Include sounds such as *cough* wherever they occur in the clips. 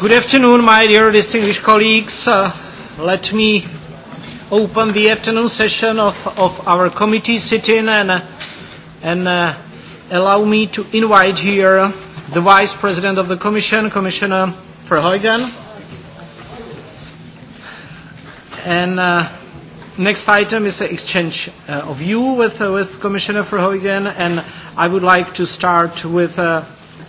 Good afternoon, my dear distinguished colleagues. Uh, let me open the afternoon session of, of our committee sitting and, uh, and uh, allow me to invite here the Vice President of the Commission, Commissioner Verheugen. And uh, next item is an exchange uh, of you with, uh, with Commissioner Verheugen, and I would like to start with uh,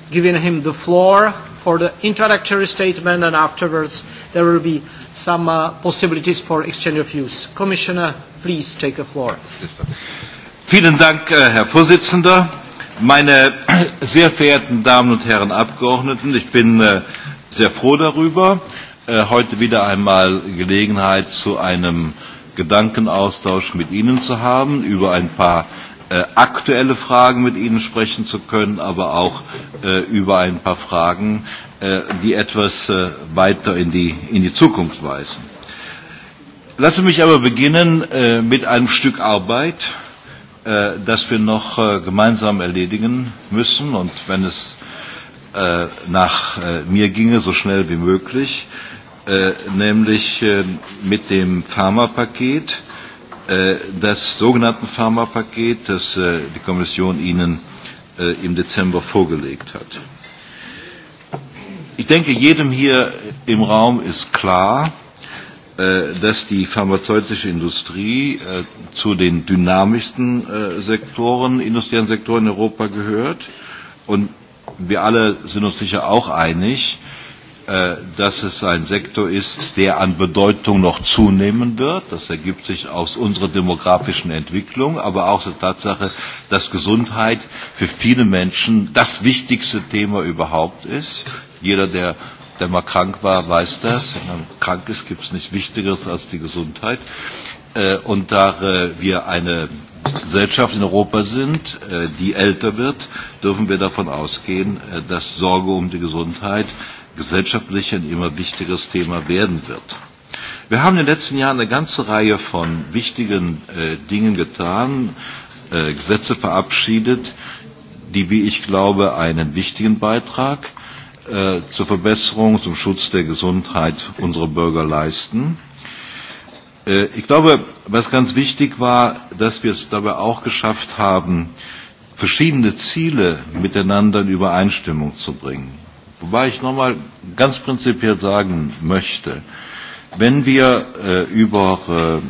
giving him the floor for the introductory statement and afterwards there will be some uh, possibilities for exchange of views. Commissioner, please take the floor. Vielen Dank, äh, Herr Vorsitzender. Meine *clears throat* sehr verehrten Damen und Herren Abgeordneten, ich bin äh, sehr froh darüber, äh, heute wieder einmal Gelegenheit zu einem Gedankenaustausch mit Ihnen zu haben über ein paar äh, aktuelle Fragen mit Ihnen sprechen zu können, aber auch äh, über ein paar Fragen, äh, die etwas äh, weiter in die, in die Zukunft weisen. Lassen Sie mich aber beginnen äh, mit einem Stück Arbeit, äh, das wir noch äh, gemeinsam erledigen müssen und wenn es äh, nach äh, mir ginge, so schnell wie möglich, äh, nämlich äh, mit dem Pharmapaket äh, Äh, das sogenannten Pharmapaket, das äh, die Kommission Ihnen äh, im Dezember vorgelegt hat. Ich denke, jedem hier im Raum ist klar, dass die pharmazeutische Industrie zu den dynamischsten Sektoren, industriellen Sektoren in Europa gehört. Und wir alle sind uns sicher auch einig, Äh, dass es ein Sektor ist, der an Bedeutung noch zunehmen wird. Das ergibt sich aus unserer demografischen Entwicklung, aber auch der Tatsache, dass Gesundheit für viele Menschen das wichtigste Thema überhaupt ist. Jeder, der der mal krank war, weiß das. Wenn man krank ist, gibt es nichts Wichtigeres als die Gesundheit. Äh, und da äh, wir eine Gesellschaft in Europa sind, die älter wird, dürfen wir davon ausgehen, dass Sorge um die Gesundheit äh, gesellschaftlich ein immer wichtigeres Thema werden wird. Wir haben in den letzten Jahren eine ganze Reihe von wichtigen äh, Dingen getan, äh, Gesetze verabschiedet, die, wie ich glaube, einen wichtigen Beitrag äh, zur Verbesserung, zum Schutz der Gesundheit unserer Bürger leisten. Äh, ich glaube, was ganz wichtig war, dass wir es dabei auch geschafft haben, verschiedene Ziele miteinander in Übereinstimmung zu bringen. Wobei ich nochmal ganz prinzipiell sagen möchte, wenn wir äh, über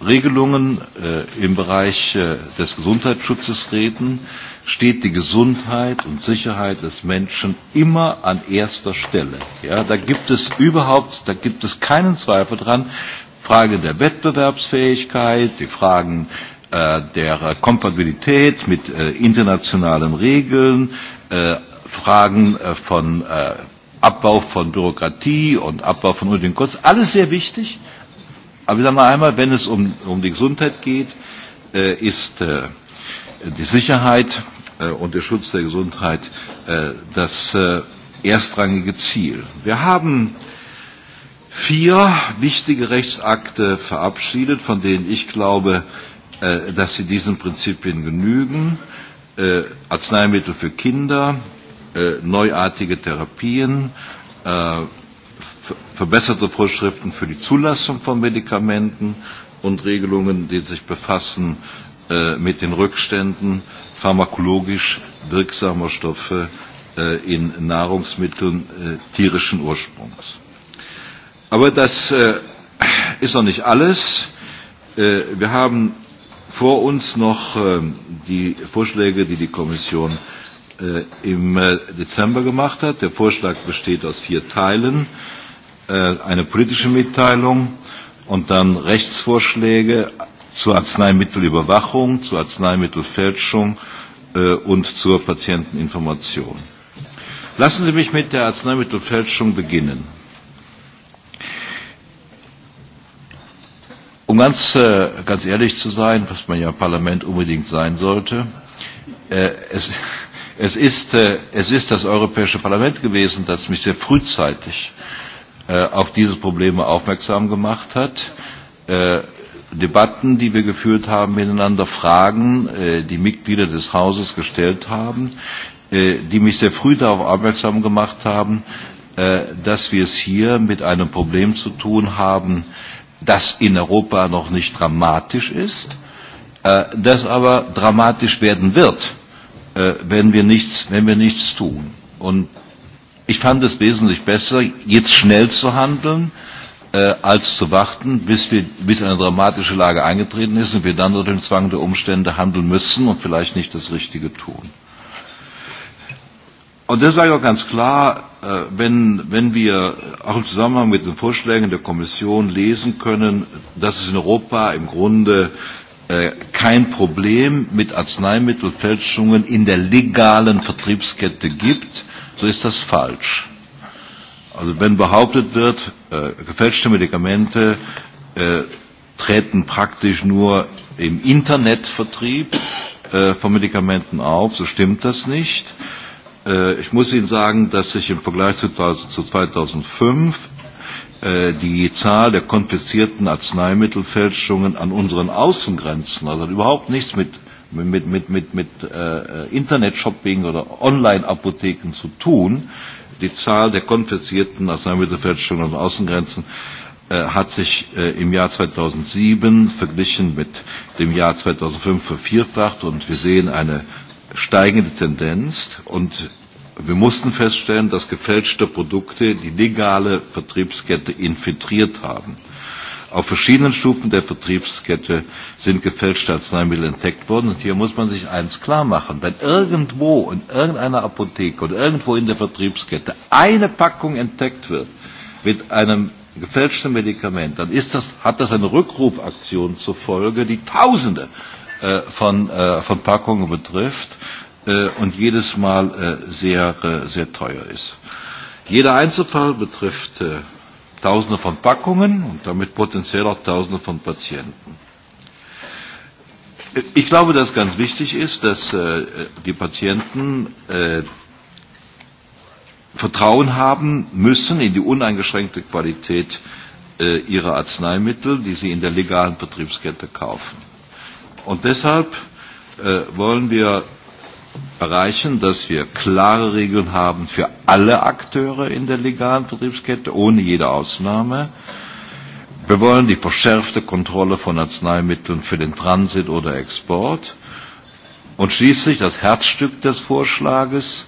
äh, Regelungen äh, im Bereich äh, des Gesundheitsschutzes reden, steht die Gesundheit und Sicherheit des Menschen immer an erster Stelle. Ja, da gibt es überhaupt, da gibt es keinen Zweifel dran. Frage der Wettbewerbsfähigkeit, die Fragen äh, der Kompatibilität mit äh, internationalen Regeln, äh, Fragen äh, von äh, Abbau von Bürokratie und Abbau von unnötigen Kosten, alles sehr wichtig. Aber ich sage mal einmal, wenn es um, um die Gesundheit geht, äh, ist äh, die Sicherheit äh, und der Schutz der Gesundheit äh, das äh, erstrangige Ziel. Wir haben vier wichtige Rechtsakte verabschiedet, von denen ich glaube, äh, dass sie diesen Prinzipien genügen. Äh, Arzneimittel für Kinder, äh, neuartige Therapien, äh, verbesserte Vorschriften für die Zulassung von Medikamenten und Regelungen, die sich befassen äh, mit den Rückständen pharmakologisch wirksamer Stoffe äh, in Nahrungsmitteln äh, tierischen Ursprungs. Aber das äh, ist noch nicht alles. Äh, wir haben vor uns noch äh, die Vorschläge, die die Kommission äh, im äh, Dezember gemacht hat. Der Vorschlag besteht aus vier Teilen. Äh, eine politische Mitteilung und dann Rechtsvorschläge zur Arzneimittelüberwachung, zur Arzneimittelfälschung äh, und zur Patienteninformation. Lassen Sie mich mit der Arzneimittelfälschung beginnen. Um ganz, äh, ganz ehrlich zu sein, was man ja im Parlament unbedingt sein sollte, äh, es, Es ist, äh, es ist das Europäische Parlament gewesen, das mich sehr frühzeitig äh, auf diese Probleme aufmerksam gemacht hat. Äh, Debatten, die wir geführt haben miteinander, Fragen, äh, die Mitglieder des Hauses gestellt haben, äh, die mich sehr früh darauf aufmerksam gemacht haben, äh, dass wir es hier mit einem Problem zu tun haben, das in Europa noch nicht dramatisch ist, äh, das aber dramatisch werden wird äh, wenn, wir nichts, wenn wir nichts tun. Und ich fand es wesentlich besser, jetzt schnell zu handeln, äh, als zu warten, bis, wir, bis eine dramatische Lage eingetreten ist und wir dann unter dem Zwang der Umstände handeln müssen und vielleicht nicht das Richtige tun. Und das sage ich auch ganz klar, äh, wenn, wenn wir auch im Zusammenhang mit den Vorschlägen der Kommission lesen können, dass es in Europa im Grunde äh, Äh, kein Problem mit Arzneimittelfälschungen in der legalen Vertriebskette gibt, so ist das falsch. Also wenn behauptet wird, äh, gefälschte Medikamente äh, treten praktisch nur im Internetvertrieb äh, von Medikamenten auf, so stimmt das nicht. Äh, ich muss Ihnen sagen, dass sich im Vergleich zu, zu 2005 Äh, die Zahl der konfiszierten Arzneimittelfälschungen an unseren Außengrenzen, also hat überhaupt nichts mit, mit, mit, mit, mit äh, Internet-Shopping oder Online-Apotheken zu tun. Die Zahl der konfiszierten Arzneimittelfälschungen an Außengrenzen äh, hat sich äh, im Jahr 2007 verglichen mit dem Jahr 2005 vervierfacht und wir sehen eine steigende Tendenz und Wir mussten feststellen, dass gefälschte Produkte die legale Vertriebskette infiltriert haben. Auf verschiedenen Stufen der Vertriebskette sind gefälschte Arzneimittel entdeckt worden. Und hier muss man sich eins klar machen. Wenn irgendwo in irgendeiner Apotheke oder irgendwo in der Vertriebskette eine Packung entdeckt wird mit einem gefälschten Medikament, dann ist das, hat das eine Rückrufaktion zur Folge, die Tausende äh, von, äh, von Packungen betrifft äh, und jedes Mal äh, sehr, äh, sehr teuer ist. Jeder Einzelfall betrifft äh, Tausende von Packungen und damit potenziell auch Tausende von Patienten. Ich glaube, dass ganz wichtig ist, dass äh, die Patienten äh, Vertrauen haben müssen in die uneingeschränkte Qualität äh, ihrer Arzneimittel, die sie in der legalen Vertriebskette kaufen. Und deshalb äh, wollen wir erreichen, dass wir klare Regeln haben für alle Akteure in der legalen Vertriebskette, ohne jede Ausnahme. Wir wollen die verschärfte Kontrolle von Arzneimitteln für den Transit oder Export. Und schließlich das Herzstück des Vorschlages,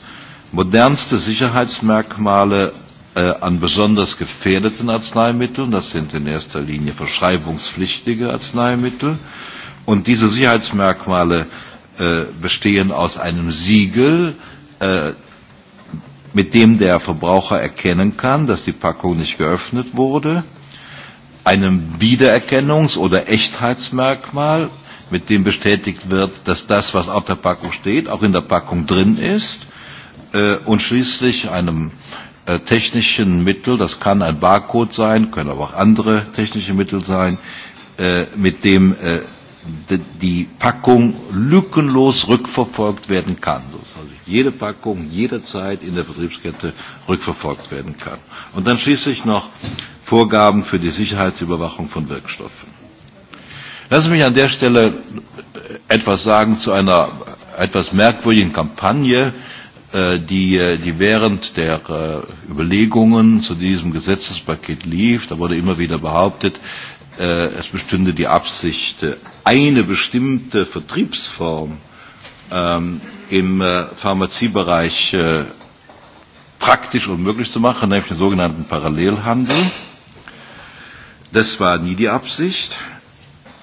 modernste Sicherheitsmerkmale äh, an besonders gefährdeten Arzneimitteln, das sind in erster Linie verschreibungspflichtige Arzneimittel, und diese Sicherheitsmerkmale äh, bestehen aus einem Siegel, äh, mit dem der Verbraucher erkennen kann, dass die Packung nicht geöffnet wurde, einem Wiedererkennungs- oder Echtheitsmerkmal, mit dem bestätigt wird, dass das, was auf der Packung steht, auch in der Packung drin ist, äh, und schließlich einem äh, technischen Mittel, das kann ein Barcode sein, können aber auch andere technische Mittel sein, äh, mit dem äh, de, die Packung lückenlos rückverfolgt werden kann. Dass also jede Packung jederzeit in der Vertriebskette rückverfolgt werden kann. Und dann schließlich noch Vorgaben für die Sicherheitsüberwachung von Wirkstoffen. Lassen Sie mich an der Stelle äh, etwas sagen zu einer etwas merkwürdigen Kampagne, äh, die, äh, die während der Überlegungen zu diesem Gesetzespaket lief. Da wurde immer wieder behauptet, äh, es bestünde die Absicht, äh, eine bestimmte Vertriebsform ähm, im äh, Pharmaziebereich äh, praktisch unmöglich zu machen, nämlich den sogenannten Parallelhandel. Das war nie die Absicht.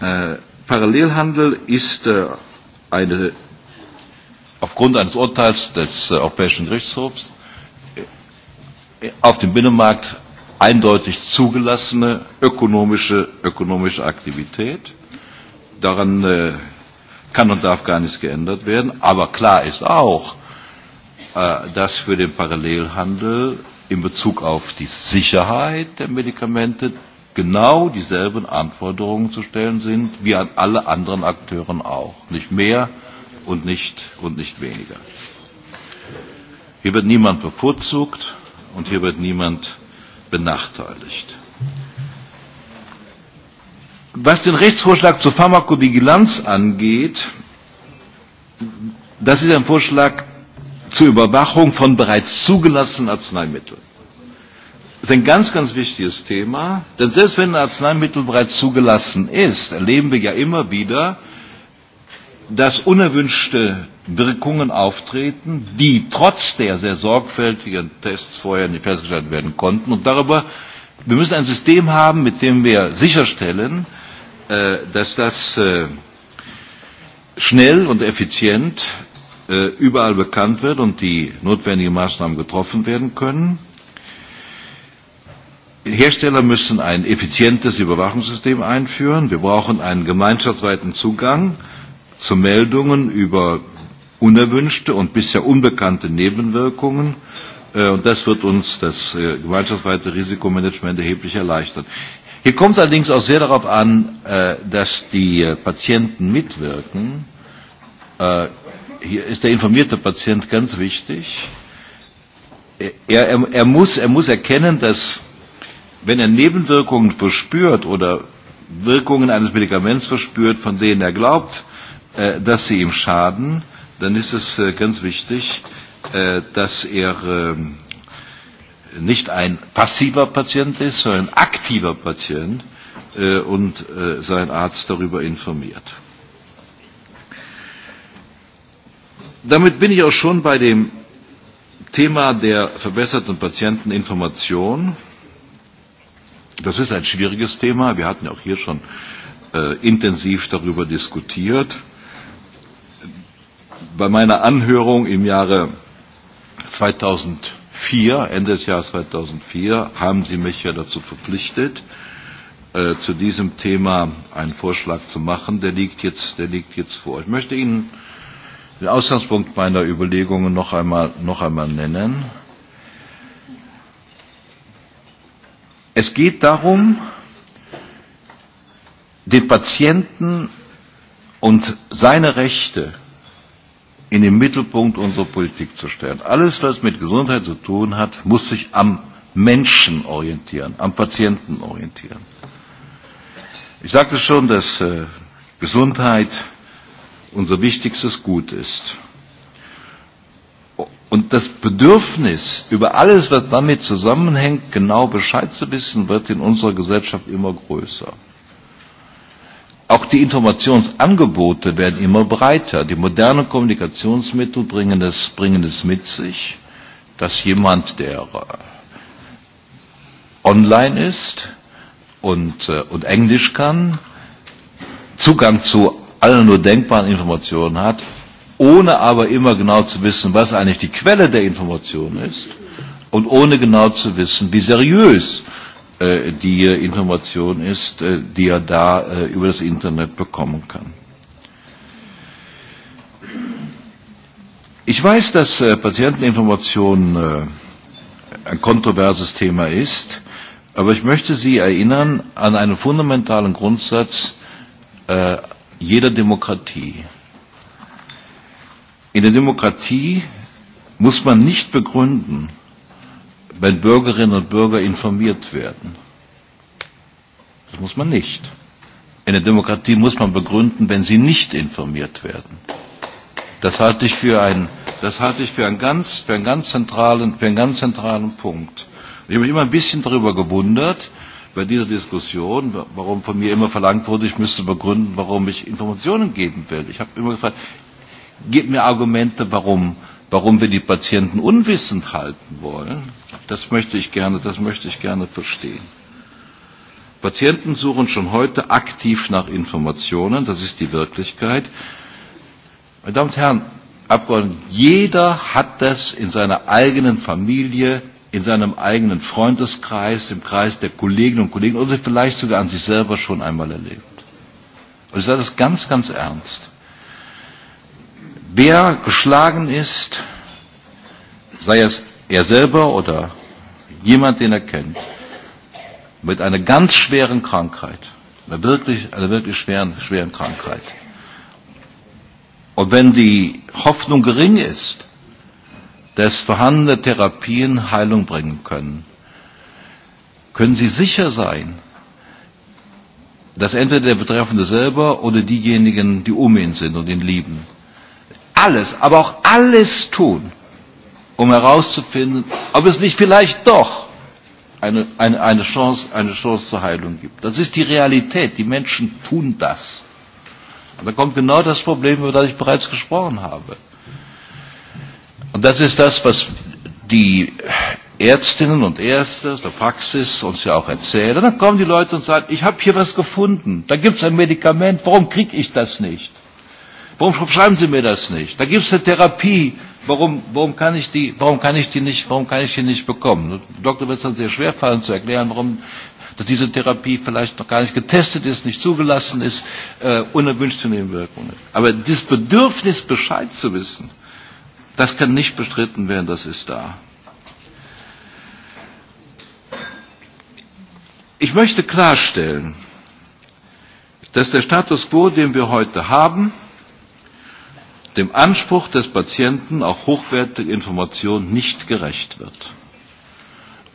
Äh, Parallelhandel ist äh, eine, aufgrund eines Urteils des äh, Europäischen Gerichtshofs äh, auf dem Binnenmarkt eindeutig zugelassene ökonomische, ökonomische Aktivität. Daran äh, kann und darf gar nichts geändert werden. Aber klar ist auch, äh, dass für den Parallelhandel in Bezug auf die Sicherheit der Medikamente genau dieselben Anforderungen zu stellen sind wie an alle anderen Akteuren auch. Nicht mehr und nicht, und nicht weniger. Hier wird niemand bevorzugt und hier wird niemand benachteiligt. Was den Rechtsvorschlag zur Pharmakovigilanz angeht, das ist ein Vorschlag zur Überwachung von bereits zugelassenen Arzneimitteln. Das ist ein ganz, ganz wichtiges Thema, denn selbst wenn ein Arzneimittel bereits zugelassen ist, erleben wir ja immer wieder, dass unerwünschte Wirkungen auftreten, die trotz der sehr sorgfältigen Tests vorher nicht festgestellt werden konnten. Und darüber, wir müssen ein System haben, mit dem wir sicherstellen, äh, dass das äh, schnell und effizient äh, überall bekannt wird und die notwendigen Maßnahmen getroffen werden können. Hersteller müssen ein effizientes Überwachungssystem einführen. Wir brauchen einen gemeinschaftsweiten Zugang äh, zu Meldungen über unerwünschte und bisher unbekannte Nebenwirkungen. Äh, und das wird uns das äh, gemeinschaftsweite Risikomanagement erheblich erleichtern. Hier kommt allerdings auch sehr darauf an, äh, dass die Patienten mitwirken. Hier ist der informierte Patient ganz wichtig. Er, er, er, muss, er muss erkennen, dass wenn er Nebenwirkungen verspürt oder Wirkungen eines Medikaments verspürt, von denen er glaubt, äh, dass sie ihm schaden, dann ist es äh, ganz wichtig, äh, dass er äh, nicht ein passiver Patient ist, sondern ein aktiver Patient äh, und äh, seinen Arzt darüber informiert. Damit bin ich auch schon bei dem Thema der verbesserten Patienteninformation. Das ist ein schwieriges Thema. Wir hatten auch hier schon äh, intensiv darüber diskutiert bei meiner Anhörung im Jahre 2004, Ende des Jahres 2004, haben Sie mich ja dazu verpflichtet, äh, zu diesem Thema einen Vorschlag zu machen. Der liegt jetzt, der liegt jetzt vor. Ich möchte Ihnen den Ausgangspunkt meiner Überlegungen noch einmal, noch einmal nennen. Es geht darum, den Patienten und seine Rechte in den Mittelpunkt unserer Politik zu stellen. Alles, was mit Gesundheit zu tun hat, muss sich am Menschen orientieren, am Patienten orientieren. Ich sagte schon, dass äh, Gesundheit unser wichtigstes Gut ist. Und das Bedürfnis, über alles, was damit zusammenhängt, genau Bescheid zu wissen, wird in unserer Gesellschaft immer größer. Auch die Informationsangebote werden immer breiter. Die modernen Kommunikationsmittel bringen es, bringen es mit sich, dass jemand, der äh, online ist und, äh, und Englisch kann, Zugang zu allen nur denkbaren Informationen hat, ohne aber immer genau zu wissen, was eigentlich die Quelle der Information ist und ohne genau zu wissen, wie seriös äh, äh, die äh, Information ist, äh, die er da äh, über das Internet bekommen kann. Ich weiß, dass äh, Patienteninformation äh, ein kontroverses Thema ist, aber ich möchte Sie erinnern an einen fundamentalen Grundsatz äh, jeder Demokratie. In der Demokratie muss man nicht begründen, wenn Bürgerinnen und Bürger informiert werden. Das muss man nicht. In der Demokratie muss man begründen, wenn sie nicht informiert werden. Das halte ich für einen, das halte ich für einen, ganz, für einen, ganz, zentralen, für einen ganz zentralen Punkt. Ich habe mich immer ein bisschen darüber gewundert, bei dieser Diskussion, warum von mir immer verlangt wurde, ich müsste begründen, warum ich Informationen geben will. Ich habe immer gefragt, gebt mir Argumente, warum Warum wir die Patienten unwissend halten wollen, das möchte ich gerne, das möchte ich gerne verstehen. Patienten suchen schon heute aktiv nach Informationen, das ist die Wirklichkeit. Meine Damen und Herren, Abgeordneten, jeder hat das in seiner eigenen Familie, in seinem eigenen Freundeskreis, im Kreis der Kolleginnen und Kollegen oder vielleicht sogar an sich selber schon einmal erlebt. Und ich sage das ganz, ganz ernst. Wer geschlagen ist, sei es er selber oder jemand, den er kennt, mit einer ganz schweren Krankheit, einer wirklich, einer wirklich schweren, schweren Krankheit. Und wenn die Hoffnung gering ist, dass vorhandene Therapien Heilung bringen können, können Sie sicher sein, dass entweder der Betreffende selber oder diejenigen, die um ihn sind und ihn lieben, alles, aber auch alles tun, um herauszufinden, ob es nicht vielleicht doch eine, eine, eine, Chance, eine Chance zur Heilung gibt. Das ist die Realität. Die Menschen tun das. Und da kommt genau das Problem, über das ich bereits gesprochen habe. Und das ist das, was die Ärztinnen und Ärzte aus der Praxis uns ja auch erzählen. Und dann kommen die Leute und sagen, ich habe hier was gefunden. Da gibt es ein Medikament. Warum kriege ich das nicht? Warum schreiben Sie mir das nicht? Da gibt es eine Therapie. Warum, warum, kann ich die, warum, kann ich die nicht, warum kann ich die nicht bekommen? Doktor wird es dann sehr schwer fallen zu erklären, warum dass diese Therapie vielleicht noch gar nicht getestet ist, nicht zugelassen ist, äh, unerwünschte Nebenwirkungen. Aber dieses Bedürfnis, Bescheid zu wissen, das kann nicht bestritten werden, das ist da. Ich möchte klarstellen, dass der Status quo, den wir heute haben, dem Anspruch des Patienten auch hochwertige Informationen nicht gerecht wird.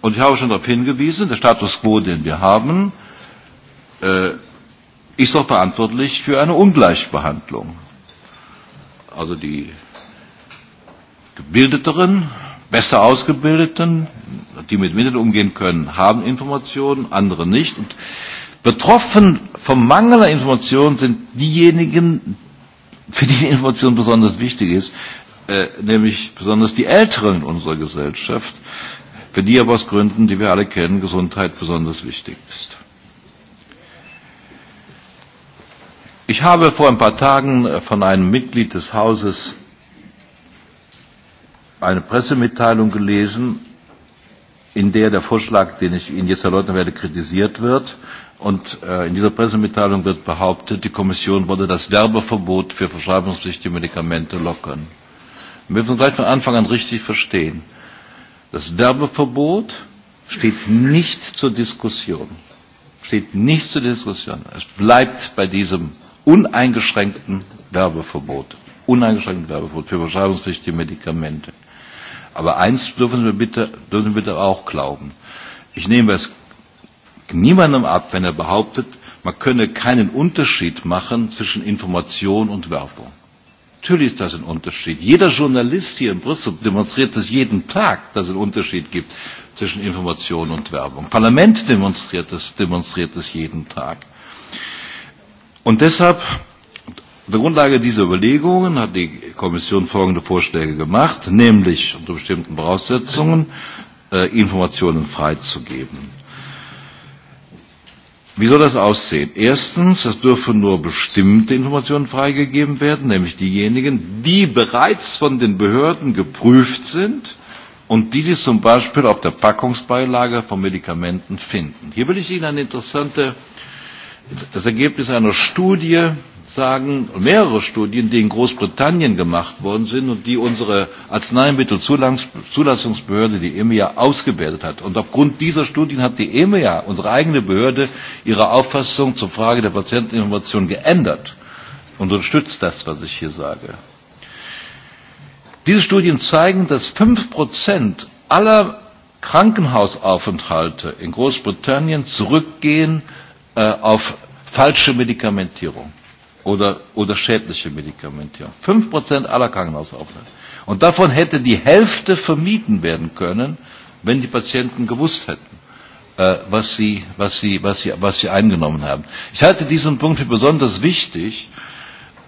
Und ich habe schon darauf hingewiesen, der Status quo, den wir haben, äh, ist auch verantwortlich für eine Ungleichbehandlung. Also die gebildeteren, besser ausgebildeten, die mit Mitteln umgehen können, haben Informationen, andere nicht. Und betroffen vom Mangel an Informationen sind diejenigen, für die die Information besonders wichtig ist, äh, nämlich besonders die Älteren in unserer Gesellschaft, für die aber aus Gründen, die wir alle kennen, Gesundheit besonders wichtig ist. Ich habe vor ein paar Tagen äh, von einem Mitglied des Hauses eine Pressemitteilung gelesen, in der der Vorschlag, den ich Ihnen jetzt erläutern werde, kritisiert wird. Und äh, in dieser Pressemitteilung wird behauptet, die Kommission wolle das Werbeverbot für verschreibungspflichtige Medikamente lockern. Wir müssen gleich von Anfang an richtig verstehen. Das Werbeverbot steht nicht zur Diskussion. Steht nicht zur Diskussion. Es bleibt bei diesem uneingeschränkten Werbeverbot. Uneingeschränkten Werbeverbot für verschreibungspflichtige Medikamente. Aber eins dürfen wir bitte, dürfen wir bitte auch glauben. Ich nehme es niemandem ab, wenn er behauptet, man könne keinen Unterschied machen zwischen Information und Werbung. Natürlich ist das ein Unterschied. Jeder Journalist hier in Brüssel demonstriert es jeden Tag, dass es einen Unterschied gibt zwischen Information und Werbung. Parlament demonstriert es, demonstriert es jeden Tag. Und deshalb, auf der Grundlage dieser Überlegungen hat die Kommission folgende Vorschläge gemacht, nämlich unter bestimmten Voraussetzungen äh, Informationen freizugeben. Wie soll das aussehen? Erstens, es dürfen nur bestimmte Informationen freigegeben werden, nämlich diejenigen, die bereits von den Behörden geprüft sind und die Sie zum Beispiel auf der Packungsbeilage von Medikamenten finden. Hier will ich Ihnen ein interessantes das Ergebnis einer Studie sagen mehrere Studien, die in Großbritannien gemacht worden sind und die unsere Arzneimittelzulassungsbehörde, die EMEA, ausgewertet hat. Und aufgrund dieser Studien hat die EMEA, unsere eigene Behörde, ihre Auffassung zur Frage der Patienteninformation geändert und unterstützt das, was ich hier sage. Diese Studien zeigen, dass fünf Prozent aller Krankenhausaufenthalte in Großbritannien zurückgehen äh, auf falsche Medikamentierung oder, oder schädliche Medikamente. Fünf Prozent aller Krankenhausaufnahmen. Und davon hätte die Hälfte vermieden werden können, wenn die Patienten gewusst hätten, äh, was, sie, was, sie, was, sie, was sie eingenommen haben. Ich halte diesen Punkt für besonders wichtig,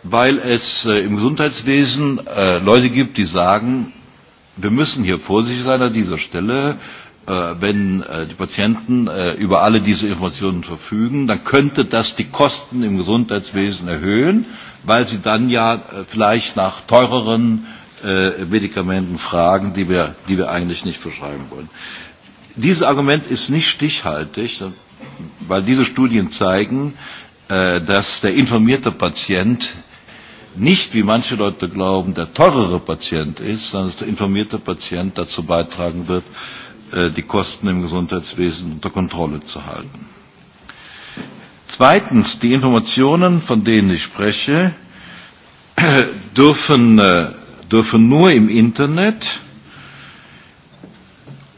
weil es äh, im Gesundheitswesen äh, Leute gibt, die sagen, wir müssen hier vorsichtig sein an dieser Stelle. Äh, wenn äh, die Patienten äh, über alle diese Informationen verfügen, dann könnte das die Kosten im Gesundheitswesen erhöhen, weil sie dann ja vielleicht nach teureren Medikamenten fragen, die wir, die wir eigentlich nicht verschreiben wollen. Dieses Argument ist nicht stichhaltig, weil diese Studien zeigen, dass der informierte Patient nicht, wie manche Leute glauben, der teurere Patient ist, sondern dass der informierte Patient dazu beitragen wird, äh, Äh, die Kosten im Gesundheitswesen unter Kontrolle zu halten. Zweitens, die Informationen, von denen ich spreche, *clears throat* dürfen, äh, dürfen nur im Internet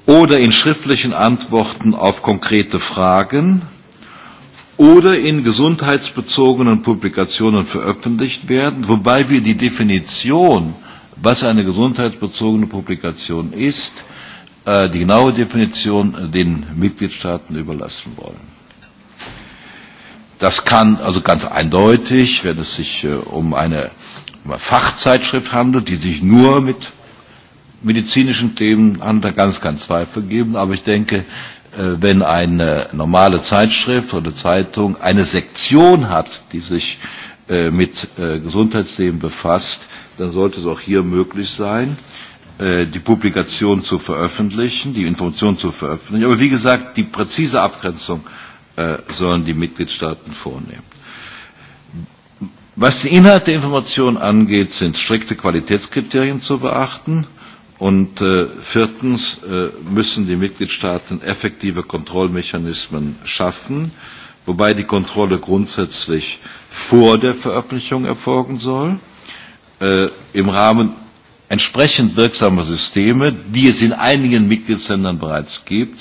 oder in schriftlichen Antworten auf konkrete Fragen oder in gesundheitsbezogenen Publikationen veröffentlicht werden, wobei wir die Definition, was eine gesundheitsbezogene Publikation ist, äh, äh, die genaue Definition den Mitgliedstaaten überlassen wollen. Das kann also ganz eindeutig, wenn es sich äh, um eine um Fachzeitschrift handelt, die sich nur mit medizinischen Themen an, da ganz keinen Zweifel geben. Aber ich denke, äh, wenn eine normale Zeitschrift oder Zeitung eine Sektion hat, die sich äh, mit äh, Gesundheitsthemen befasst, dann sollte es auch hier möglich sein, Äh, die Publikation zu veröffentlichen, die Information zu veröffentlichen. Aber wie gesagt, die präzise Abgrenzung äh, sollen die Mitgliedstaaten vornehmen. Was den Inhalt der Information angeht, sind strikte Qualitätskriterien zu beachten. Und äh, viertens äh, müssen die Mitgliedstaaten effektive Kontrollmechanismen schaffen, wobei die Kontrolle grundsätzlich vor der Veröffentlichung erfolgen soll. Äh, Im Rahmen entsprechend wirksame Systeme, die es in einigen Mitgliedsländern bereits gibt,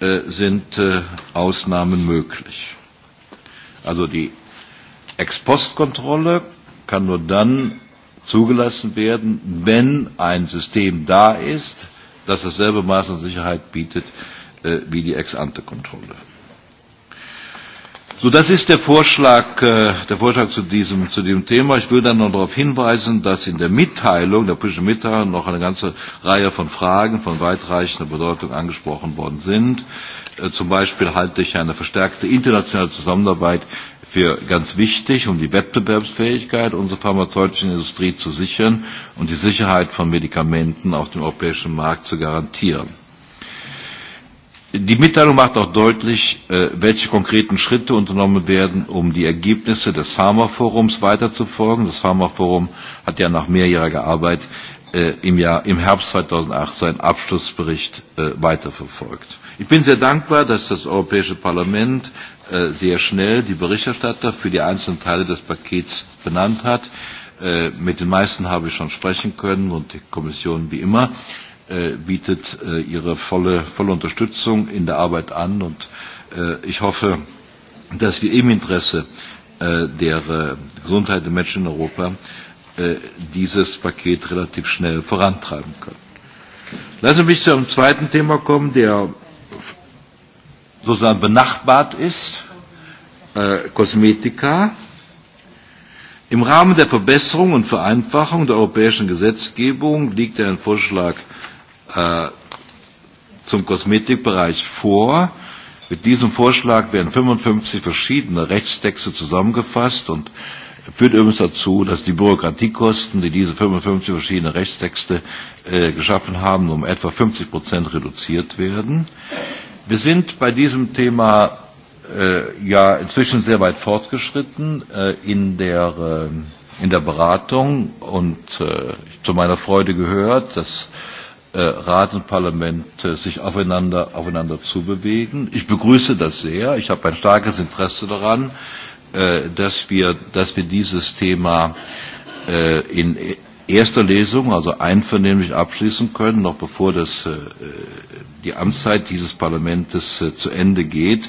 äh, sind äh, Ausnahmen möglich. Also die Ex-Post-Kontrolle kann nur dann zugelassen werden, wenn ein System da ist, das dasselbe Maß an Sicherheit bietet äh, wie die Ex-Ante-Kontrolle. So, das ist der Vorschlag, äh, der Vorschlag zu diesem, zu diesem Thema. Ich will dann noch darauf hinweisen, dass in der Mitteilung, der politischen Mitteilung, noch eine ganze Reihe von Fragen von weitreichender Bedeutung angesprochen worden sind. Äh, zum Beispiel halte ich eine verstärkte internationale Zusammenarbeit für ganz wichtig, um die Wettbewerbsfähigkeit unserer pharmazeutischen Industrie zu sichern und die Sicherheit von Medikamenten auf dem europäischen Markt zu garantieren. Die Mitteilung macht auch deutlich, äh, welche konkreten Schritte unternommen werden, um die Ergebnisse des Pharmaforums weiterzufolgen. Das Pharmaforum hat ja nach mehrjähriger Arbeit äh, im, Jahr, im Herbst 2008 seinen Abschlussbericht äh, weiterverfolgt. Ich bin sehr dankbar, dass das Europäische Parlament sehr schnell die Berichterstatter für die einzelnen Teile des Pakets benannt hat. Mit den meisten habe ich schon sprechen können und die Kommission wie immer äh, bietet äh, ihre volle, volle Unterstützung in der Arbeit an. Und äh, ich hoffe, dass wir im Interesse äh, der äh, Gesundheit der Menschen in Europa äh, dieses Paket relativ schnell vorantreiben können. Lassen Sie mich zum zweiten Thema kommen, der sozusagen benachbart ist, äh, Kosmetika. Im Rahmen der Verbesserung und Vereinfachung der europäischen Gesetzgebung liegt ein Vorschlag äh, zum Kosmetikbereich vor. Mit diesem Vorschlag werden 55 verschiedene Rechtstexte zusammengefasst und führt übrigens dazu, dass die Bürokratiekosten, die diese 55 verschiedene Rechtstexte äh, geschaffen haben, um etwa 50 Prozent reduziert werden. Wir sind bei diesem Thema äh, ja inzwischen sehr weit fortgeschritten äh, in der äh, in der Beratung und äh, zu meiner Freude gehört, dass äh, äh, Rat und Parlament äh, sich aufeinander, aufeinander zubewegen. Ich begrüße das sehr. Ich habe ein starkes Interesse daran, äh, dass, wir, dass wir dieses Thema äh, in erster Lesung, also einvernehmlich abschließen können, noch bevor das, äh, die Amtszeit dieses Parlaments äh, zu Ende geht.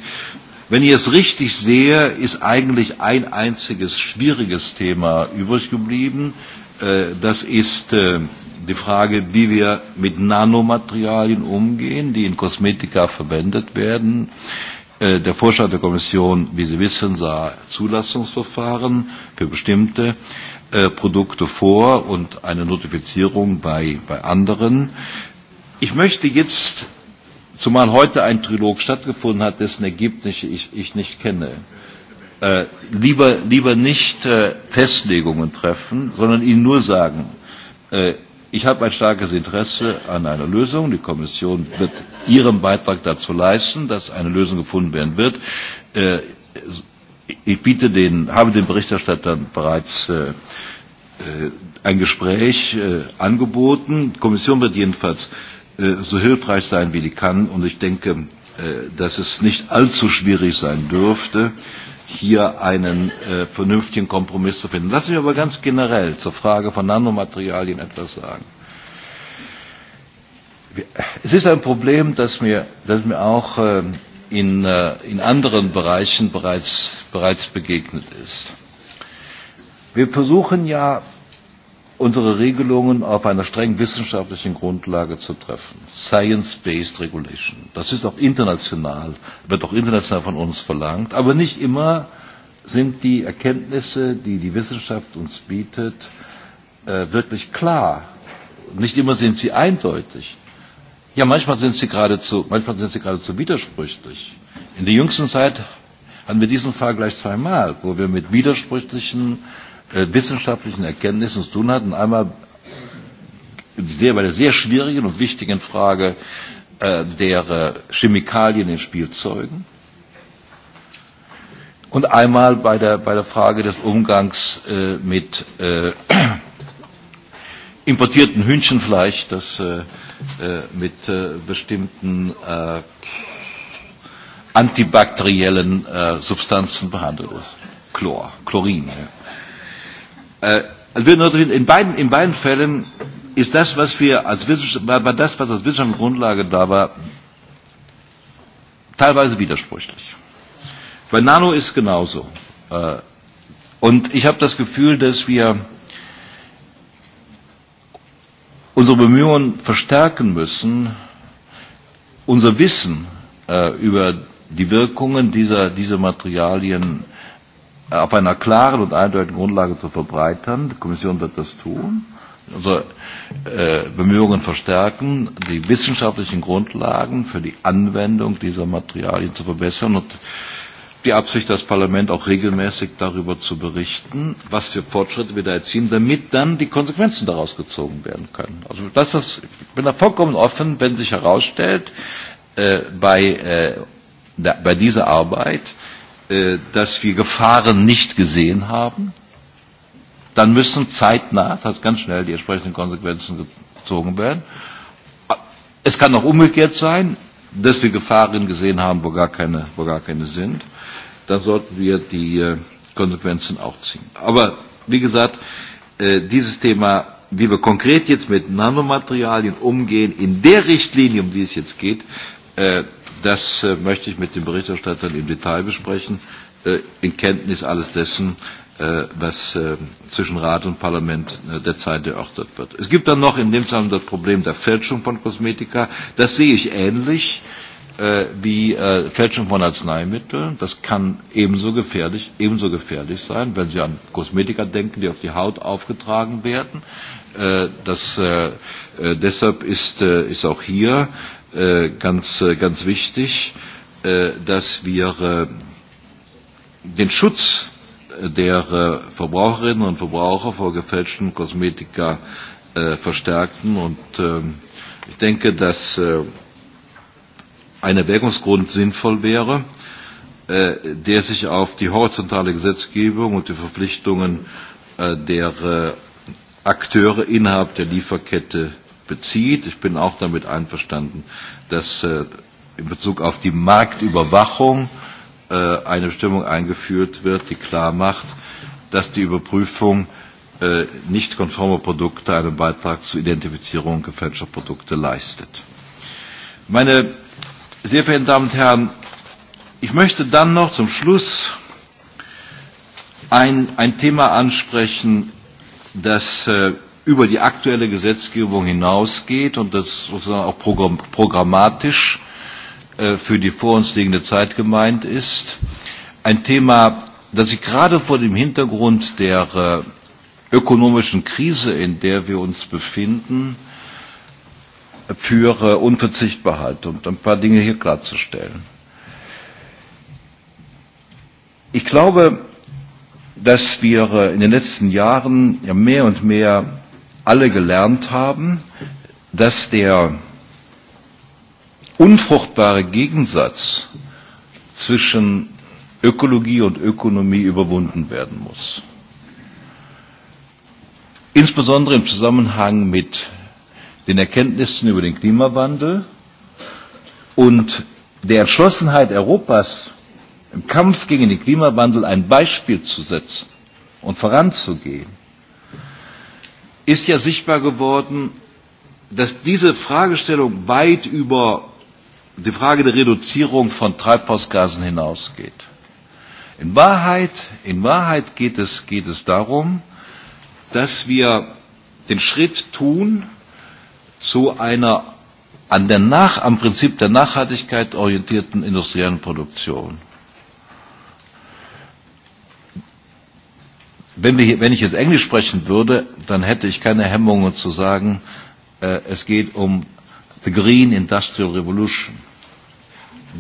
Wenn ich es richtig sehe, ist eigentlich ein einziges schwieriges Thema übrig geblieben. Äh, das ist äh, die Frage, wie wir mit Nanomaterialien umgehen, die in Kosmetika verwendet werden. Äh, der Vorschlag der Kommission, wie Sie wissen, sah Zulassungsverfahren für bestimmte äh, Produkte vor und eine Notifizierung bei, bei anderen. Ich möchte jetzt, zumal heute ein Trilog stattgefunden hat, dessen Ergebnisse ich, ich nicht kenne, äh, lieber, lieber nicht äh, Festlegungen treffen, sondern Ihnen nur sagen, äh, Ich habe ein starkes Interesse an einer Lösung. Die Kommission wird ihren Beitrag dazu leisten, dass eine Lösung gefunden werden wird. Äh, ich biete den, habe den Berichterstattern bereits äh, äh ein Gespräch äh, angeboten. Die Kommission wird jedenfalls äh, so hilfreich sein, wie sie kann. Und ich denke, äh, dass es nicht allzu schwierig sein dürfte, äh, hier einen äh, vernünftigen Kompromiss zu finden. Lassen Sie mich aber ganz generell zur Frage von Nanomaterialien etwas sagen. Es ist ein Problem, das mir, das mir auch äh, in, äh, in anderen Bereichen bereits, bereits begegnet ist. Wir versuchen ja unsere Regelungen auf einer streng wissenschaftlichen Grundlage zu treffen. Science-based Regulation. Das ist auch international, wird auch international von uns verlangt. Aber nicht immer sind die Erkenntnisse, die die Wissenschaft uns bietet, äh, wirklich klar. Nicht immer sind sie eindeutig. Ja, manchmal sind sie geradezu, manchmal sind sie geradezu widersprüchlich. In der jüngsten Zeit hatten wir diesen Fall gleich zweimal, wo wir mit widersprüchlichen äh, Äh, wissenschaftlichen Erkenntnissen zu tun hat. Und einmal sehr, bei der sehr schwierigen und wichtigen Frage äh, der äh, Chemikalien in Spielzeugen und einmal bei der, bei der Frage des Umgangs äh, mit äh, *clears throat* importierten Hühnchenfleisch, das äh, äh, mit äh, bestimmten äh, antibakteriellen äh, Substanzen behandelt ist. Chlor, Chlorin. Ja. Äh, wir nur in, beiden, in beiden Fällen ist das, was wir als war das, was als wissenschaftliche Grundlage da war, teilweise widersprüchlich. Bei Nano ist genauso. Äh, und ich habe das Gefühl, dass wir unsere Bemühungen verstärken müssen, unser Wissen äh, über die Wirkungen dieser, dieser Materialien auf einer klaren und eindeutigen Grundlage zu verbreitern. Die Kommission wird das tun, unsere äh, Bemühungen verstärken, die wissenschaftlichen Grundlagen für die Anwendung dieser Materialien zu verbessern und die Absicht, das Parlament auch regelmäßig darüber zu berichten, was für Fortschritte wir da erzielen, damit dann die Konsequenzen daraus gezogen werden können. Also das ist, ich bin da vollkommen offen, wenn sich herausstellt, äh, bei, äh, da, bei dieser Arbeit, Äh, dass wir Gefahren nicht gesehen haben, dann müssen zeitnah, das heißt ganz schnell, die entsprechenden Konsequenzen gezogen werden. Äh, es kann auch umgekehrt sein, dass wir Gefahren gesehen haben, wo gar keine, wo gar keine sind. Dann sollten wir die äh, Konsequenzen auch ziehen. Aber wie gesagt, dieses Thema, wie wir konkret jetzt mit Nanomaterialien umgehen, in der Richtlinie, um die es jetzt geht, Das äh, möchte ich mit den Berichterstattern im Detail besprechen, äh, in Kenntnis alles dessen, äh, was äh, zwischen Rat und Parlament äh, derzeit erörtert wird. Es gibt dann noch in dem Zusammenhang das Problem der Fälschung von Kosmetika. Das sehe ich ähnlich äh, wie äh, Fälschung von Arzneimitteln. Das kann ebenso gefährlich, ebenso gefährlich sein, wenn Sie an Kosmetika denken, die auf die Haut aufgetragen werden. Äh, das, äh, äh, deshalb ist, äh, ist auch hier äh, ganz, äh, ganz wichtig, äh, dass wir äh, den Schutz äh, der äh, Verbraucherinnen und Verbraucher vor gefälschten Kosmetika äh, verstärkten. Und äh, ich denke, dass äh, ein Erwägungsgrund sinnvoll wäre, äh, der sich auf die horizontale Gesetzgebung und die Verpflichtungen äh, der äh, Akteure innerhalb der Lieferkette bezieht. Ich bin auch damit einverstanden, dass äh, in Bezug auf die Marktüberwachung äh, eine Bestimmung eingeführt wird, die klar macht, dass die Überprüfung äh, nicht konformer Produkte einen Beitrag zur Identifizierung gefälschter Produkte leistet. Meine sehr verehrten Damen und Herren, ich möchte dann noch zum Schluss ein, ein Thema ansprechen, das äh, über die aktuelle Gesetzgebung hinausgeht und das sozusagen auch programm programmatisch äh, für die vor uns liegende Zeit gemeint ist. Ein Thema, das ich gerade vor dem Hintergrund der äh, ökonomischen Krise, in der wir uns befinden, für äh, unverzichtbar halte und um ein paar Dinge hier klarzustellen. Ich glaube, dass wir äh, in den letzten Jahren mehr und mehr alle gelernt haben, dass der unfruchtbare Gegensatz zwischen Ökologie und Ökonomie überwunden werden muss. Insbesondere im Zusammenhang mit den Erkenntnissen über den Klimawandel und der Entschlossenheit Europas im Kampf gegen den Klimawandel ein Beispiel zu setzen und voranzugehen ist ja sichtbar geworden, dass diese Fragestellung weit über die Frage der Reduzierung von Treibhausgasen hinausgeht. In Wahrheit, in Wahrheit geht, es, geht es darum, dass wir den Schritt tun zu einer an der Nach, am Prinzip der Nachhaltigkeit orientierten industriellen Produktion. wenn, wir, wenn ich jetzt Englisch sprechen würde, dann hätte ich keine Hemmungen zu sagen, äh, es geht um the Green Industrial Revolution.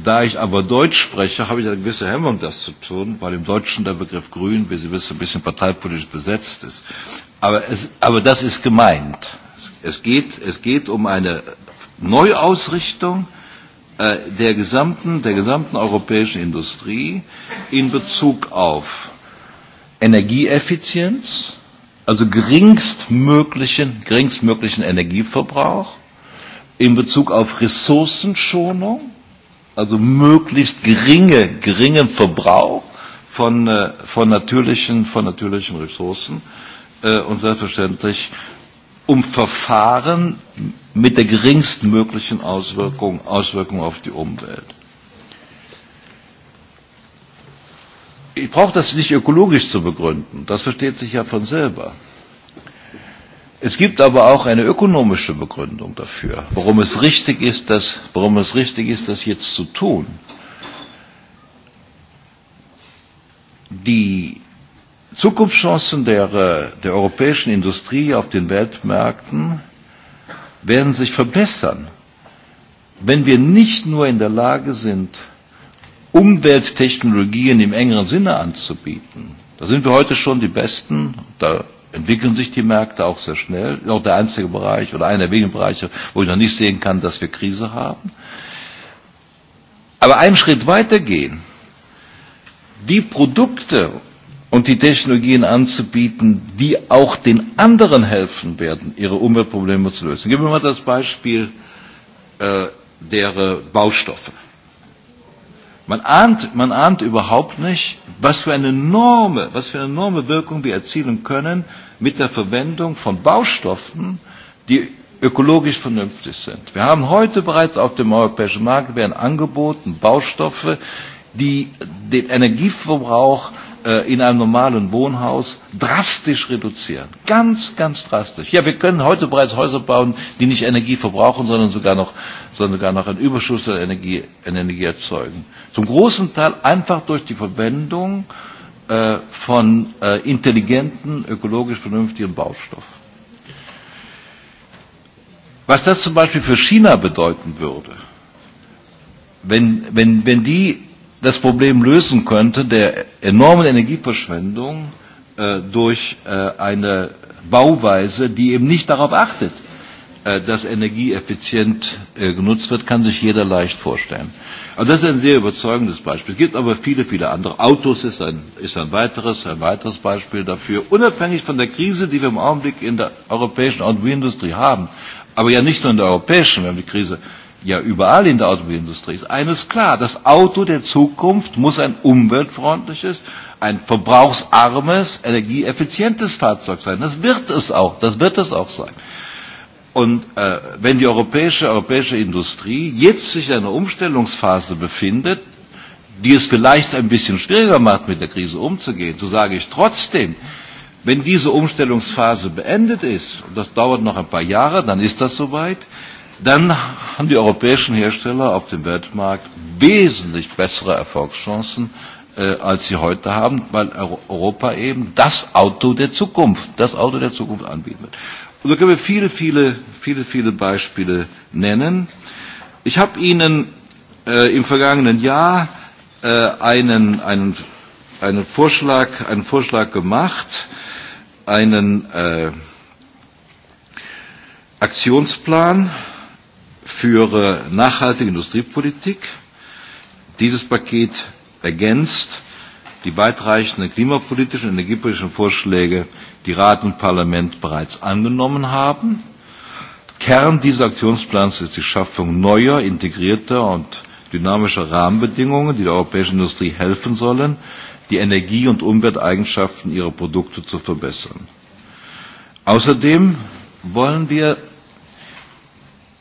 Da ich aber Deutsch spreche, habe ich eine gewisse Hemmung, das zu tun, weil im Deutschen der Begriff Grün, wie Sie wissen, ein bisschen parteipolitisch besetzt ist. Aber, es, aber das ist gemeint. Es geht, es geht um eine Neuausrichtung äh, der, gesamten, der gesamten europäischen Industrie in Bezug auf Energieeffizienz, also geringstmöglichen, geringstmöglichen Energieverbrauch in Bezug auf Ressourcenschonung, also möglichst geringe, geringen Verbrauch von, äh, von, natürlichen, von natürlichen Ressourcen äh, und selbstverständlich um Verfahren mit der geringstmöglichen Auswirkung, Auswirkung auf die Umwelt. ich brauche das nicht ökologisch zu begründen, das versteht sich ja von selber. Es gibt aber auch eine ökonomische Begründung dafür, warum es richtig ist, das, warum es richtig ist, das jetzt zu tun. Die Zukunftschancen der, der europäischen Industrie auf den Weltmärkten werden sich verbessern, wenn wir nicht nur in der Lage sind, Umwelttechnologien im engeren Sinne anzubieten. Da sind wir heute schon die Besten. Da entwickeln sich die Märkte auch sehr schnell. Auch der einzige Bereich oder einer der wenigen Bereiche, wo ich noch nicht sehen kann, dass wir Krise haben. Aber einen Schritt weitergehen. Die Produkte und die Technologien anzubieten, die auch den anderen helfen werden, ihre Umweltprobleme zu lösen. Geben wir mal das Beispiel äh, der äh, Baustoffe. Man ahnt, man ahnt überhaupt nicht, was für eine enorme, was für eine enorme Wirkung wir erzielen können mit der Verwendung von Baustoffen, die ökologisch vernünftig sind. Wir haben heute bereits auf dem europäischen Markt werden angeboten Baustoffe, die den Energieverbrauch äh, in einem normalen Wohnhaus drastisch reduzieren. Ganz, ganz drastisch. Ja, wir können heute bereits Häuser bauen, die nicht Energie verbrauchen, sondern sogar noch, sondern sogar noch einen Überschuss an Energie, an Energie erzeugen. Zum großen Teil einfach durch die Verwendung äh, von äh, intelligenten, ökologisch vernünftigen Baustoffen. Was das zum Beispiel für China bedeuten würde, wenn, wenn, wenn die das Problem lösen könnte der enormen Energieverschwendung äh, durch äh, eine Bauweise, die eben nicht darauf achtet, äh, dass Energie effizient äh, genutzt wird, kann sich jeder leicht vorstellen. Also das ist ein sehr überzeugendes Beispiel. Es gibt aber viele, viele andere. Autos ist ein, ist ein, weiteres, ein weiteres Beispiel dafür. Unabhängig von der Krise, die wir im Augenblick in der europäischen Automobilindustrie haben, aber ja nicht nur in der europäischen, wir haben die Krise äh, ja überall in der Automobilindustrie ist eines klar. Das Auto der Zukunft muss ein umweltfreundliches, ein verbrauchsarmes, energieeffizientes Fahrzeug sein. Das wird es auch. Das wird es auch sein. Und äh, wenn die europäische, europäische Industrie jetzt sich in einer Umstellungsphase befindet, die es vielleicht ein bisschen schwieriger macht, mit der Krise umzugehen, so sage ich trotzdem, wenn diese Umstellungsphase beendet ist, und das dauert noch ein paar Jahre, dann ist das soweit, äh, dann haben die europäischen Hersteller auf dem Weltmarkt wesentlich bessere Erfolgschancen, äh, als sie heute haben, weil Europa eben das Auto der Zukunft, das Auto der Zukunft anbietet. Und da können wir viele, viele, viele, viele Beispiele nennen. Ich habe Ihnen äh, im vergangenen Jahr äh, einen, einen, einen, Vorschlag, einen Vorschlag gemacht, einen äh, Aktionsplan, äh, für äh, nachhaltige Industriepolitik. Dieses Paket ergänzt die weitreichenden klimapolitischen und energiepolitischen Vorschläge, die Rat und Parlament bereits angenommen haben. Kern dieses Aktionsplans ist die Schaffung neuer, integrierter und dynamischer Rahmenbedingungen, die der europäischen Industrie helfen sollen, die Energie- und Umwelteigenschaften ihrer Produkte zu verbessern. Außerdem wollen wir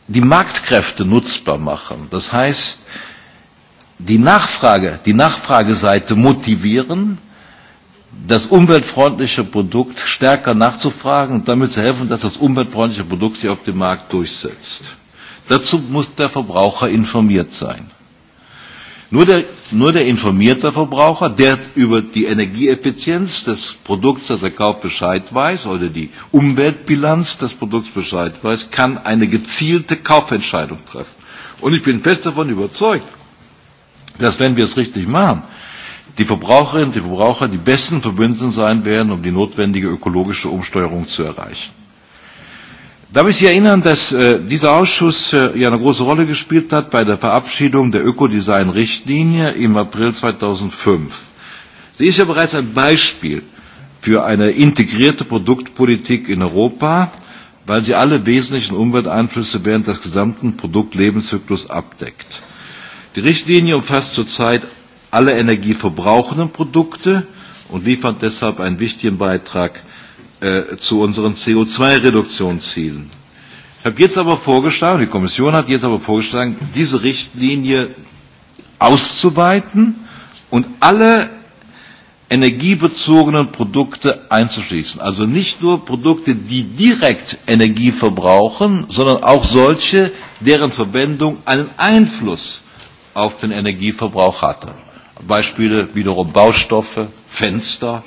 die Marktkräfte nutzbar machen. Das heißt, die Nachfrage, die Nachfrageseite motivieren, das umweltfreundliche Produkt stärker nachzufragen und damit zu helfen, dass das umweltfreundliche Produkt sich auf dem Markt durchsetzt. Dazu muss der Verbraucher informiert sein. Nur der, nur der informierte Verbraucher, der über die Energieeffizienz des Produkts, das er kauft, Bescheid weiß oder die Umweltbilanz des Produkts Bescheid weiß, kann eine gezielte Kaufentscheidung treffen. Und ich bin fest davon überzeugt, dass wenn wir es richtig machen, die Verbraucherinnen und die Verbraucher die besten Verbündeten sein werden, um die notwendige ökologische Umsteuerung zu erreichen. Darf ich Sie erinnern, dass äh, dieser Ausschuss äh, ja eine große Rolle gespielt hat bei der Verabschiedung der Ökodesign-Richtlinie im April 2005. Sie ist ja bereits ein Beispiel für eine integrierte Produktpolitik in Europa, weil sie alle wesentlichen Umwelteinflüsse während des gesamten Produktlebenszyklus abdeckt. Die Richtlinie umfasst zurzeit alle energieverbrauchenden Produkte und liefert deshalb einen wichtigen Beitrag äh, zu unseren CO2-Reduktionszielen. Ich habe jetzt aber vorgeschlagen, die Kommission hat jetzt aber vorgeschlagen, diese Richtlinie auszuweiten und alle energiebezogenen Produkte einzuschließen. Also nicht nur Produkte, die direkt Energie verbrauchen, sondern auch solche, deren Verwendung einen Einfluss auf den Energieverbrauch hatte. Beispiele wiederum Baustoffe, Fenster,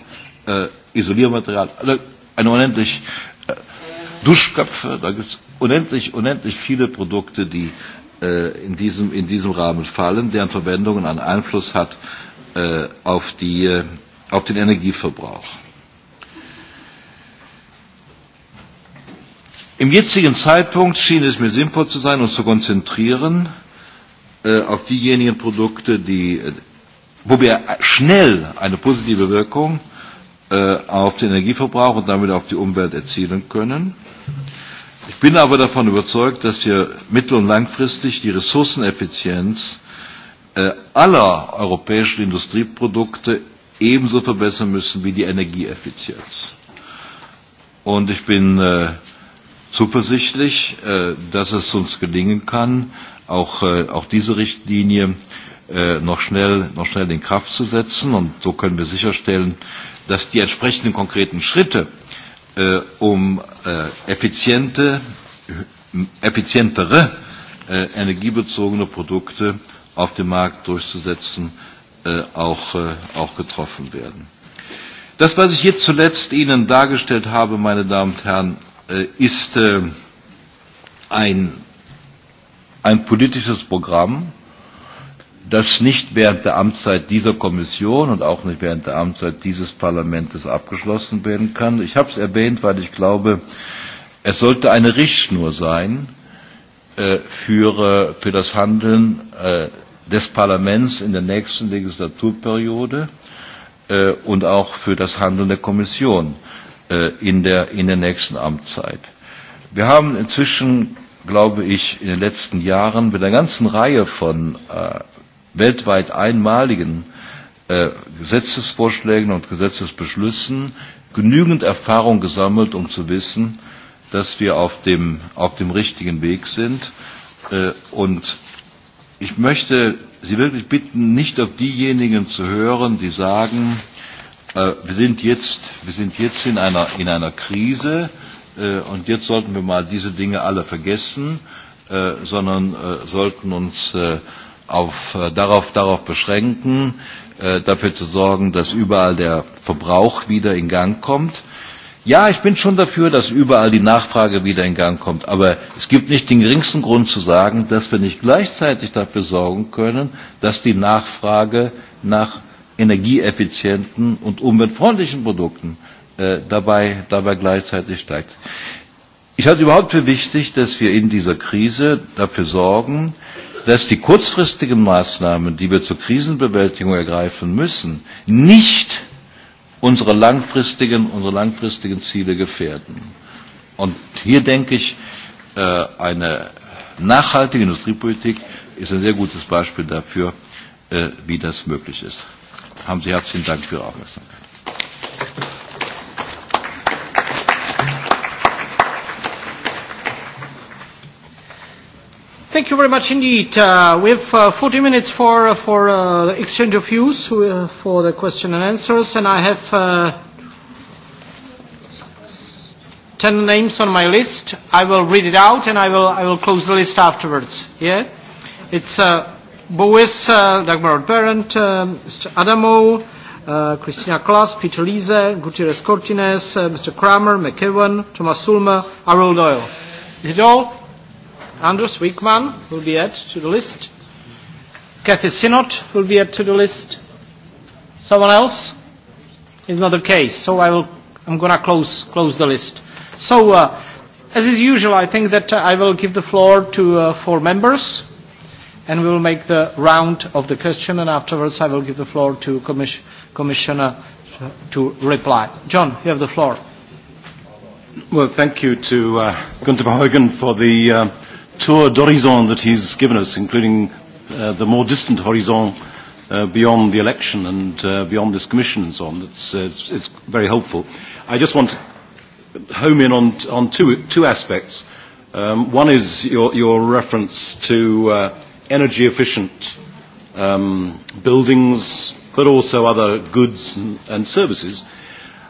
äh, Isoliermaterial, also eine unendlich äh, Duschköpfe, da gibt es unendlich, unendlich viele Produkte, die äh, in, diesem, in diesem Rahmen fallen, deren Verwendung einen Einfluss hat äh, auf, die, äh, auf den Energieverbrauch. Im jetzigen Zeitpunkt schien es mir sinnvoll zu sein, uns zu konzentrieren äh, auf diejenigen Produkte, die, äh, wo wir schnell eine positive Wirkung äh, äh, auf den Energieverbrauch und damit auf die Umwelt erzielen können. Ich bin aber davon überzeugt, dass wir mittel- und langfristig die Ressourceneffizienz äh, aller europäischen Industrieprodukte ebenso verbessern müssen wie die Energieeffizienz. Und ich bin äh, zuversichtlich, äh, dass es uns gelingen kann, auch, äh, auch diese Richtlinie äh, noch, schnell, noch schnell in Kraft zu setzen. Und so können wir sicherstellen, äh, dass die entsprechenden konkreten Schritte, äh, um äh, effiziente, effizientere äh, energiebezogene Produkte auf dem Markt durchzusetzen, äh, auch, äh, auch getroffen werden. Das, was ich jetzt zuletzt Ihnen dargestellt habe, meine Damen und Herren, äh, ist äh, ein, ein politisches Programm, das nicht während der Amtszeit dieser Kommission und auch nicht während der Amtszeit dieses Parlaments abgeschlossen werden kann. Ich habe es erwähnt, weil ich glaube, es sollte eine Richtschnur sein äh, für, äh, für das Handeln äh, des Parlaments in der nächsten Legislaturperiode äh, und auch für das Handeln der Kommission äh, in, der, in der nächsten Amtszeit. Wir haben inzwischen, glaube ich, in den letzten Jahren mit einer ganzen Reihe von äh, weltweit einmaligen äh, Gesetzesvorschlägen und Gesetzesbeschlüssen genügend Erfahrung gesammelt, um zu wissen, dass wir auf dem, auf dem richtigen Weg sind. Äh, und ich möchte Sie wirklich bitten, nicht auf diejenigen zu hören, die sagen, äh, wir, sind jetzt, wir sind jetzt in einer, in einer Krise äh, und jetzt sollten wir mal diese Dinge alle vergessen, äh, sondern äh, sollten uns äh, auf, äh, darauf, darauf beschränken, äh, dafür zu sorgen, dass überall der Verbrauch wieder in Gang kommt. Ja, ich bin schon dafür, dass überall die Nachfrage wieder in Gang kommt. Aber es gibt nicht den geringsten Grund zu sagen, dass wir nicht gleichzeitig dafür sorgen können, dass die Nachfrage nach energieeffizienten und umweltfreundlichen Produkten äh, dabei, dabei gleichzeitig steigt. Ich halte überhaupt für wichtig, dass wir in dieser Krise dafür sorgen, äh, dass die kurzfristigen Maßnahmen, die wir zur Krisenbewältigung ergreifen müssen, nicht unsere langfristigen, unsere langfristigen Ziele gefährden. Und hier denke ich, äh, eine nachhaltige Industriepolitik ist ein sehr gutes Beispiel dafür, äh, wie das möglich ist. Haben Sie herzlichen Dank für Ihre Aufmerksamkeit. Thank you very much indeed. Uh, we have uh, 40 minutes for, uh, for uh, exchange of views, uh, for the question and answers, and I have uh, 10 names on my list. I will read it out and I will, I will close the list afterwards. Yeah? It's uh, Bois, uh, Dagmar Parent, um, uh, Mr. Adamo, uh, Christina Klaas, Peter Liese, Gutierrez Cortines, uh, Mr. Kramer, McEwan, Thomas Sulmer, Harold Doyle. Is it all? Andrus Wickman will be added to the list. Kathy Sinnott will be added to the list. Someone else? It's not the case, so I will, I'm going to close, close the list. So, uh, as is usual, I think that uh, I will give the floor to uh, four members, and we will make the round of the question, and afterwards I will give the floor to commis Commissioner uh, to reply. John, you have the floor. Well, thank you to uh, Gunther Verheugen for the uh, tour d'horizon that he's given us, including uh, the more distant horizon uh, beyond the election and uh, beyond this commission and so on. It's, uh, it's, it's very helpful. I just want to home in on, on two, two aspects. Um, one is your, your reference to uh, energy efficient um, buildings, but also other goods and, and services.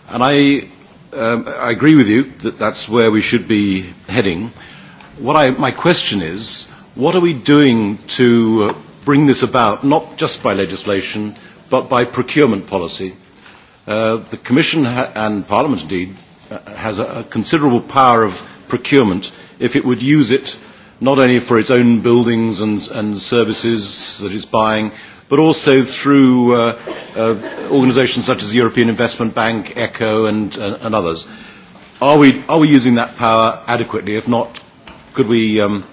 And I, um, I agree with you that that's where we should be heading. Uh, what I, my question is, what are we doing to uh, bring this about, not just by legislation, but by procurement policy? Uh, the Commission ha- and Parliament, indeed, uh, has a, a considerable power of procurement if it would use it not only for its own buildings and, and services that it's buying, but also through uh, uh, organisations such as the European Investment Bank, ECHO, and, uh, and others. Are we, are we using that power adequately? If not, could we um,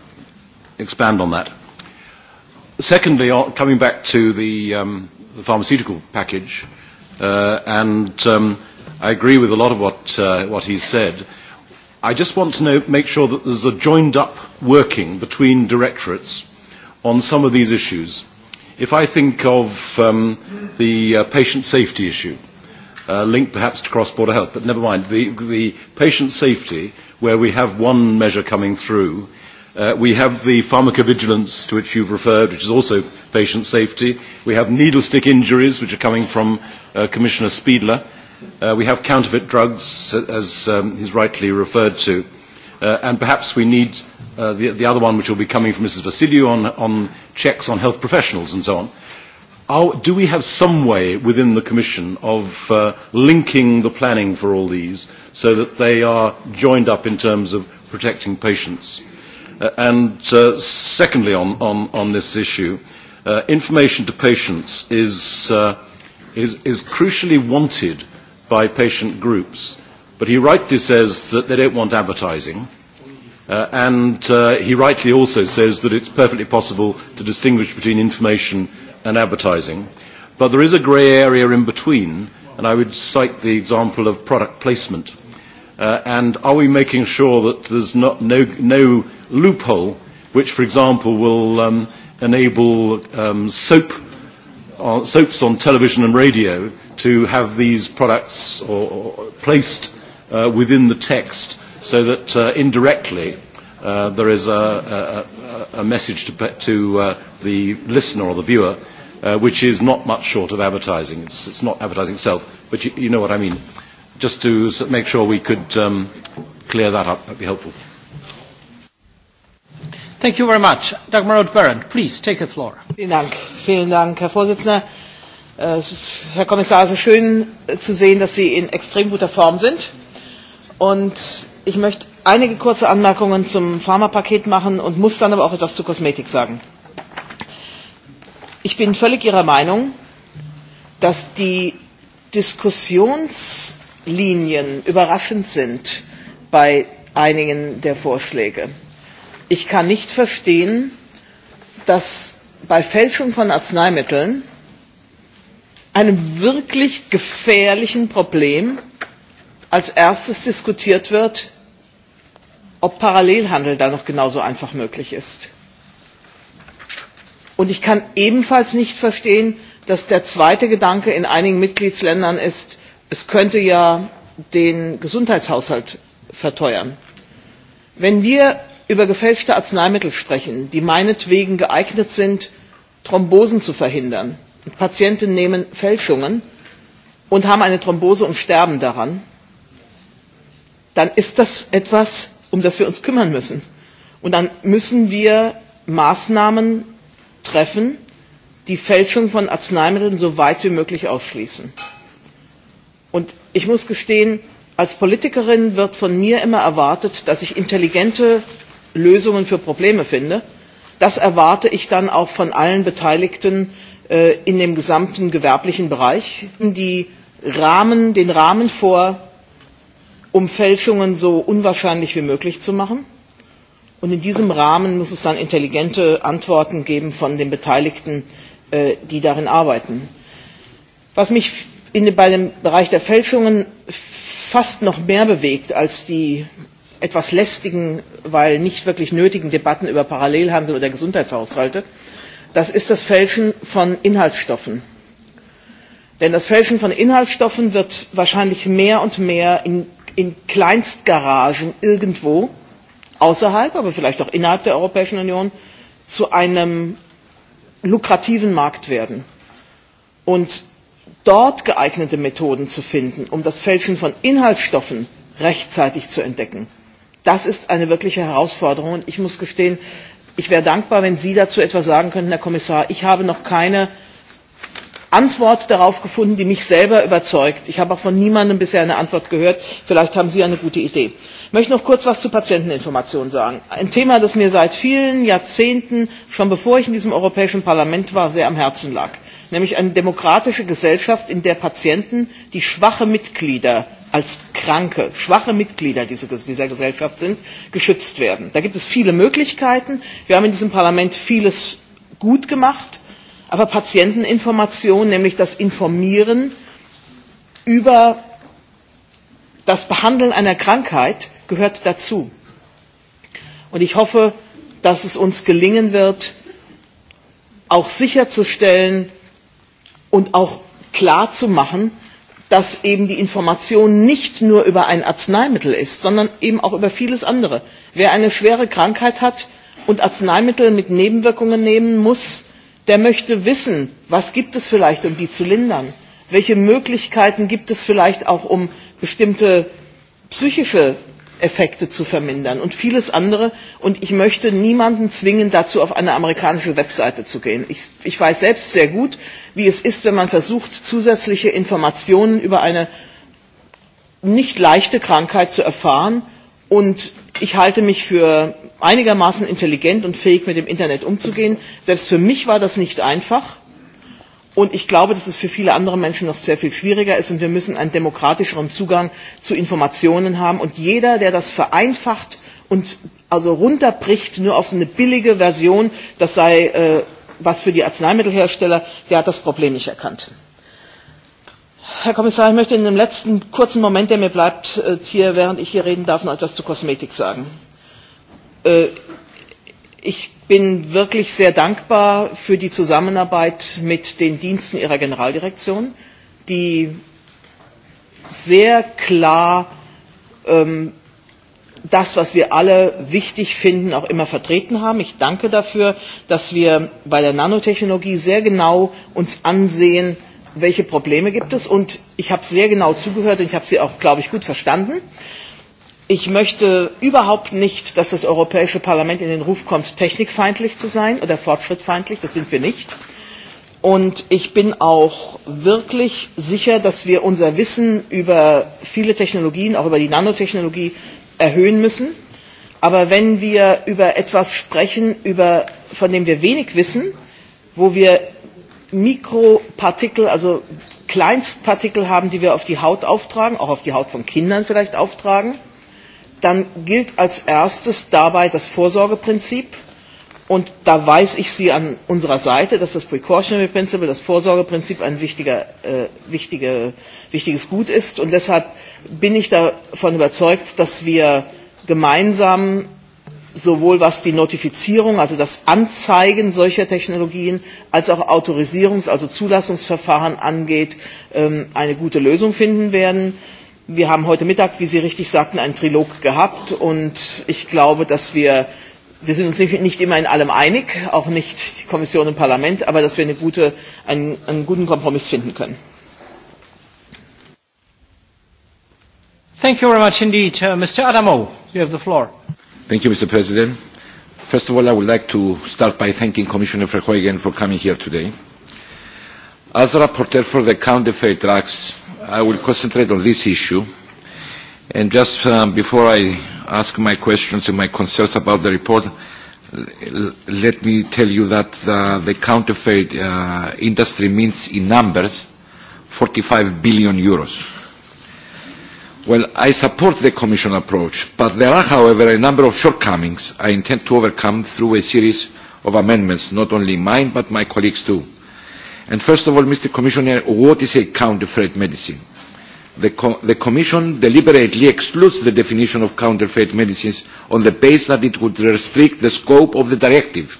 expand on that? Secondly, uh, coming back to the, um, the pharmaceutical package, uh, and um, I agree with a lot of what, uh, what he's said. I just want to know, make sure that there's a joined-up working between directorates on some of these issues. If I think of um, the uh, patient safety issue, uh, linked perhaps to cross-border health, but never mind, the, the patient safety where we have one measure coming through. Uh, we have the pharmacovigilance to which you've referred, which is also patient safety. We have needle stick injuries, which are coming from uh, Commissioner Spiedler. Uh, we have counterfeit drugs, as um, he's rightly referred to. Uh, and perhaps we need uh, the, the other one, which will be coming from Mrs. Vassiliou, on, on checks on health professionals and so on. Uh, Are, do we have some way within the Commission of uh, linking the planning for all these so that they are joined up in terms of protecting patients? Uh, and uh, secondly, on, on, on this issue, uh, information to patients is, uh, is, is crucially wanted by patient groups. But he rightly says that they don't want advertising. Uh, and uh, he rightly also says that it's perfectly possible to distinguish between information and advertising, but there is a grey area in between, and I would cite the example of product placement. Uh, and are we making sure that there's not, no, no loophole which, for example, will um, enable um, soap, uh, soaps on television and radio to have these products or, or placed uh, within the text so that uh, indirectly uh, there is a, a, a message to, to uh, the listener or the viewer uh, which is not much short of advertising. It's, it's not advertising itself, but you, you know what I mean. Just to make sure we could um, clear that up, that'd be helpful. Thank you very much. Dagmar Roth-Berendt, please take the floor. Vielen Dank. Vielen Dank, Herr Vorsitzender. Äh, es ist, Herr Kommissar, so schön äh, zu sehen, dass Sie in extrem guter Form sind. Und ich möchte einige kurze Anmerkungen zum Pharmapaket machen und muss dann aber auch etwas zu Kosmetik sagen ich bin völlig Ihrer Meinung, dass die Diskussionslinien überraschend sind bei einigen der Vorschläge. Ich kann nicht verstehen, dass bei Fälschung von Arzneimitteln, einem wirklich gefährlichen Problem, als erstes diskutiert wird, ob Parallelhandel da noch genauso einfach möglich ist und ich kann ebenfalls nicht verstehen dass der zweite gedanke in einigen mitgliedstaaten ist es könnte ja den gesundheitshaushalt verteuern. wenn wir über gefälschte arzneimittel sprechen die meinetwegen geeignet sind thrombosen zu verhindern und patienten nehmen fälschungen und haben eine thrombose und sterben daran dann ist das etwas um das wir uns kümmern müssen. und dann müssen wir maßnahmen treffen die fälschung von arzneimitteln so weit wie möglich ausschließen. und ich muss gestehen als politikerin wird von mir immer erwartet dass ich intelligente lösungen für probleme finde. das erwarte ich dann auch von allen beteiligten äh, in dem gesamten gewerblichen bereich die rahmen, den rahmen vor um fälschungen so unwahrscheinlich wie möglich zu machen Und in diesem Rahmen muss es dann intelligente Antworten geben von den Beteiligten, äh, die darin arbeiten. Was mich in, bei dem Bereich der Fälschungen fast noch mehr bewegt als die etwas lästigen, weil nicht wirklich nötigen Debatten über Parallelhandel oder Gesundheitshaushalte, das ist das Fälschen von Inhaltsstoffen. Denn das Fälschen von Inhaltsstoffen wird wahrscheinlich mehr und mehr in, in Kleinstgaragen irgendwo außerhalb, aber vielleicht auch innerhalb der Europäischen Union zu einem lukrativen Markt werden. Und dort geeignete Methoden zu finden, um das Fälschen von Inhaltsstoffen rechtzeitig zu entdecken, das ist eine wirkliche Herausforderung. Und ich muss gestehen, ich wäre dankbar, wenn Sie dazu etwas sagen könnten, Herr Kommissar. Ich habe noch keine Antwort darauf gefunden, die mich selber überzeugt. Ich habe auch von niemandem bisher eine Antwort gehört. Vielleicht haben Sie eine gute Idee. Ich möchte noch kurz was zu Patienteninformationen sagen. Ein Thema, das mir seit vielen Jahrzehnten, schon bevor ich in diesem Europäischen Parlament war, sehr am Herzen lag. Nämlich eine demokratische Gesellschaft, in der Patienten, die schwache Mitglieder als kranke, schwache Mitglieder dieser Gesellschaft sind, geschützt werden. Da gibt es viele Möglichkeiten. Wir haben in diesem Parlament vieles gut gemacht. Aber Patienteninformation, nämlich das Informieren über das Behandeln einer Krankheit, gehört dazu. Und ich hoffe, dass es uns gelingen wird, auch sicherzustellen und auch klarzumachen, dass eben die Information nicht nur über ein Arzneimittel ist, sondern eben auch über vieles andere. Wer eine schwere Krankheit hat und Arzneimittel mit Nebenwirkungen nehmen muss, der möchte wissen, was gibt es vielleicht, um die zu lindern? Welche Möglichkeiten gibt es vielleicht auch, um bestimmte psychische effekte zu vermindern und vieles andere und ich möchte niemanden zwingen dazu auf eine amerikanische webseite zu gehen. ich, ich weiß selbst sehr gut wie es ist wenn man versucht zusätzliche informationen über eine nicht leichte krankheit zu erfahren und ich halte mich für einigermaßen intelligent und fähig mit dem internet umzugehen. selbst für mich war das nicht einfach Und ich glaube, dass es für viele andere Menschen noch sehr viel schwieriger ist. Und wir müssen einen demokratischeren Zugang zu Informationen haben. Und jeder, der das vereinfacht und also runterbricht, nur auf so eine billige Version, das sei äh, was für die Arzneimittelhersteller, der hat das Problem nicht erkannt. Herr Kommissar, ich möchte in dem letzten kurzen Moment, der mir bleibt, äh, hier, während ich hier reden darf, noch etwas zu Kosmetik sagen. Äh, ich bin wirklich sehr dankbar für die zusammenarbeit mit den diensten ihrer generaldirektion die sehr klar ähm, das, was wir alle wichtig finden, auch immer vertreten haben. Ich danke dafür, dass wir bei der Nanotechnologie sehr genau uns ansehen, welche Probleme gibt es. Und ich habe sehr genau zugehört und ich habe Sie auch, glaube ich, gut verstanden ich möchte überhaupt nicht dass das europäische parlament in den ruf kommt technikfeindlich zu sein oder fortschrittfeindlich das sind wir nicht. und ich bin auch wirklich sicher dass wir unser wissen über viele technologien auch über die nanotechnologie erhöhen müssen. aber wenn wir über etwas sprechen über, von dem wir wenig wissen wo wir mikropartikel also kleinstpartikel haben die wir auf die haut auftragen auch auf die haut von kindern vielleicht auftragen dann gilt als erstes dabei das Vorsorgeprinzip. Und da weiß ich Sie an unserer Seite, dass das Precautionary Principle, das Vorsorgeprinzip ein wichtiger, äh, wichtige, wichtiges Gut ist. Und deshalb bin ich davon überzeugt, dass wir gemeinsam sowohl was die Notifizierung, also das Anzeigen solcher Technologien, als auch Autorisierungs-, also Zulassungsverfahren angeht, ähm, eine gute Lösung finden werden. Äh, Wir haben heute Mittag, wie Sie richtig sagten, einen Trilog gehabt und ich glaube, dass wir, wir sind uns nicht, nicht immer in allem einig, auch nicht die Kommission und Parlament, aber dass wir eine gute, einen, einen guten Kompromiss finden können. Thank you very much indeed. Uh, Mr. Adamo, you have the floor. Thank you, Mr. President. First of all, I would like to start by thanking Commissioner Verheugen for coming here today. As rapporteur for the Counterfeit Drugs I will concentrate on this issue. And just um, before I ask my questions and my concerns about the report, let me tell you that uh, the counterfeit uh, industry means in numbers 45 billion euros. Well, I support the Commission approach, but there are, however, a number of shortcomings I intend to overcome through a series of amendments, not only mine, but my colleagues too. And first of all, Mr. Commissioner, what is a counterfeit medicine? The, co the Commission deliberately excludes the definition of counterfeit medicines on the basis that it would restrict the scope of the directive.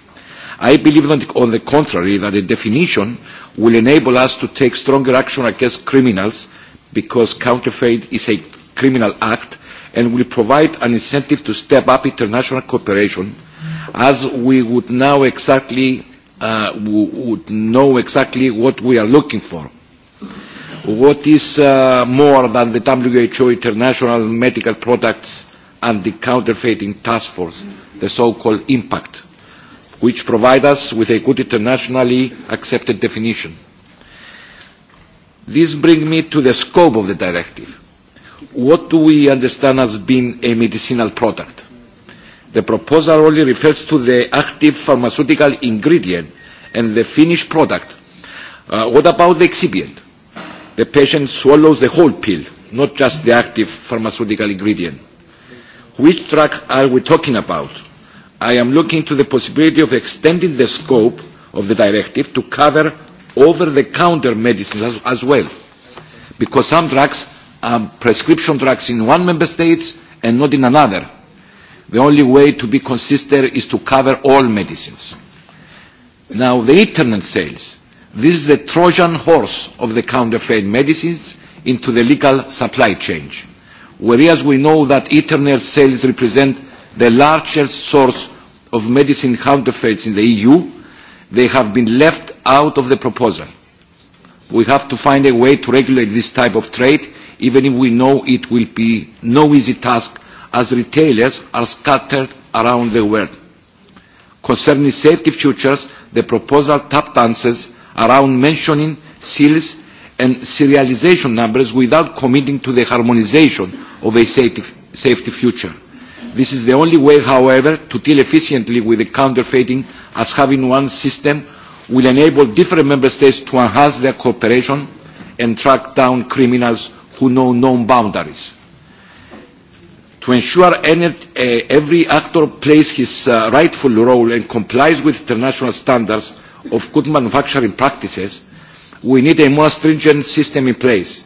I believe that, on the contrary, that a definition will enable us to take stronger action against criminals because counterfeit is a criminal act and will provide an incentive to step up international cooperation as we would now exactly uh, would know exactly what we are looking for. What is uh, more than the WHO International Medical Products and the Counterfeiting Task Force, the so-called IMPACT, which provide us with a good internationally accepted definition. This brings me to the scope of the directive. What do we understand as being a medicinal product? The proposal only refers to the active pharmaceutical ingredient and the finished product. Uh, what about the excipient? The patient swallows the whole pill, not just the active pharmaceutical ingredient. Which drug are we talking about? I am looking to the possibility of extending the scope of the directive to cover over-the-counter medicines as, as well, because some drugs are prescription drugs in one member state and not in another The only way to be consistent is to cover all medicines. Now, the internet sales. This is the Trojan horse of the counterfeit medicines into the legal supply chain. Whereas we know that internet sales represent the largest source of medicine counterfeits in the EU, they have been left out of the proposal. We have to find a way to regulate this type of trade, even if we know it will be no easy task as retailers are scattered around the world. Concerning safety features, the proposal tap dances around mentioning seals and serialization numbers without committing to the harmonization of a safety, safety future. This is the only way, however, to deal efficiently with the counterfeiting as having one system will enable different member states to enhance their cooperation and track down criminals who know known boundaries to ensure eh, every actor plays his uh, rightful role and complies with international standards of good manufacturing practices, we need a more stringent system in place.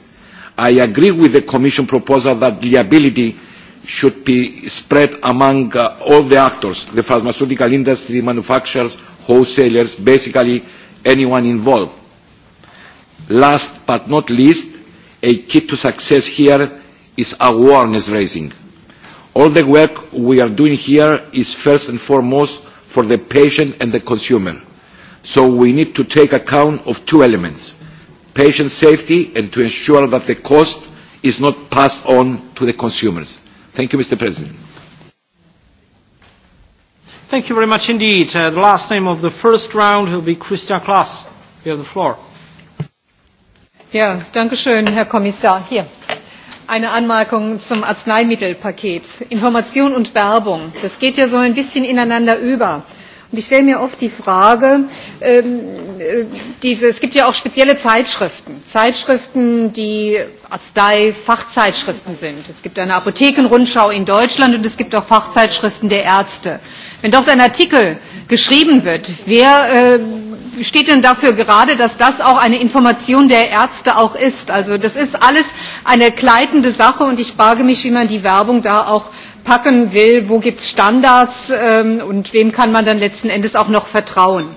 I agree with the Commission proposal that liability should be spread among uh, all the actors, the pharmaceutical industry, manufacturers, wholesalers, basically anyone involved. Last but not least, a key to success here is awareness raising all the work we are doing here is first and foremost for the patient and the consumer. So we need to take account of two elements, patient safety and to ensure that the cost is not passed on to the consumers. Thank you, Mr. President. Thank you very much indeed. Uh, the last name of the first round will be Christian Klaas. You have the floor. Ja, danke schön, Herr Kommissar. Hier eine Anmerkung zum Arzneimittelpaket. Information und Werbung, das geht ja so ein bisschen ineinander über. Und ich stelle mir oft die Frage, ähm, äh, diese, es gibt ja auch spezielle Zeitschriften, Zeitschriften, die Arznei-Fachzeitschriften sind. Es gibt eine Apothekenrundschau in Deutschland und es gibt auch Fachzeitschriften der Ärzte. Wenn dort ein Artikel geschrieben wird, wer äh, steht denn dafür gerade, dass das auch eine Information der Ärzte auch ist? Also das ist alles eine gleitende Sache und ich frage mich, wie man die Werbung da auch packen will. Wo gibt es Standards ähm, und wem kann man dann letzten Endes auch noch vertrauen?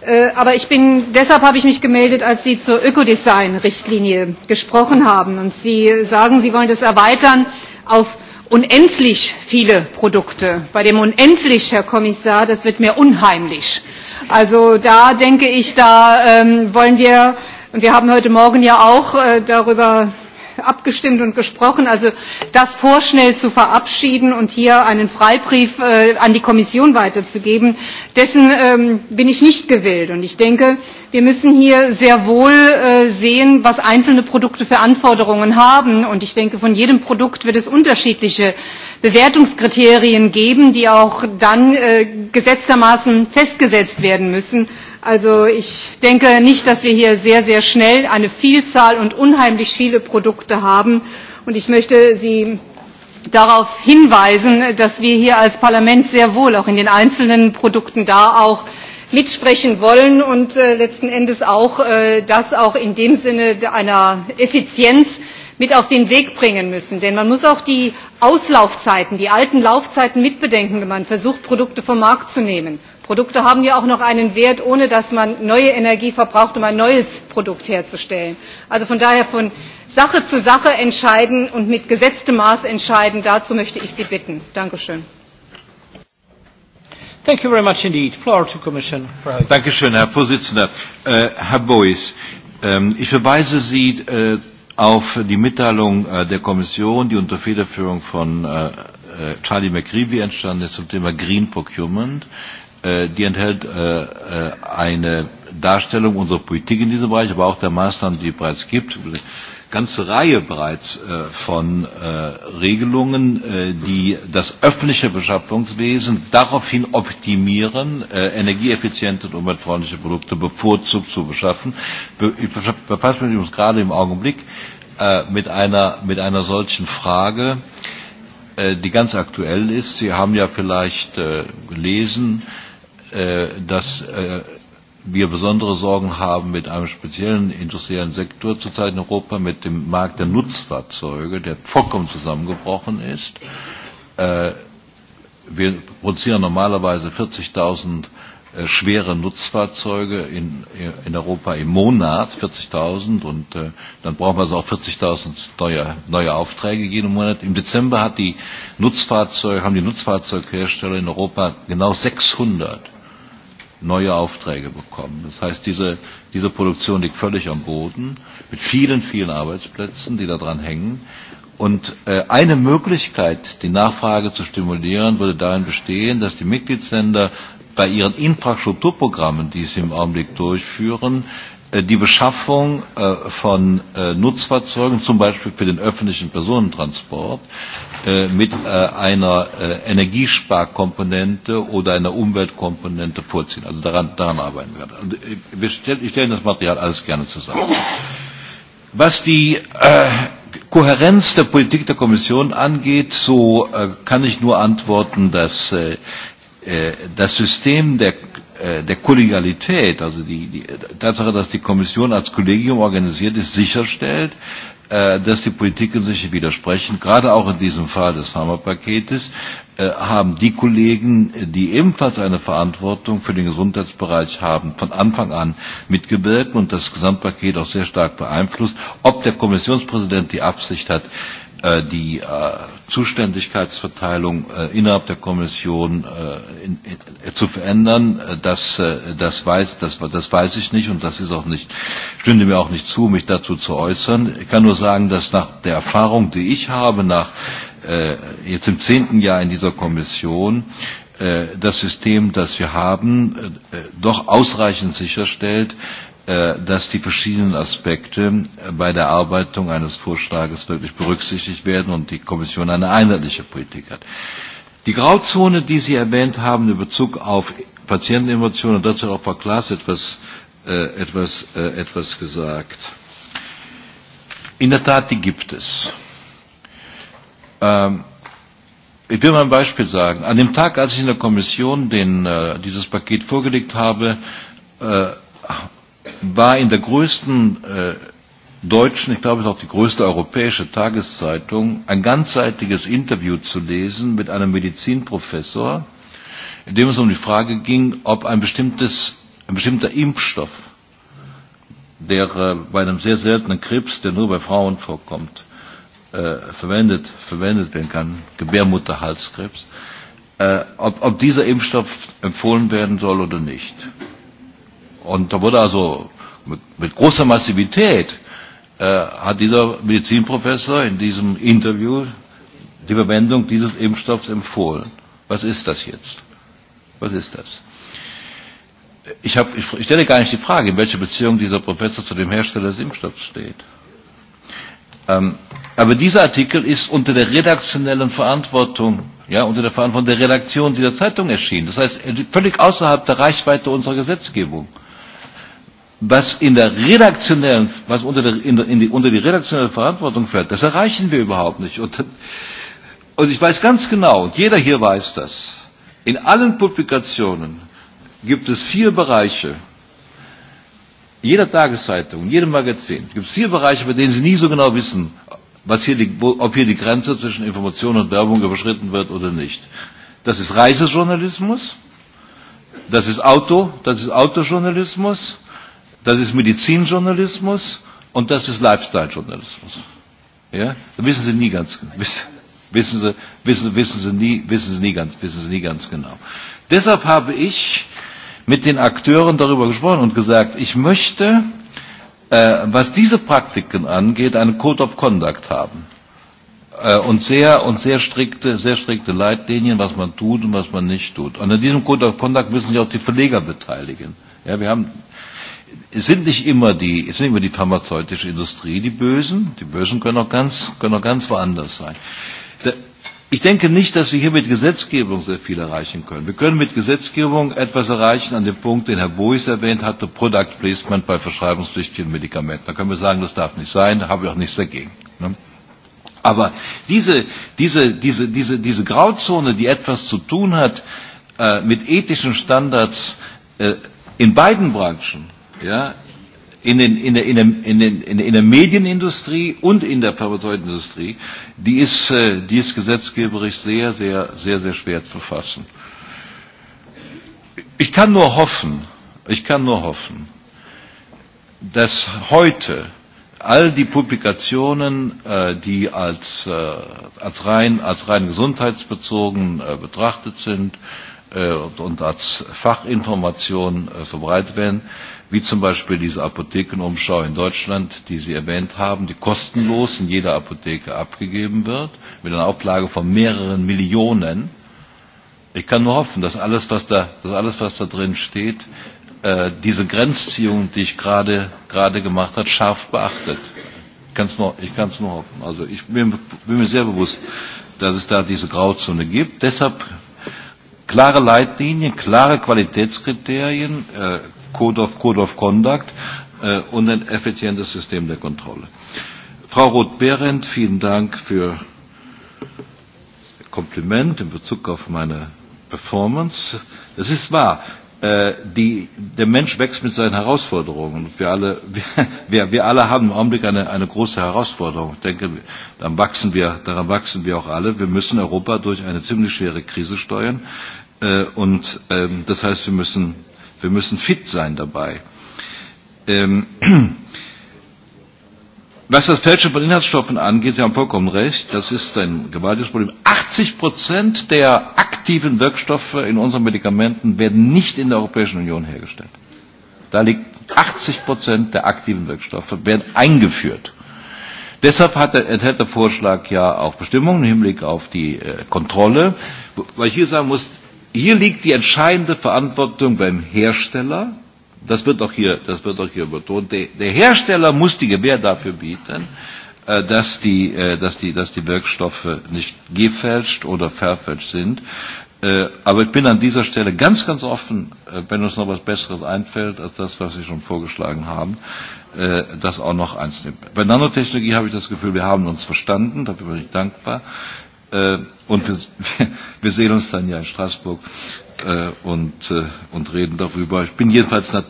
Äh, aber ich bin, deshalb habe ich mich gemeldet, als Sie zur Ökodesign-Richtlinie gesprochen haben. Und Sie sagen, Sie wollen das erweitern auf unendlich viele Produkte. Bei dem unendlich, Herr Kommissar, das wird mir unheimlich. Äh, Also da denke ich, da ähm, wollen wir, und wir haben heute Morgen ja auch äh, darüber abgestimmt und gesprochen. Also das vorschnell zu verabschieden und hier einen Freibrief äh, an die Kommission weiterzugeben, dessen ähm, bin ich nicht gewillt. Und ich denke, wir müssen hier sehr wohl äh, sehen, was einzelne Produkte für Anforderungen haben. Und ich denke, von jedem Produkt wird es unterschiedliche Bewertungskriterien geben, die auch dann äh, gesetztermaßen festgesetzt werden müssen. Also ich denke nicht, dass wir hier sehr, sehr schnell eine Vielzahl und unheimlich viele Produkte haben. Und ich möchte Sie darauf hinweisen, dass wir hier als Parlament sehr wohl auch in den einzelnen Produkten da auch mitsprechen wollen und äh, letzten Endes auch äh, das auch in dem Sinne einer Effizienz mit auf den Weg bringen müssen. Denn man muss auch die Auslaufzeiten, die alten Laufzeiten mitbedenken, wenn man versucht, Produkte vom Markt zu nehmen. Produkte haben ja auch noch einen Wert, ohne dass man neue Energie verbraucht, um ein neues Produkt herzustellen. Also von daher von Sache zu Sache entscheiden und mit gesetztem Maß entscheiden, dazu möchte ich Sie bitten. Dankeschön. Thank you very much indeed. Floor to Commission. Dankeschön, Herr Vorsitzender. Äh, Herr Bois, ähm, ich verweise Sie äh, auf die Mitteilung äh, der Kommission, die unter Federführung von äh, äh Charlie McCreevy entstanden ist zum Thema Green Procurement äh, die enthält äh, äh, eine Darstellung unserer Politik in diesem Bereich, aber auch der Maßnahmen, die es bereits gibt. Eine ganze Reihe bereits äh, von äh, Regelungen, äh, die das öffentliche Beschaffungswesen daraufhin optimieren, äh, energieeffiziente und umweltfreundliche Produkte bevorzugt zu beschaffen. Be ich befasse mich übrigens gerade im Augenblick äh, mit, einer, mit einer solchen Frage, äh, die ganz aktuell ist. Sie haben ja vielleicht äh, gelesen, äh, äh, dass äh, wir besondere Sorgen haben mit einem speziellen industriellen Sektor zurzeit in Europa, mit dem Markt der Nutzfahrzeuge, der vollkommen zusammengebrochen ist. Äh, wir produzieren normalerweise 40.000 äh, schwere Nutzfahrzeuge in, in Europa im Monat, 40.000, und äh, dann brauchen wir also auch 40.000 neue, neue Aufträge jeden Monat. Im Dezember hat die Nutzfahrzeug, haben die Nutzfahrzeughersteller in Europa genau 600 neue Aufträge bekommen. Das heißt, diese, diese Produktion liegt völlig am Boden mit vielen, vielen Arbeitsplätzen, die daran hängen. Und äh, eine Möglichkeit, die Nachfrage zu stimulieren, würde darin bestehen, dass die Mitgliedsländer bei ihren Infrastrukturprogrammen, die sie im Augenblick durchführen, Äh, die Beschaffung äh, von äh, Nutzfahrzeugen, zum Beispiel für den öffentlichen Personentransport, mit einer Energiesparkomponente oder einer Umweltkomponente vorziehen. Also daran, daran arbeiten wir. Also wir stell, ich stelle das Material alles gerne zusammen. Was die äh, Kohärenz der Politik der Kommission angeht, so äh, kann ich nur antworten, dass äh, das System der Äh, der Kollegialität, also die, die Tatsache, dass die Kommission als Kollegium organisiert ist, sicherstellt, äh, dass die Politiken sich widersprechen. Gerade auch in diesem Fall des Pharmapaketes äh, haben die Kollegen, die ebenfalls eine Verantwortung für den Gesundheitsbereich haben, von Anfang an mitgewirkt und das Gesamtpaket auch sehr stark beeinflusst. Ob der Kommissionspräsident die Absicht hat, äh, Äh, die äh, Zuständigkeitsverteilung äh, innerhalb der Kommission zu verändern. Das, das, weiß, das, das weiß ich nicht und das ist auch nicht, stünde mir auch nicht zu, mich dazu zu äußern. Ich kann nur sagen, dass nach der Erfahrung, die ich habe, nach jetzt im zehnten Jahr in dieser Kommission, das System, das wir haben, doch ausreichend sicherstellt, Äh, dass die verschiedenen Aspekte bei der Erarbeitung eines Vorschlages wirklich berücksichtigt werden und die Kommission eine einheitliche Politik hat. Die Grauzone, die Sie erwähnt haben in Bezug auf Patienteninformationen, und dazu hat auch Frau Klaas etwas, äh, etwas, äh, etwas gesagt. In der Tat, die gibt es. Ähm, ich will mal ein Beispiel sagen. An dem Tag, als ich in der Kommission den, äh, dieses Paket vorgelegt habe, äh, war in der größten äh, deutschen, ich glaube es ist auch die größte europäische Tageszeitung, ein ganzseitiges Interview zu lesen mit einem Medizinprofessor, in dem es um die Frage ging, ob ein, bestimmtes, ein bestimmter Impfstoff, der äh, bei einem sehr seltenen Krebs, der nur bei Frauen vorkommt, äh, verwendet, verwendet werden kann, Gebärmutterhalskrebs, äh, ob, ob dieser Impfstoff empfohlen werden soll oder nicht. Äh, Und da wurde also mit, mit großer Massivität äh, hat dieser Medizinprofessor in diesem Interview die Verwendung dieses Impfstoffs empfohlen. Was ist das jetzt? Was ist das? Ich, hab, ich, ich stelle gar nicht die Frage, in welcher Beziehung dieser Professor zu dem Hersteller des Impfstoffs steht. Ähm, aber dieser Artikel ist unter der redaktionellen Verantwortung, ja, unter der Verantwortung der Redaktion dieser Zeitung erschienen. Das heißt, er völlig außerhalb der Reichweite unserer Gesetzgebung. Äh, was in der redaktionellen, was unter, der, in der, in die, unter die redaktionelle Verantwortung fällt, das erreichen wir überhaupt nicht. Und, und ich weiß ganz genau, und jeder hier weiß das, in allen Publikationen gibt es vier Bereiche, jeder Tageszeitung, in jedem Magazin gibt es vier Bereiche, bei denen Sie nie so genau wissen, was hier die, wo, ob hier die Grenze zwischen Information und Werbung überschritten wird oder nicht. Das ist Reisejournalismus, das ist Auto, das ist Autojournalismus, das ist Medizinjournalismus und das ist Lifestyle-Journalismus. Ja? Da wissen Sie nie ganz wissen, wissen, Sie, wissen, wissen, Sie nie, wissen, Sie nie ganz, wissen Sie nie ganz genau. Deshalb habe ich mit den Akteuren darüber gesprochen und gesagt, ich möchte, äh, was diese Praktiken angeht, einen Code of Conduct haben äh, und sehr und sehr strikte, sehr strikte Leitlinien, was man tut und was man nicht tut. Und an diesem Code of Conduct müssen sich auch die Verleger beteiligen. Ja, wir haben sind nicht immer die, es sind immer die pharmazeutische Industrie die Bösen. Die Bösen können auch ganz, können auch ganz woanders sein. Da, ich denke nicht, dass wir hier mit Gesetzgebung sehr viel erreichen können. Wir können mit Gesetzgebung etwas erreichen an dem Punkt, den Herr Bois erwähnt hatte, Product Placement bei verschreibungspflichtigen Medikamenten. Da können wir sagen, das darf nicht sein, da habe ich auch nichts dagegen. Ne? Aber diese, diese, diese, diese, diese Grauzone, die etwas zu tun hat äh, mit ethischen Standards äh, in beiden Branchen, ja, in, den, in, der, in, der, in, den, in, in der Medienindustrie und in der Pharmazeutenindustrie, die ist, äh, die ist gesetzgeberisch sehr, sehr, sehr, sehr schwer zu verfassen. Ich kann nur hoffen, ich kann nur hoffen, dass heute all die Publikationen, äh, die als, äh, als, rein, als rein gesundheitsbezogen äh, betrachtet sind äh, und, und als Fachinformation äh, verbreitet werden, äh, wie zum Beispiel diese Apothekenumschau in Deutschland, die Sie erwähnt haben, die kostenlos in jeder Apotheke abgegeben wird, mit einer Auflage von mehreren Millionen. Ich kann nur hoffen, dass alles, was da, dass alles, was da drin steht, äh, diese Grenzziehung, die ich gerade gemacht habe, scharf beachtet. Ich kann es nur, ich kann's nur hoffen. Also ich bin, bin mir sehr bewusst, dass es da diese Grauzone gibt. Deshalb klare Leitlinien, klare Qualitätskriterien, äh, Code of, Code of Conduct äh, und ein effizientes System der Kontrolle. Frau Roth-Behrendt, vielen Dank für Kompliment in Bezug auf meine Performance. Es ist wahr, äh, die, der Mensch wächst mit seinen Herausforderungen. Wir alle, *laughs* wir, wir alle haben im Augenblick eine, eine große Herausforderung. Ich denke, daran wachsen, wir, daran wachsen wir auch alle. Wir müssen Europa durch eine ziemlich schwere Krise steuern. Äh, und ähm, das heißt, wir müssen Wir müssen fit sein dabei. Ähm, *clears throat* was das Fälschen von Inhaltsstoffen angeht, Sie haben vollkommen recht, das ist ein gewaltiges Problem. 80 Prozent der aktiven Wirkstoffe in unseren Medikamenten werden nicht in der Europäischen Union hergestellt. Da liegt 80 Prozent der aktiven Wirkstoffe werden eingeführt. Deshalb hat der, enthält der Vorschlag ja auch Bestimmungen im Hinblick auf die äh, Kontrolle, weil ich hier sagen muss, hier liegt die entscheidende Verantwortung beim Hersteller. Das wird auch hier, das wird auch hier betont. Der, der Hersteller muss die Gewähr dafür bieten, äh, dass, die, äh, dass, die, dass die Wirkstoffe nicht gefälscht oder verfälscht sind. Äh, aber ich bin an dieser Stelle ganz, ganz offen, äh, wenn uns noch was Besseres einfällt, als das, was Sie schon vorgeschlagen haben, äh, das auch noch eins nehmen. Bei Nanotechnologie habe ich das Gefühl, wir haben uns verstanden, dafür bin ich dankbar. Äh, und wir, *laughs* wir sehen uns dann ja in Straßburg äh, und, äh, und reden darüber. Ich bin jedenfalls nach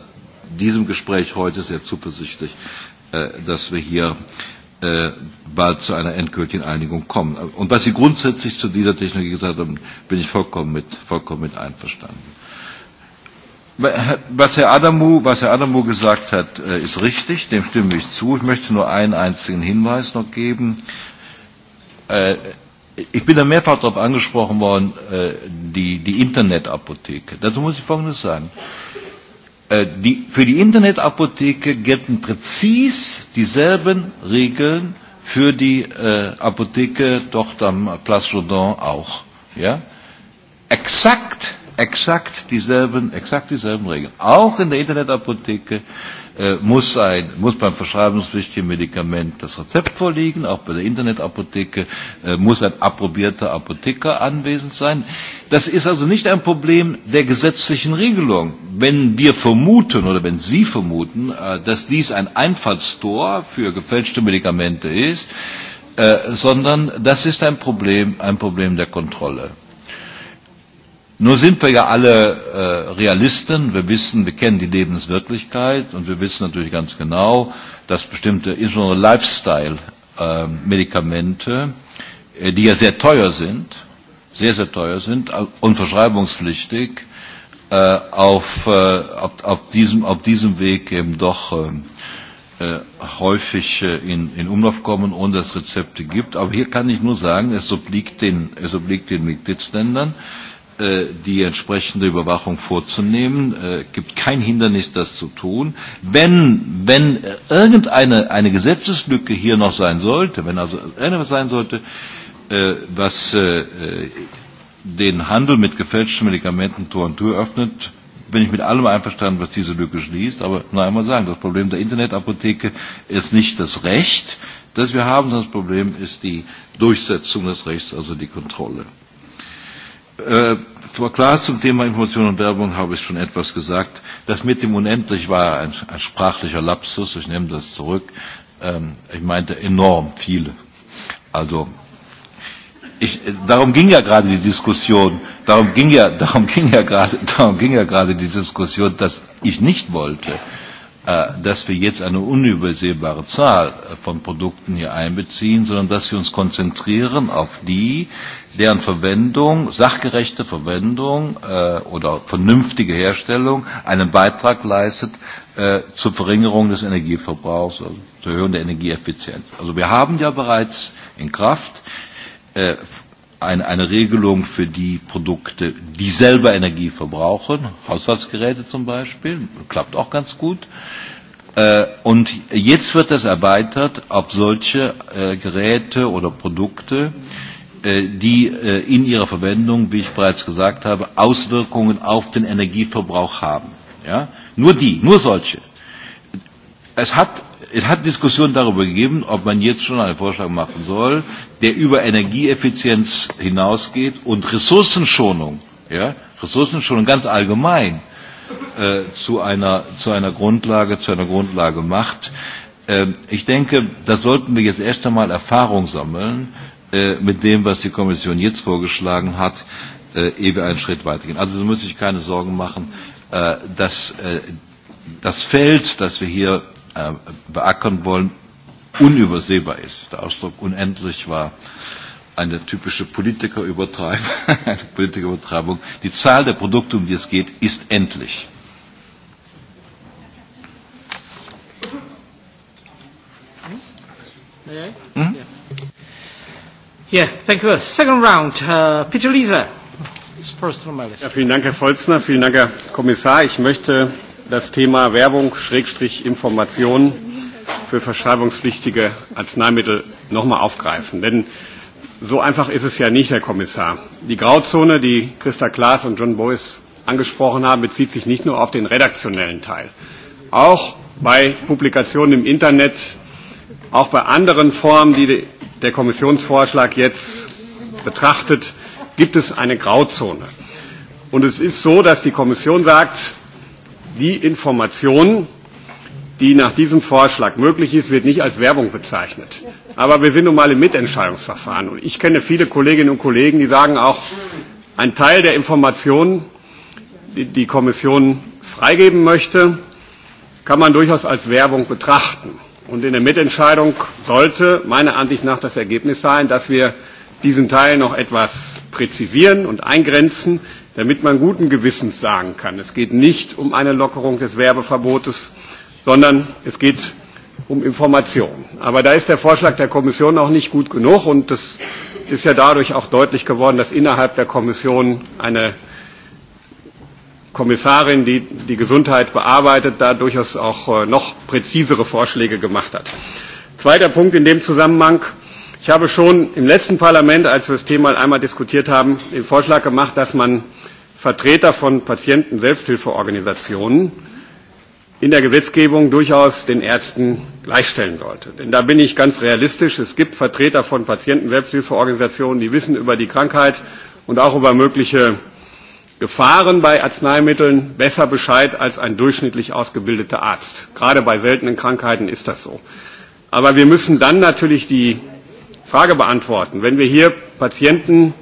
diesem Gespräch heute sehr zuversichtlich, äh, dass wir hier äh, bald zu einer endgültigen Einigung kommen. Und was Sie grundsätzlich zu dieser Technologie gesagt haben, bin ich vollkommen mit, vollkommen mit einverstanden. Was Herr, Adamu, was Herr Adamu gesagt hat, äh, ist richtig, dem stimme ich zu. Ich möchte nur einen einzigen Hinweis noch geben. Äh, Ich bin da mehrfach darauf angesprochen worden, äh, die, die Internetapotheke. Dazu muss ich Folgendes sagen. Äh, die, für die Internetapotheke gelten präzis dieselben Regeln für die äh, Apotheke dort am Place Jourdan auch. Ja? Exakt, exakt dieselben, exakt dieselben Regeln. Auch in der Internetapotheke Äh, muss, ein, muss beim verschreibungspflichtigen Medikament das Rezept vorliegen, auch bei der Internetapotheke äh, muss ein approbierter Apotheker anwesend sein. Das ist also nicht ein Problem der gesetzlichen Regelung. Wenn wir vermuten oder wenn Sie vermuten, äh, dass dies ein Einfallstor für gefälschte Medikamente ist, äh, sondern das ist ein Problem, ein Problem der Kontrolle. Nur sind wir ja alle äh, Realisten, wir wissen, wir kennen die Lebenswirklichkeit und wir wissen natürlich ganz genau, dass bestimmte, insbesondere Lifestyle-Medikamente, ähm, äh, äh, die ja sehr teuer sind, sehr, sehr teuer sind und verschreibungspflichtig, äh, auf, äh, auf, auf, diesem, auf diesem Weg eben doch ähm, äh, häufig äh, in, in Umlauf kommen, ohne dass es Rezepte gibt. Aber hier kann ich nur sagen, es obliegt den, es obliegt den Mitgliedsländern, äh, Äh, die entsprechende Überwachung vorzunehmen. Es äh, gibt kein Hindernis, das zu tun. Wenn, wenn irgendeine eine Gesetzeslücke hier noch sein sollte, wenn also irgendwas sein sollte, äh, was äh, äh den Handel mit gefälschten Medikamenten Tor und Tür öffnet, bin ich mit allem einverstanden, was diese Lücke schließt. Aber noch einmal sagen, das Problem der Internetapotheke ist nicht das Recht, das wir haben, das Problem ist die Durchsetzung des Rechts, also die Kontrolle. Äh, Äh, klar zum Thema Information und Werbung habe ich schon etwas gesagt. Das mit dem Unendlich war ein, ein sprachlicher Lapsus. Ich nehme das zurück. Ähm, ich meinte enorm viele. Also ich, darum ging ja gerade die Diskussion. Darum ging ja, *laughs* darum ging ja gerade, darum ging ja gerade die Diskussion, dass ich nicht wollte, Äh, dass wir jetzt eine unübersehbare Zahl äh, von Produkten hier einbeziehen, sondern dass wir uns konzentrieren auf die, deren Verwendung, sachgerechte Verwendung äh, oder vernünftige Herstellung einen Beitrag leistet äh, zur Verringerung des Energieverbrauchs, also zur Erhöhung der Energieeffizienz. Also wir haben ja bereits in Kraft äh, ein, eine Regelung für die Produkte, die selber Energie verbrauchen, Haushaltsgeräte zum Beispiel, klappt auch ganz gut. Äh, und jetzt wird das erweitert auf solche äh, Geräte oder Produkte, äh, die äh, in ihrer Verwendung, wie ich bereits gesagt habe, Auswirkungen auf den Energieverbrauch haben. Ja? Nur die, nur solche es hat es hat Diskussionen darüber gegeben, ob man jetzt schon einen Vorschlag machen soll, der über Energieeffizienz hinausgeht und Ressourcenschonung, ja, Ressourcenschonung ganz allgemein äh, zu, einer, zu einer Grundlage, zu einer Grundlage macht. Äh, ich denke, da sollten wir jetzt erst einmal Erfahrung sammeln äh, mit dem, was die Kommission jetzt vorgeschlagen hat, äh, ehe wir einen Schritt weitergehen. Also da muss ich keine Sorgen machen, äh, dass äh, das Feld, das wir hier äh, beackern wollen, unübersehbar ist. Der Ausdruck unendlich war eine typische Politikerübertreibung, *laughs* eine Politikerübertreibung. Die Zahl der Produkte, um die es geht, ist endlich. Hmm? Yeah. yeah, thank you. Second round, uh, Peter Lisa. Ja, vielen Dank, Herr Volzner, vielen Dank, Herr Kommissar. Ich möchte das Thema Werbung, Schrägstrich Information für verschreibungspflichtige Arzneimittel nochmal aufgreifen. Denn so einfach ist es ja nicht, Herr Kommissar. Die Grauzone, die Christa Klaas und John Boyce angesprochen haben, bezieht sich nicht nur auf den redaktionellen Teil. Auch bei Publikationen im Internet, auch bei anderen Formen, die der Kommissionsvorschlag jetzt betrachtet, gibt es eine Grauzone. Und es ist so, dass die Kommission sagt, die Information, die nach diesem Vorschlag möglich ist, wird nicht als Werbung bezeichnet. Aber wir sind nun mal im Mitentscheidungsverfahren. Und ich kenne viele Kolleginnen und Kollegen, die sagen auch, ein Teil der Informationen, die die Kommission freigeben möchte, kann man durchaus als Werbung betrachten. Und in der Mitentscheidung sollte meiner Ansicht nach das Ergebnis sein, dass wir diesen Teil noch etwas präzisieren und eingrenzen, damit man guten Gewissens sagen kann, es geht nicht um eine Lockerung des Werbeverbotes, sondern es geht um Information. Aber da ist der Vorschlag der Kommission noch nicht gut genug und das ist ja dadurch auch deutlich geworden, dass innerhalb der Kommission eine Kommissarin, die die Gesundheit bearbeitet, da durchaus auch äh, noch präzisere Vorschläge gemacht hat. Zweiter Punkt in dem Zusammenhang. Ich habe schon im letzten Parlament, als wir das Thema einmal diskutiert haben, den Vorschlag gemacht, dass man Vertreter von Patienten-Selbsthilfeorganisationen in der Gesetzgebung durchaus den Ärzten gleichstellen sollte. Denn da bin ich ganz realistisch. Es gibt Vertreter von Patienten-Selbsthilfeorganisationen, die wissen über die Krankheit und auch über mögliche Gefahren bei Arzneimitteln besser Bescheid als ein durchschnittlich ausgebildeter Arzt. Gerade bei seltenen Krankheiten ist das so. Aber wir müssen dann natürlich die Frage beantworten, wenn wir hier Patienten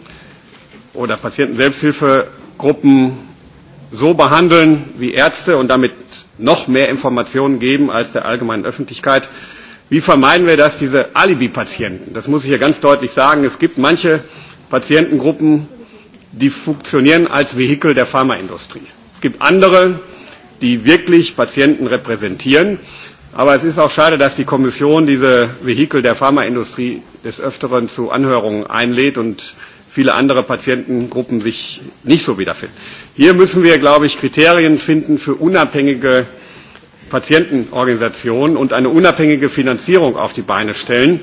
oder Patienten Selbsthilfe Gruppen so behandeln wie Ärzte und damit noch mehr Informationen geben als der allgemeinen Öffentlichkeit. Wie vermeiden wir das, diese Alibi-Patienten? Das muss ich hier ganz deutlich sagen. Es gibt manche Patientengruppen, die funktionieren als Vehikel der Pharmaindustrie. Es gibt andere, die wirklich Patienten repräsentieren. Aber es ist auch schade, dass die Kommission diese Vehikel der Pharmaindustrie des Öfteren zu Anhörungen einlädt und viele andere Patientengruppen sich nicht so wiederfinden. Hier müssen wir, glaube ich, Kriterien finden für unabhängige Patientenorganisationen und eine unabhängige Finanzierung auf die Beine stellen.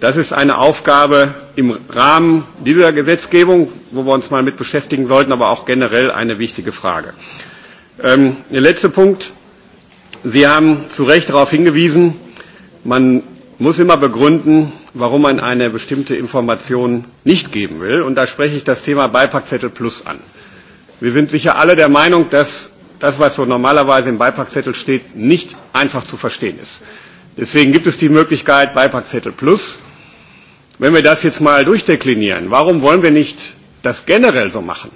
Das ist eine Aufgabe im Rahmen dieser Gesetzgebung, wo wir uns mal mit beschäftigen sollten, aber auch generell eine wichtige Frage. Ähm, der letzte Punkt. Sie haben zu Recht darauf hingewiesen, man muss immer begründen, warum man eine bestimmte Information nicht geben will. Und da spreche ich das Thema Beipackzettel Plus an. Wir sind sicher alle der Meinung, dass das, was so normalerweise im Beipackzettel steht, nicht einfach zu verstehen ist. Deswegen gibt es die Möglichkeit Beipackzettel Plus. Wenn wir das jetzt mal durchdeklinieren, warum wollen wir nicht das generell so machen?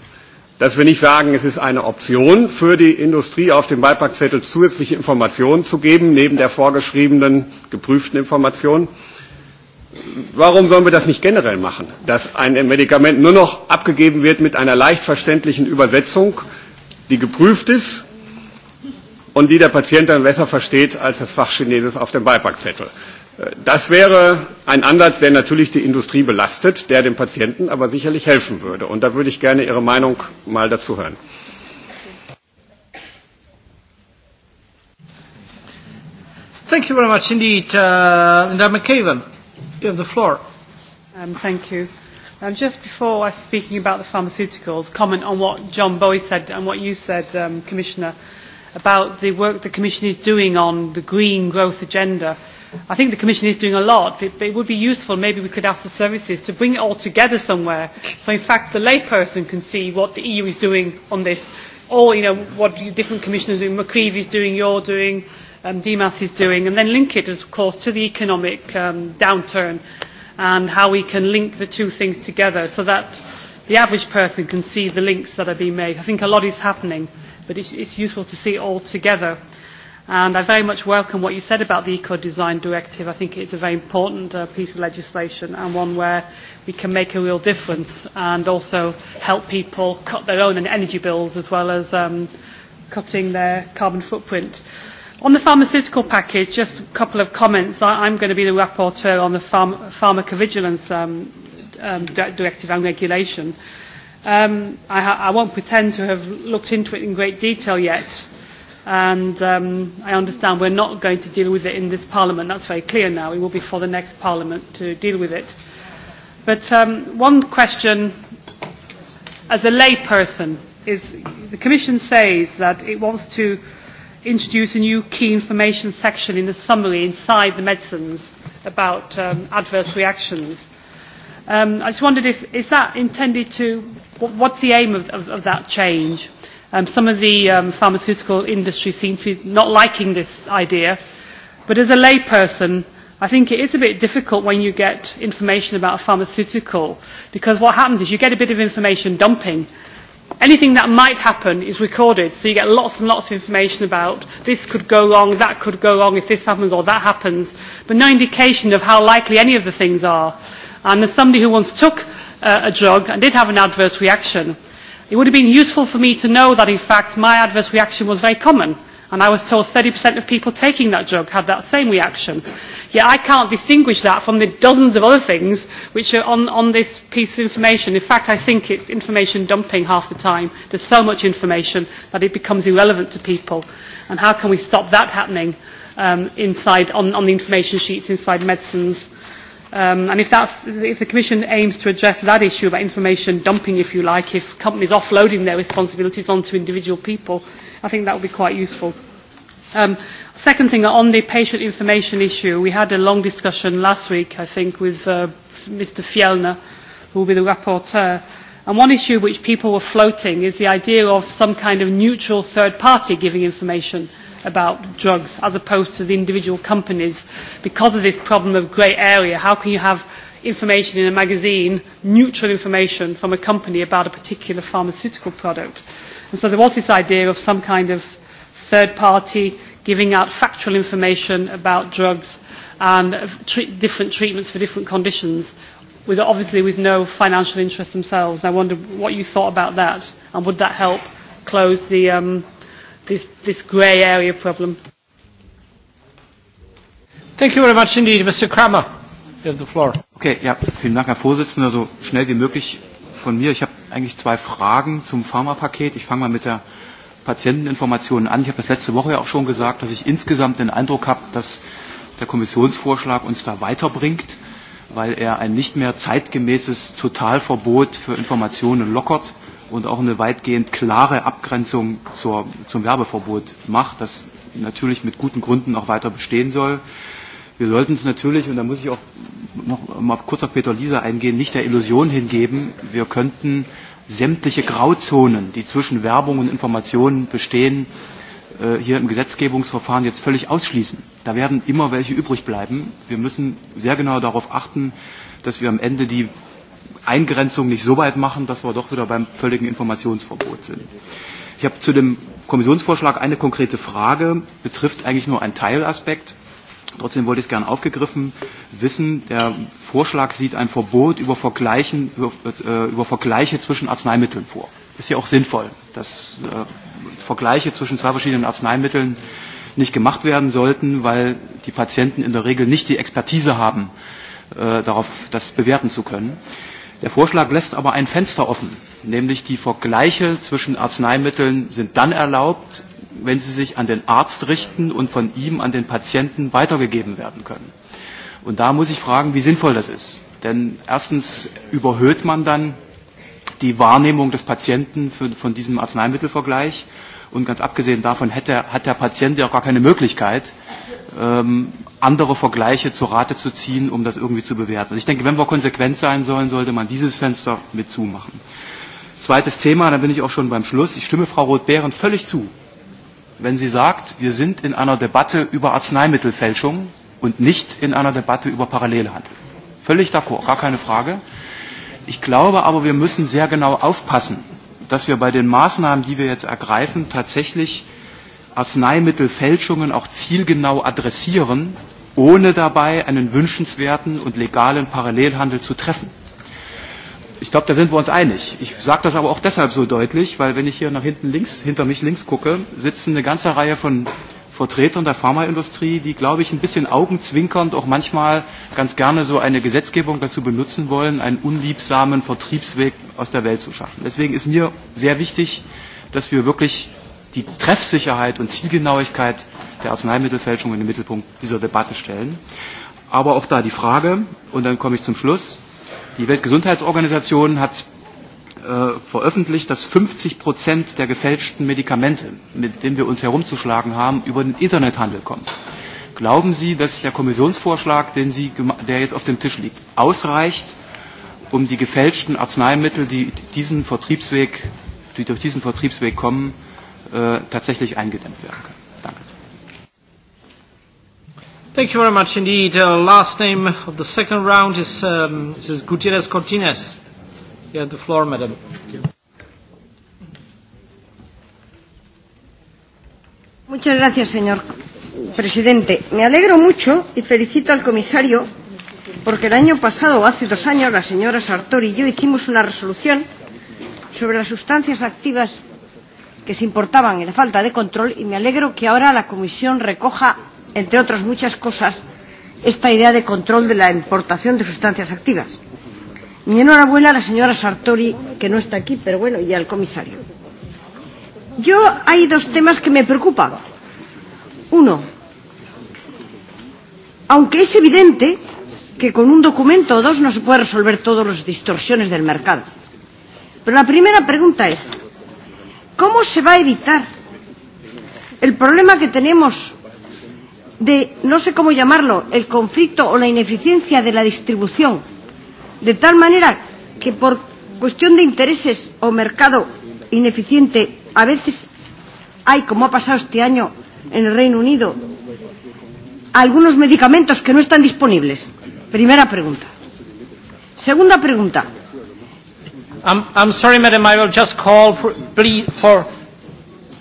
dass wir nicht sagen, es ist eine Option für die Industrie, auf dem Beipackzettel zusätzliche Informationen zu geben, neben der vorgeschriebenen, geprüften Information. Warum sollen wir das nicht generell machen, dass ein Medikament nur noch abgegeben wird mit einer leicht verständlichen Übersetzung, die geprüft ist und die der Patient dann besser versteht als das Fachchinesisch auf dem Beipackzettel? Das wäre ein Ansatz, der natürlich die Industrie belastet, der dem Patienten aber sicherlich helfen würde. Und da würde ich gerne Ihre Meinung mal dazu hören. Thank you very much indeed, uh, Linda McCaven. You have the floor. Um, thank you. Um, just before I speaking about the pharmaceuticals, comment on what John Bowie said and what you said, um, Commissioner, about the work the Commission is doing on the green growth agenda. Uh, I think the Commission is doing a lot, but, but it would be useful, maybe we could ask the services to bring it all together somewhere, so in fact the layperson can see what the EU is doing on this, or you know, what different commissioners are doing, McCreevy is doing, you're doing, um, DMAS is doing, and then link it, of course, to the economic um, downturn and how we can link the two things together so that the average person can see the links that are being made. I think a lot is happening, but it's, it's useful to see it all together. Mm-hmm And I very much welcome what you said about the Eco-Design Directive. I think it's a very important uh, piece of legislation and one where we can make a real difference and also help people cut their own energy bills as well as um, cutting their carbon footprint. On the pharmaceutical package, just a couple of comments. I, I'm going to be the rapporteur on the pharm pharmacovigilance um, um, directive and regulation. Um, I, ha I won't pretend to have looked into it in great detail yet and um, I understand we're not going to deal with it in this Parliament. That's very clear now. It will be for the next Parliament to deal with it. But um, one question, as a layperson, is the Commission says that it wants to introduce a new key information section in the summary inside the medicines about um, adverse reactions. Um, I just wondered if is that intended to what, what's the aim of, of, of that change? Uh, Um, some of the um, pharmaceutical industry seems to be not liking this idea. But as a layperson, I think it is a bit difficult when you get information about a pharmaceutical because what happens is you get a bit of information dumping. Anything that might happen is recorded, so you get lots and lots of information about this could go wrong, that could go wrong, if this happens or that happens, but no indication of how likely any of the things are. And as somebody who once took uh, a drug and did have an adverse reaction, It would have been useful for me to know that, in fact, my adverse reaction was very common, and I was told 30% of people taking that drug had that same reaction. Yet I can't distinguish that from the dozens of other things which are on, on this piece of information. In fact, I think it's information dumping half the time. There's so much information that it becomes irrelevant to people. And how can we stop that happening um, inside, on, on the information sheets inside medicines? Um, and if, that's, if the Commission aims to address that issue about information dumping, if you like, if companies offloading their responsibilities onto individual people, I think that would be quite useful. Um, second thing, on the patient information issue, we had a long discussion last week, I think, with uh, Mr. Fjellner, who will be the rapporteur. And one issue which people were floating is the idea of some kind of neutral third party giving information about drugs as opposed to the individual companies because of this problem of grey area. How can you have information in a magazine, neutral information from a company about a particular pharmaceutical product? And so there was this idea of some kind of third party giving out factual information about drugs and treat, different treatments for different conditions, with, obviously with no financial interest themselves. I wonder what you thought about that and would that help close the, um, this, this grey area problem. Thank you very much indeed, Mr. Kramer. You have the floor. Okay, ja, vielen Dank, Herr Vorsitzender. So schnell wie möglich von mir. Ich habe eigentlich zwei Fragen zum Pharmapaket. Ich fange mal mit der Patienteninformationen an. Ich habe das letzte Woche ja auch schon gesagt, dass ich insgesamt den Eindruck habe, dass der Kommissionsvorschlag uns da weiterbringt, weil er ein nicht mehr zeitgemäßes Totalverbot für Informationen lockert und auch eine weitgehend klare Abgrenzung zur, zum Werbeverbot macht, das natürlich mit guten Gründen auch weiter bestehen soll. Wir sollten es natürlich, und da muss ich auch noch mal kurz auf Peter Lisa eingehen, nicht der Illusion hingeben, wir könnten sämtliche Grauzonen, die zwischen Werbung und Informationen bestehen, äh, hier im Gesetzgebungsverfahren jetzt völlig ausschließen. Da werden immer welche übrig bleiben. Wir müssen sehr genau darauf achten, dass wir am Ende die Eingrenzung nicht so weit machen, dass wir doch wieder beim völligen Informationsverbot sind. Ich habe zu dem Kommissionsvorschlag eine konkrete Frage, betrifft eigentlich nur einen Teilaspekt. Trotzdem wollte ich es gern aufgegriffen wissen. Der Vorschlag sieht ein Verbot über, Vergleichen, über, äh, über Vergleiche zwischen Arzneimitteln vor. Ist ja auch sinnvoll, dass äh, Vergleiche zwischen zwei verschiedenen Arzneimitteln nicht gemacht werden sollten, weil die Patienten in der Regel nicht die Expertise haben, äh, darauf das bewerten zu können. Äh, Der Vorschlag lässt aber ein Fenster offen, nämlich die Vergleiche zwischen Arzneimitteln sind dann erlaubt, wenn sie sich an den Arzt richten und von ihm an den Patienten weitergegeben werden können. Und da muss ich fragen, wie sinnvoll das ist. Denn erstens überhöht man dann die Wahrnehmung des Patienten für, von diesem Arzneimittelvergleich Und ganz abgesehen davon hätte, hat der Patient ja auch gar keine Möglichkeit, ähm, andere Vergleiche zur Rate zu ziehen, um das irgendwie zu bewerten. Also ich denke, wenn wir konsequent sein sollen, sollte man dieses Fenster mit zumachen. Zweites Thema, dann bin ich auch schon beim Schluss. Ich stimme Frau Roth-Behren völlig zu, wenn sie sagt, wir sind in einer Debatte über Arzneimittelfälschung und nicht in einer Debatte über Parallelhandel. Völlig d'accord, gar keine Frage. Ich glaube aber, wir müssen sehr genau aufpassen, dass wir bei den Maßnahmen, die wir jetzt ergreifen, tatsächlich Arzneimittelfälschungen auch zielgenau adressieren, ohne dabei einen wünschenswerten und legalen Parallelhandel zu treffen. Ich glaube, da sind wir uns einig. Ich sage das aber auch deshalb so deutlich, weil wenn ich hier nach hinten links, hinter mich links gucke, sitzen eine ganze Reihe von Vertretern der Pharmaindustrie, die, glaube ich, ein bisschen augenzwinkernd auch manchmal ganz gerne so eine Gesetzgebung dazu benutzen wollen, einen unliebsamen Vertriebsweg aus der Welt zu schaffen. Deswegen ist mir sehr wichtig, dass wir wirklich die Treffsicherheit und Zielgenauigkeit der Arzneimittelfälschung in den Mittelpunkt dieser Debatte stellen. Aber auch da die Frage, und dann komme ich zum Schluss, die Weltgesundheitsorganisation hat äh, veröffentlicht, dass 50 Prozent der gefälschten Medikamente, mit denen wir uns herumzuschlagen haben, über den Internethandel kommen. Glauben Sie, dass der Kommissionsvorschlag, den Sie, der jetzt auf dem Tisch liegt, ausreicht, um die gefälschten Arzneimittel, die, diesen Vertriebsweg, die durch diesen Vertriebsweg kommen, äh, tatsächlich eingedämmt werden können? Danke. Thank you very much indeed. Uh, last name of the second round is um, Mrs. Gutierrez Cortines. You have the floor, madam. Thank you. Muchas gracias, señor presidente. Me alegro mucho y felicito al comisario porque el año pasado, o hace dos años, la señora Sartori y yo hicimos una resolución sobre las sustancias activas que se importaban y la falta de control y me alegro que ahora la Comisión recoja, entre otras muchas cosas, esta idea de control de la importación de sustancias activas. Mi enhorabuena a la señora Sartori, que no está aquí, pero bueno, y al comisario. Yo hay dos temas que me preocupan. Uno, aunque es evidente que con un documento o dos no se puede resolver todas las distorsiones del mercado. Pero la primera pregunta es, ¿cómo se va a evitar el problema que tenemos de, no sé cómo llamarlo, el conflicto o la ineficiencia de la distribución de tal manera que por cuestión de intereses o mercado ineficiente a veces hay, como ha pasado este año en el Reino Unido, algunos medicamentos que no están disponibles. Primera pregunta. Segunda pregunta. I'm, I'm sorry, madam, I will just call for, please, for,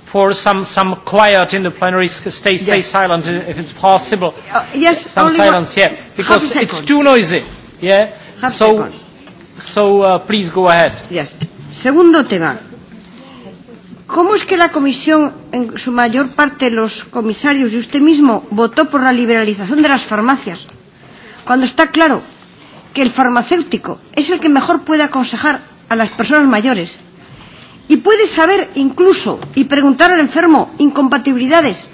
for some, some quiet in the plenary. Stay, stay yes. silent if it's possible. Uh, yes, some silence, one, yeah, because it's too noisy. Yeah Have so, second. so uh, please go ahead. Yes. Segundo tema. ¿Cómo es que la Comisión, en su mayor parte los comisarios y usted mismo, votó por la liberalización de las farmacias? Cuando está claro que el farmacéutico es el que mejor puede aconsejar a las personas mayores y puede saber incluso y preguntar al enfermo incompatibilidades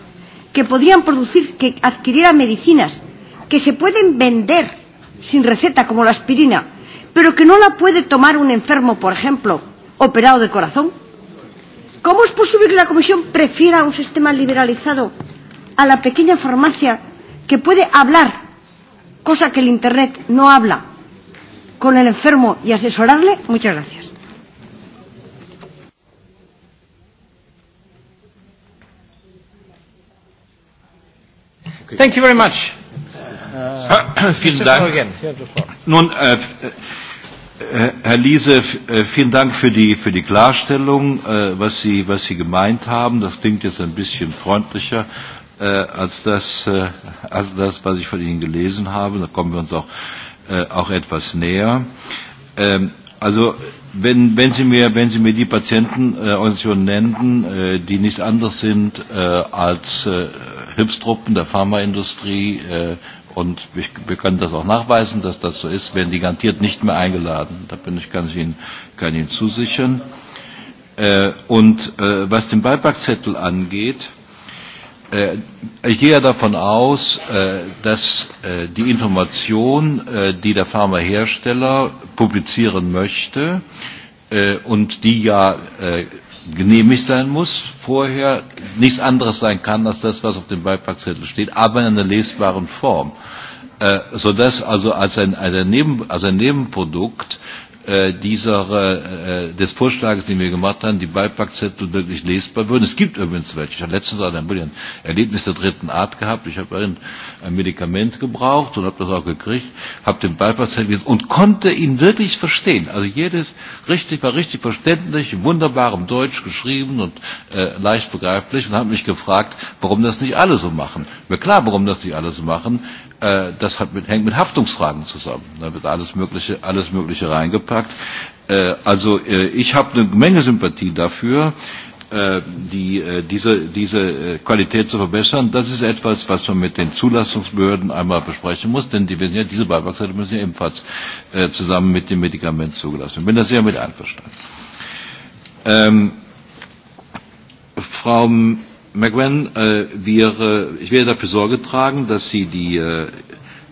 que podrían producir que adquiriera medicinas que se pueden vender sin receta, como la aspirina, pero que no la puede tomar un enfermo, por ejemplo, operado de corazón? ¿Cómo es posible que la Comisión prefiera un sistema liberalizado a la pequeña farmacia que puede hablar, cosa que el Internet no habla, con el enfermo y asesorarle? Muchas gracias. Thank you very much. Uh, vielen Dank. Nun, äh, äh, Herr Liese, äh, vielen Dank für die, für die Klarstellung, äh, was, Sie, was Sie gemeint haben. Das klingt jetzt ein bisschen freundlicher äh, als, das, äh, als das, was ich von Ihnen gelesen habe. Da kommen wir uns auch, äh, auch etwas näher. Ähm, also wenn, wenn, Sie mir, wenn Sie mir die Patientenorganisationen äh, nennen, äh, die nichts anderes sind äh, als äh, Hilfstruppen der Pharmaindustrie, äh, Und ich, wir können das auch nachweisen, dass das so ist, werden die garantiert nicht mehr eingeladen. Da bin ich, kann ich Ihnen, kann ich Ihnen zusichern. Äh, und äh, was den Beipackzettel angeht, äh, ich gehe ja davon aus, äh, dass äh, die Information, äh, die der Pharmahersteller publizieren möchte äh, und die ja äh, genehmigt sein muss, vorher nichts anderes sein kann als das, was auf dem Beipackzettel steht, aber in einer lesbaren Form. Äh, sodass also als ein, als, ein Neben, als ein Nebenprodukt äh, dieser, äh, äh, des Vorschlages, den wir gemacht haben, die Beipackzettel wirklich lesbar würden. Es gibt übrigens welche. Ich habe letztens auch ein Erlebnis der dritten Art gehabt. Ich habe ein, ein Medikament gebraucht und habe das auch gekriegt, habe den Beipackzettel gelesen und konnte ihn wirklich verstehen. Also jedes richtig war richtig verständlich, in wunderbarem um Deutsch geschrieben und äh, leicht begreiflich und habe mich gefragt, warum das nicht alle so machen. Mir klar, warum das nicht alle so machen äh, das hat mit, hängt mit Haftungsfragen zusammen. Da wird alles Mögliche, alles Mögliche reingepackt. Äh, also äh, ich habe eine Menge Sympathie dafür, äh, die, äh, diese, diese äh, Qualität zu verbessern. Das ist etwas, was man mit den Zulassungsbehörden einmal besprechen muss, denn die wissen ja, diese Beipackseite müssen ja ebenfalls äh, zusammen mit dem Medikament zugelassen. Ich bin da sehr mit einverstanden. Ähm, Frau McGwen, äh, wir, äh, ich werde dafür Sorge tragen, dass Sie die äh,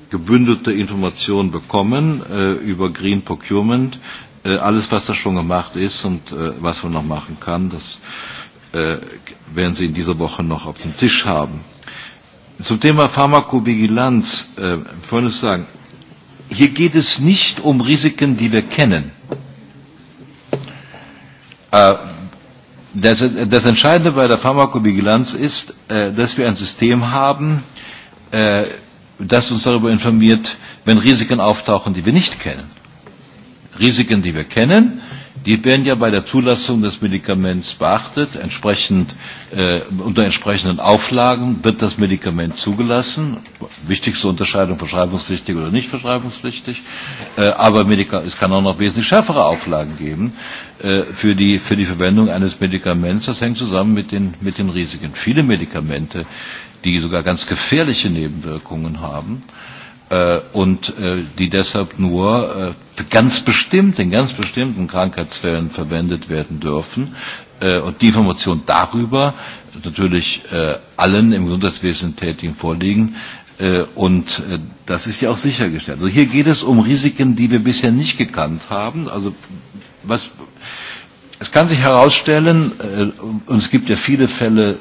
gebündelte Information bekommen äh, über Green Procurement, äh, alles, was da schon gemacht ist und äh, was man noch machen kann. Das äh, werden Sie in dieser Woche noch auf dem Tisch haben. Zum Thema Pharmakovigilanz äh, vorhin sagen, hier geht es nicht um Risiken, die wir kennen. Äh, Das, das Entscheidende bei der Pharmakovigilanz ist, äh, dass wir ein System haben, äh, das uns darüber informiert, wenn Risiken auftauchen, die wir nicht kennen. Risiken, die wir kennen, Die werden ja bei der Zulassung des Medikaments beachtet. Entsprechend, äh, unter entsprechenden Auflagen wird das Medikament zugelassen. Wichtigste Unterscheidung, verschreibungspflichtig oder nicht verschreibungspflichtig. Äh, aber Medika es kann auch noch wesentlich schärfere Auflagen geben äh, für, die, für die Verwendung eines Medikaments. Das hängt zusammen mit den, mit den Risiken. Viele Medikamente, die sogar ganz gefährliche Nebenwirkungen haben, äh, äh, und äh, die deshalb nur äh, für ganz bestimmt, in ganz bestimmten Krankheitsfällen verwendet werden dürfen. Äh, und die Information darüber natürlich äh, allen im Gesundheitswesen tätigen vorliegen. Äh, und äh, das ist ja auch sichergestellt. Also hier geht es um Risiken, die wir bisher nicht gekannt haben. Also was, es kann sich herausstellen, äh, und es gibt ja viele Fälle,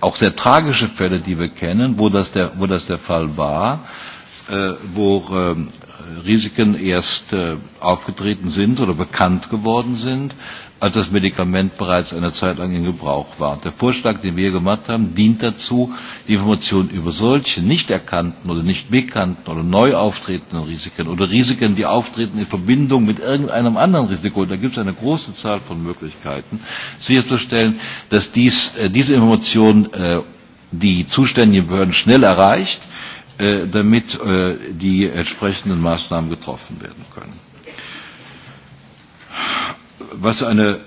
auch sehr tragische Fälle, die wir kennen, wo das der, wo das der Fall war, äh, äh, wo ähm, Risiken erst äh, aufgetreten sind oder bekannt geworden sind, als das Medikament bereits eine Zeit lang in Gebrauch war. Der Vorschlag, den wir gemacht haben, dient dazu, die Informationen über solche nicht erkannten oder nicht bekannten oder neu auftretenden Risiken oder Risiken, die auftreten in Verbindung mit irgendeinem anderen Risiko, und da gibt es eine große Zahl von Möglichkeiten, sicherzustellen, dass dies, äh, diese Informationen äh, die zuständigen Behörden schnell erreicht, äh, damit äh, die entsprechenden Maßnahmen getroffen werden können. Was eine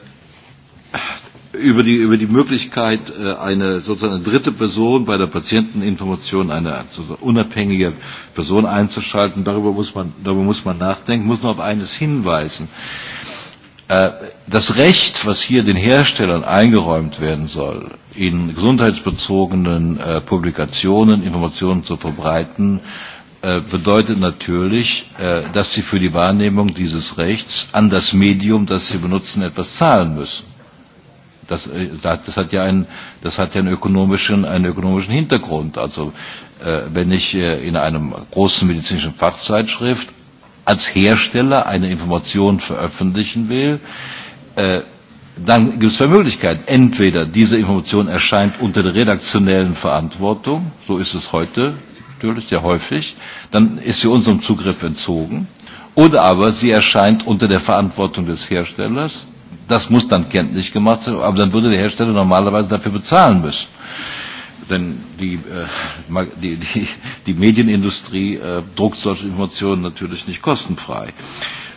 über die, über die Möglichkeit, äh, eine sozusagen eine dritte Person bei der Patienteninformation, eine unabhängige Person einzuschalten. Darüber muss man, darüber muss man nachdenken, muss nur auf eines hinweisen. Äh, Äh, das Recht, was hier den Herstellern eingeräumt werden soll, in gesundheitsbezogenen äh, Publikationen Informationen zu verbreiten, äh, bedeutet natürlich, äh, dass sie für die Wahrnehmung dieses Rechts an das Medium, das sie benutzen, etwas zahlen müssen. Das, äh, das hat ja einen, das hat ja einen ökonomischen, einen ökonomischen Hintergrund. Also, äh, wenn ich äh, in einem großen medizinischen Fachzeitschrift als Hersteller eine Information veröffentlichen will, äh, dann gibt es zwei Möglichkeiten. Entweder diese Information erscheint unter der redaktionellen Verantwortung, so ist es heute natürlich sehr häufig, dann ist sie unserem Zugriff entzogen, oder aber sie erscheint unter der Verantwortung des Herstellers, das muss dann kenntlich gemacht werden, aber dann würde der Hersteller normalerweise dafür bezahlen müssen. Denn die, äh, die, die, die Medienindustrie äh, druckt solche Informationen natürlich nicht kostenfrei.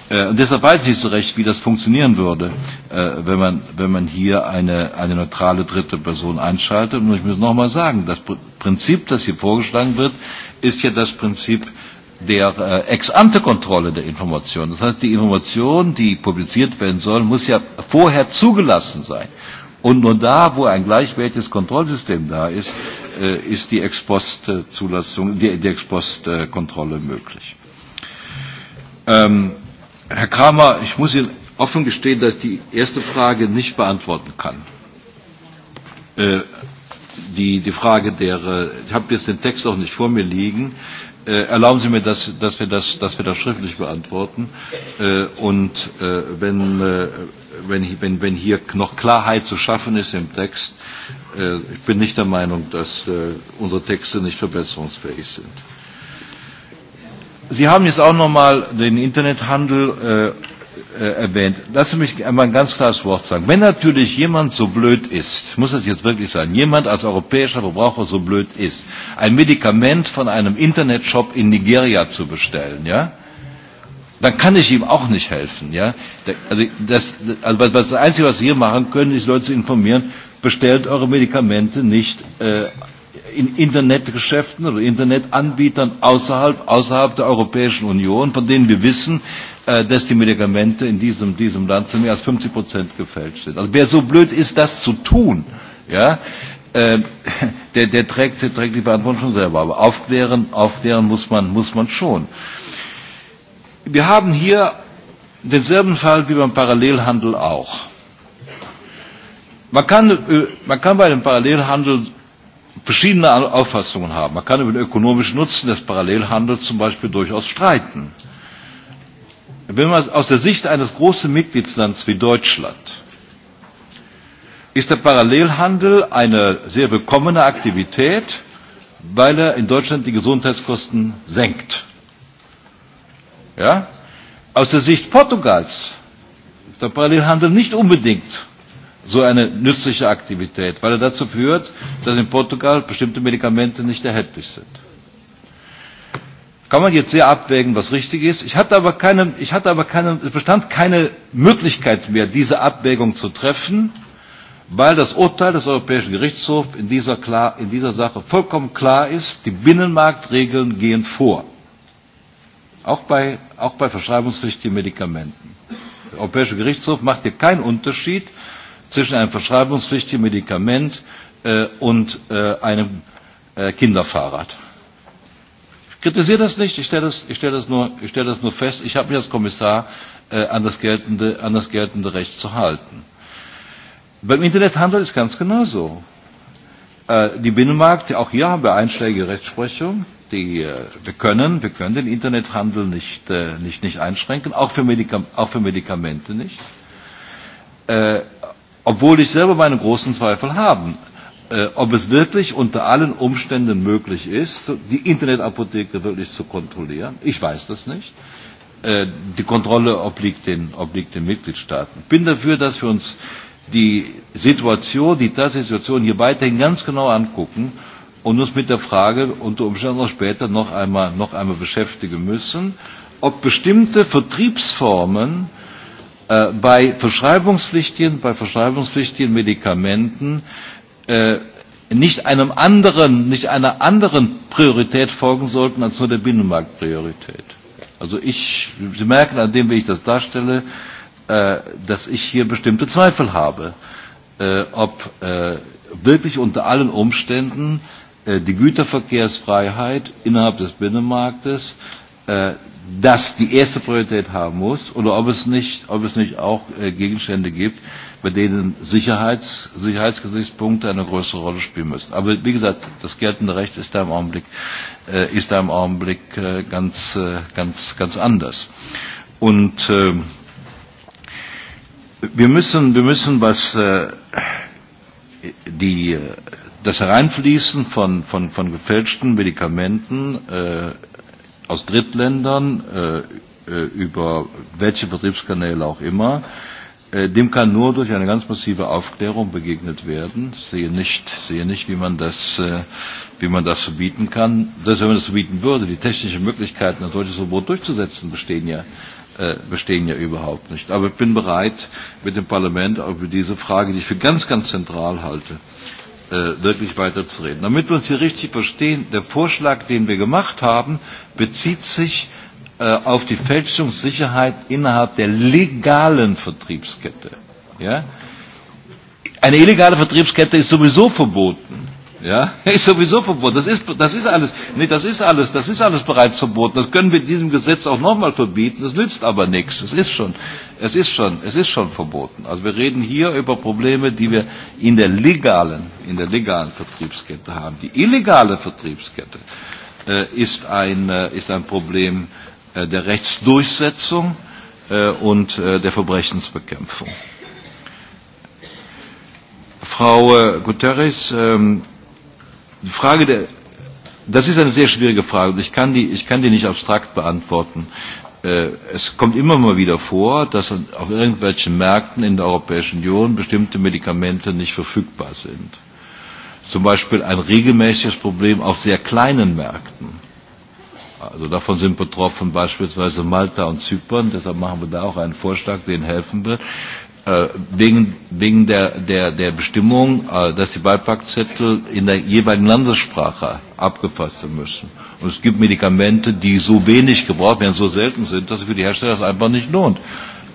Äh, und deshalb weiß ich nicht so recht, wie das funktionieren würde, äh, wenn, man, wenn man hier eine, eine neutrale dritte Person einschaltet. Und ich muss nochmal sagen, das Prinzip, das hier vorgeschlagen wird, ist ja das Prinzip der äh, Ex-ante-Kontrolle der Information. Das heißt, die Information, die publiziert werden soll, muss ja vorher zugelassen sein. Und nur da, wo ein gleichwertiges Kontrollsystem da ist, äh, ist die Ex-Post-Zulassung, die, die Ex-Post-Kontrolle möglich. Ähm, Herr Kramer, ich muss Ihnen offen gestehen, dass ich die erste Frage nicht beantworten kann. Äh, die, die Frage der, äh, ich habe jetzt den Text auch nicht vor mir liegen. Äh, erlauben Sie mir, dass, dass, wir das, dass wir das schriftlich beantworten. Äh, und äh, wenn, äh, wenn, wenn, wenn hier noch Klarheit zu schaffen ist im Text, äh, ich bin nicht der Meinung, dass äh, unsere Texte nicht verbesserungsfähig sind. Sie haben jetzt auch nochmal den Internethandel äh, äh, erwähnt. Lassen Sie mich einmal ein ganz klares Wort sagen. Wenn natürlich jemand so blöd ist, muss das jetzt wirklich sein, jemand als europäischer Verbraucher so blöd ist, ein Medikament von einem Internetshop in Nigeria zu bestellen, ja, dann kann ich ihm auch nicht helfen. Ja? Also, das, also das Einzige, was Sie hier machen können, ist Leute zu informieren, bestellt eure Medikamente nicht äh, in Internetgeschäften oder Internetanbietern außerhalb, außerhalb der Europäischen Union, von denen wir wissen, äh, dass die Medikamente in diesem, diesem Land zu mehr als 50 Prozent gefälscht sind. Also wer so blöd ist, das zu tun, ja, äh, der, der, trägt, der trägt die Verantwortung schon selber. Aber aufklären, aufklären muss man, muss man schon. Äh, Wir haben hier denselben Fall wie beim Parallelhandel auch. Man kann, äh, man kann bei dem Parallelhandel verschiedene Auffassungen haben. Man kann über den ökonomischen Nutzen des Parallelhandels zum Beispiel durchaus streiten. Wenn man aus der Sicht eines großen Mitgliedslands wie Deutschland ist der Parallelhandel eine sehr willkommene Aktivität, weil er in Deutschland die Gesundheitskosten senkt. Ja? Aus der Sicht Portugals ist der Parallelhandel nicht unbedingt so eine nützliche Aktivität, weil er dazu führt, dass in Portugal bestimmte Medikamente nicht erhältlich sind. Kann man jetzt sehr abwägen, was richtig ist. Ich hatte aber keine, ich hatte aber keine, es bestand keine Möglichkeit mehr, diese Abwägung zu treffen, weil das Urteil des Europäischen Gerichtshofs in dieser, klar, in dieser Sache vollkommen klar ist, die Binnenmarktregeln gehen vor auch bei, auch bei verschreibungspflichtigen Medikamenten. Der Europäische Gerichtshof macht hier keinen Unterschied zwischen einem verschreibungspflichtigen Medikament äh, und äh, einem äh, Kinderfahrrad. Ich kritisiere das nicht, ich stelle das, ich stelle das, nur, ich stelle das nur fest. Ich habe mich als Kommissar äh, an, das geltende, an das geltende Recht zu halten. Beim Internethandel ist ganz genauso. Äh, die Binnenmarkt, auch hier haben wir einschlägige Rechtsprechung. Äh, die, äh, wir können, wir können den Internethandel nicht, äh, nicht, nicht einschränken, auch für, Medikam auch für Medikamente nicht. Äh, obwohl ich selber meine großen Zweifel habe, äh, ob es wirklich unter allen Umständen möglich ist, die Internetapotheke wirklich zu kontrollieren. Ich weiß das nicht. Äh, die Kontrolle obliegt den, obliegt den Mitgliedstaaten. Ich bin dafür, dass wir uns die Situation, die Tatsache Situation hier weiterhin ganz genau angucken und uns mit der Frage unter Umständen auch später noch einmal, noch einmal beschäftigen müssen, ob bestimmte Vertriebsformen äh, bei verschreibungspflichtigen, bei verschreibungspflichtigen Medikamenten äh, nicht einem anderen, nicht einer anderen Priorität folgen sollten als nur der Binnenmarktpriorität. Also ich, Sie merken an dem, wie ich das darstelle, äh, dass ich hier bestimmte Zweifel habe, äh, ob äh, wirklich unter allen Umständen äh, Äh, die Güterverkehrsfreiheit innerhalb des Binnenmarktes äh, das die erste Priorität haben muss oder ob es nicht, ob es nicht auch äh, Gegenstände gibt, bei denen Sicherheits, Sicherheitsgesichtspunkte eine größere Rolle spielen müssen. Aber wie gesagt, das geltende Recht ist da im Augenblick, äh, ist da im Augenblick äh, ganz, äh, ganz, ganz anders. Und äh, wir müssen, wir müssen was äh, die äh, das Hereinfließen von, von, von gefälschten Medikamenten äh, aus Drittländern äh, äh, über welche Vertriebskanäle auch immer, äh, dem kann nur durch eine ganz massive Aufklärung begegnet werden. Ich sehe nicht, sehe nicht wie, man das, äh, wie man das verbieten kann. Selbst wenn man das verbieten würde, die technischen Möglichkeiten, ein solches Verbot durchzusetzen, bestehen ja äh, bestehen ja überhaupt nicht. Aber ich bin bereit, mit dem Parlament auch über diese Frage, die ich für ganz, ganz zentral halte, äh, wirklich weiterzureden. Damit wir uns hier richtig verstehen, der Vorschlag, den wir gemacht haben, bezieht sich äh, auf die Fälschungssicherheit innerhalb der legalen Vertriebskette. Ja? Eine illegale Vertriebskette ist sowieso verboten. Ja, *laughs* ist sowieso verboten. Das ist, das ist alles, nee, das ist alles, das ist alles bereits verboten. Das können wir diesem Gesetz auch nochmal verbieten. Das nützt aber nichts. Es ist schon, es ist schon, es ist schon verboten. Also wir reden hier über Probleme, die wir in der legalen, in der legalen Vertriebskette haben. Die illegale Vertriebskette äh, ist ein, äh, ist ein Problem äh, der Rechtsdurchsetzung äh, und äh, der Verbrechensbekämpfung. Frau äh, Guterres, ähm, Die Frage der, das ist eine sehr schwierige Frage und ich kann die, ich kann die nicht abstrakt beantworten. Äh, es kommt immer mal wieder vor, dass auf irgendwelchen Märkten in der Europäischen Union bestimmte Medikamente nicht verfügbar sind. Zum Beispiel ein regelmäßiges Problem auf sehr kleinen Märkten. Also davon sind betroffen beispielsweise Malta und Zypern. Deshalb machen wir da auch einen Vorschlag, den helfen wir äh, wegen, wegen der, der, der Bestimmung, äh, dass die Beipackzettel in der jeweiligen Landessprache abgefasst werden müssen. Und es gibt Medikamente, die so wenig gebraucht werden, so selten sind, dass es für die Hersteller das einfach nicht lohnt,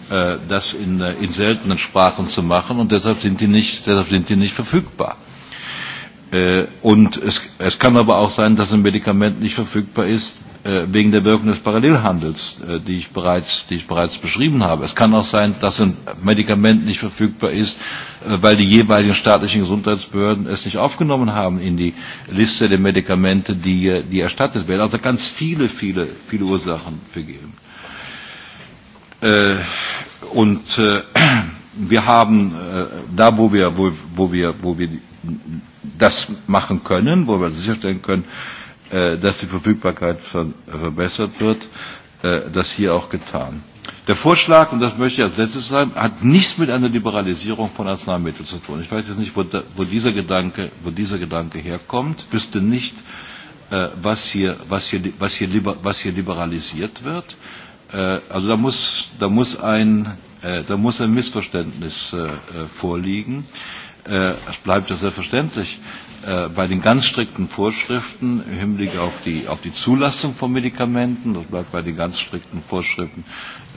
äh, das in, äh, in seltenen Sprachen zu machen. Und deshalb sind die nicht, deshalb sind die nicht verfügbar. Äh, und es, es kann aber auch sein, dass ein Medikament nicht verfügbar ist, Äh, wegen der Wirkung des Parallelhandels, äh, die ich, bereits, die ich bereits beschrieben habe. Es kann auch sein, dass ein Medikament nicht verfügbar ist, äh, weil die jeweiligen staatlichen Gesundheitsbehörden es nicht aufgenommen haben in die Liste der Medikamente, die, die erstattet werden. Also ganz viele, viele, viele Ursachen für geben. Und *clears throat* wir haben da, wo wir, wo, wo wir, wo wir das machen können, wo wir sicherstellen können, äh, dass die Verfügbarkeit ver verbessert wird. Äh, das hier auch getan. Der Vorschlag, und das möchte ich als letztes sagen, hat nichts mit einer Liberalisierung von Arzneimitteln zu tun. Ich weiß jetzt nicht, wo, da, wo, dieser, Gedanke, wo dieser Gedanke herkommt. Ich wüsste nicht, äh, was, hier, was, hier, was, hier liber, was hier liberalisiert wird. Äh, also da muss, da muss ein äh, da muss ein Missverständnis äh, äh vorliegen. Äh, es bleibt ja selbstverständlich äh, bei den ganz strikten Vorschriften im Hinblick auf die, auf die Zulassung von Medikamenten, das bleibt bei den ganz strikten Vorschriften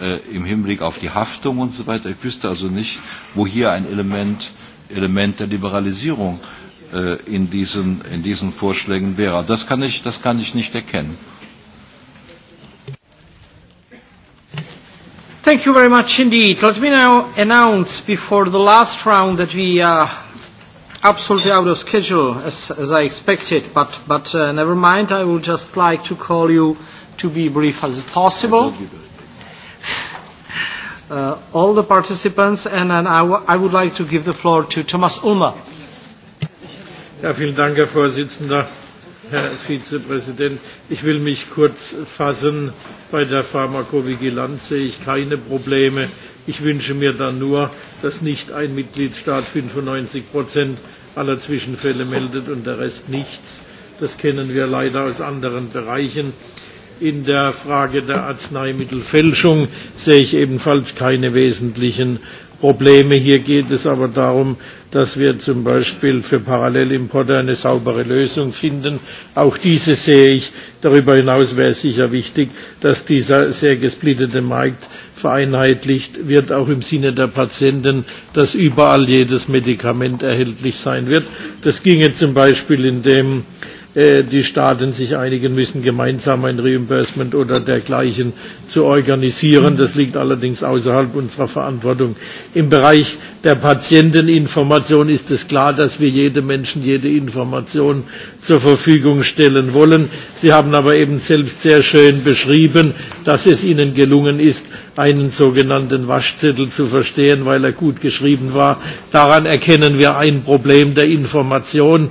äh, im Hinblick auf die Haftung und so weiter. Ich wüsste also nicht, wo hier ein Element, Element der Liberalisierung äh, in, diesen, in diesen Vorschlägen wäre. Das kann ich, das kann ich nicht erkennen. Thank you very much indeed. Let me now announce before the last round that we uh, absolutely out of schedule as, as I expected, but, but uh, never mind. I would just like to call you to be brief as possible. Uh, all the participants, and then I, w I would like to give the floor to Thomas Ulmer. Ja, vielen Dank, Herr Vorsitzender, Herr Vizepräsident. Ich will mich kurz fassen. Bei der Pharmakovigilanz sehe ich keine Probleme Ich wünsche mir dann nur, dass nicht ein Mitgliedstaat 95 Prozent aller Zwischenfälle meldet und der Rest nichts. Das kennen wir leider aus anderen Bereichen. In der Frage der Arzneimittelfälschung sehe ich ebenfalls keine wesentlichen Probleme. Hier geht es aber darum, dass wir zum Beispiel für Parallelimporte eine saubere Lösung finden. Auch diese sehe ich. Darüber hinaus wäre es sicher wichtig, dass dieser sehr gesplittete Markt vereinheitlicht wird, auch im Sinne der Patienten, dass überall jedes Medikament erhältlich sein wird. Das ginge zum Beispiel, indem äh, äh, die Staaten sich einigen müssen, gemeinsam ein Reimbursement oder dergleichen zu organisieren. Das liegt allerdings außerhalb unserer Verantwortung. Im Bereich der Patienteninformation ist es klar, dass wir jedem Menschen jede Information zur Verfügung stellen wollen. Sie haben aber eben selbst sehr schön beschrieben, dass es Ihnen gelungen ist, einen sogenannten Waschzettel zu verstehen, weil er gut geschrieben war. Daran erkennen wir ein Problem der Information.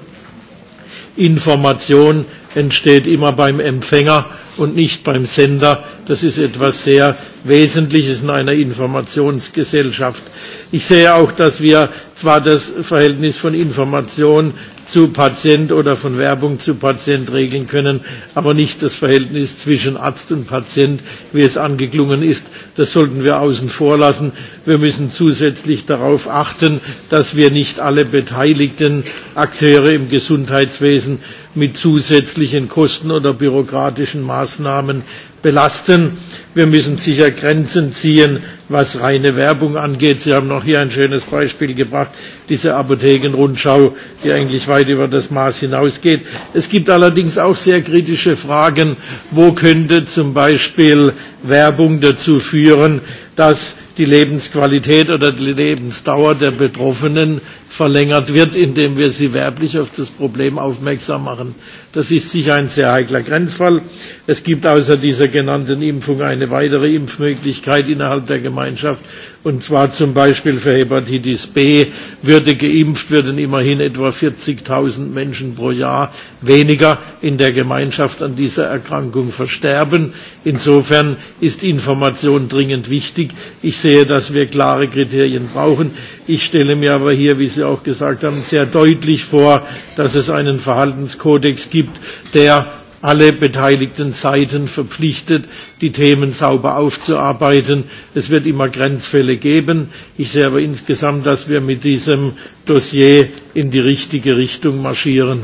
Information entsteht immer beim Empfänger und nicht beim Sender. Das ist etwas sehr Wesentliches in einer Informationsgesellschaft. Ich sehe auch, dass wir zwar das Verhältnis von Information zu Patient oder von Werbung zu Patient regeln können, aber nicht das Verhältnis zwischen Arzt und Patient, wie es angeklungen ist. Das sollten wir außen vor lassen. Wir müssen zusätzlich darauf achten, dass wir nicht alle beteiligten Akteure im Gesundheitswesen mit zusätzlichen Kosten oder bürokratischen Maßnahmen belasten. Wir müssen sicher Grenzen ziehen, was reine Werbung angeht. Sie haben noch hier ein schönes Beispiel gebracht, diese Apothekenrundschau, die eigentlich weit über das Maß hinausgeht. Es gibt allerdings auch sehr kritische Fragen, wo könnte zum Beispiel Werbung dazu führen, dass die Lebensqualität oder die Lebensdauer der Betroffenen verlängert wird, indem wir sie werblich auf das Problem aufmerksam machen. Das ist sicher ein sehr heikler Grenzfall. Es gibt außer dieser genannten Impfung eine weitere Impfmöglichkeit innerhalb der Gemeinschaft. Und zwar zum Beispiel für Hepatitis B würde geimpft, würden immerhin etwa 40.000 Menschen pro Jahr weniger in der Gemeinschaft an dieser Erkrankung versterben. Insofern ist Information dringend wichtig. Ich sehe, dass wir klare Kriterien brauchen. Ich stelle mir aber hier, wie Sie auch gesagt haben, sehr deutlich vor, dass es einen Verhaltenskodex gibt, gibt, der alle beteiligten Seiten verpflichtet, die Themen sauber aufzuarbeiten. Es wird immer Grenzfälle geben. Ich sehe aber insgesamt, dass wir mit diesem Dossier in die richtige Richtung marschieren.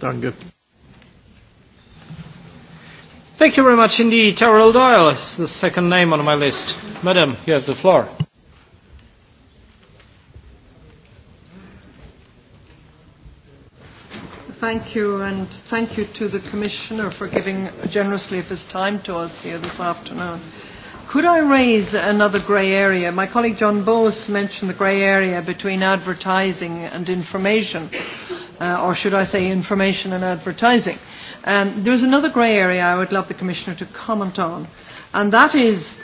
Danke. Thank you very much indeed, Terrell Doyle is the second name on my list. Madam, you have the floor. thank you, and thank you to the Commissioner for giving generously of his time to us here this afternoon. Could I raise another grey area? My colleague John Bowes mentioned the grey area between advertising and information, uh, or should I say information and advertising. Um, there's another grey area I would love the Commissioner to comment on, and that is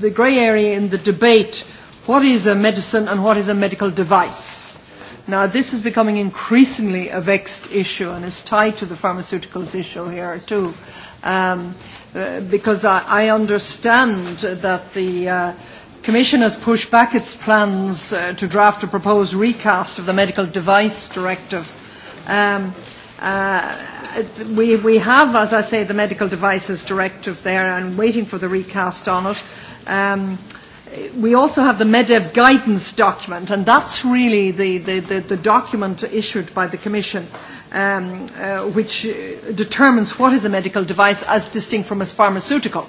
the grey area in the debate what is a medicine and what is a medical device? Now, this is becoming increasingly a vexed issue and is tied to the pharmaceuticals issue here too, um, uh, because I, I understand that the uh, Commission has pushed back its plans uh, to draft a proposed recast of the Medical Device Directive. Um, uh, we, we have, as I say, the Medical Devices Directive there and waiting for the recast on it. Um, uh, we also have the MEDEV guidance document, and that's really the, the, the, the document issued by the Commission, um, uh, which uh, determines what is a medical device as distinct from a pharmaceutical. Uh,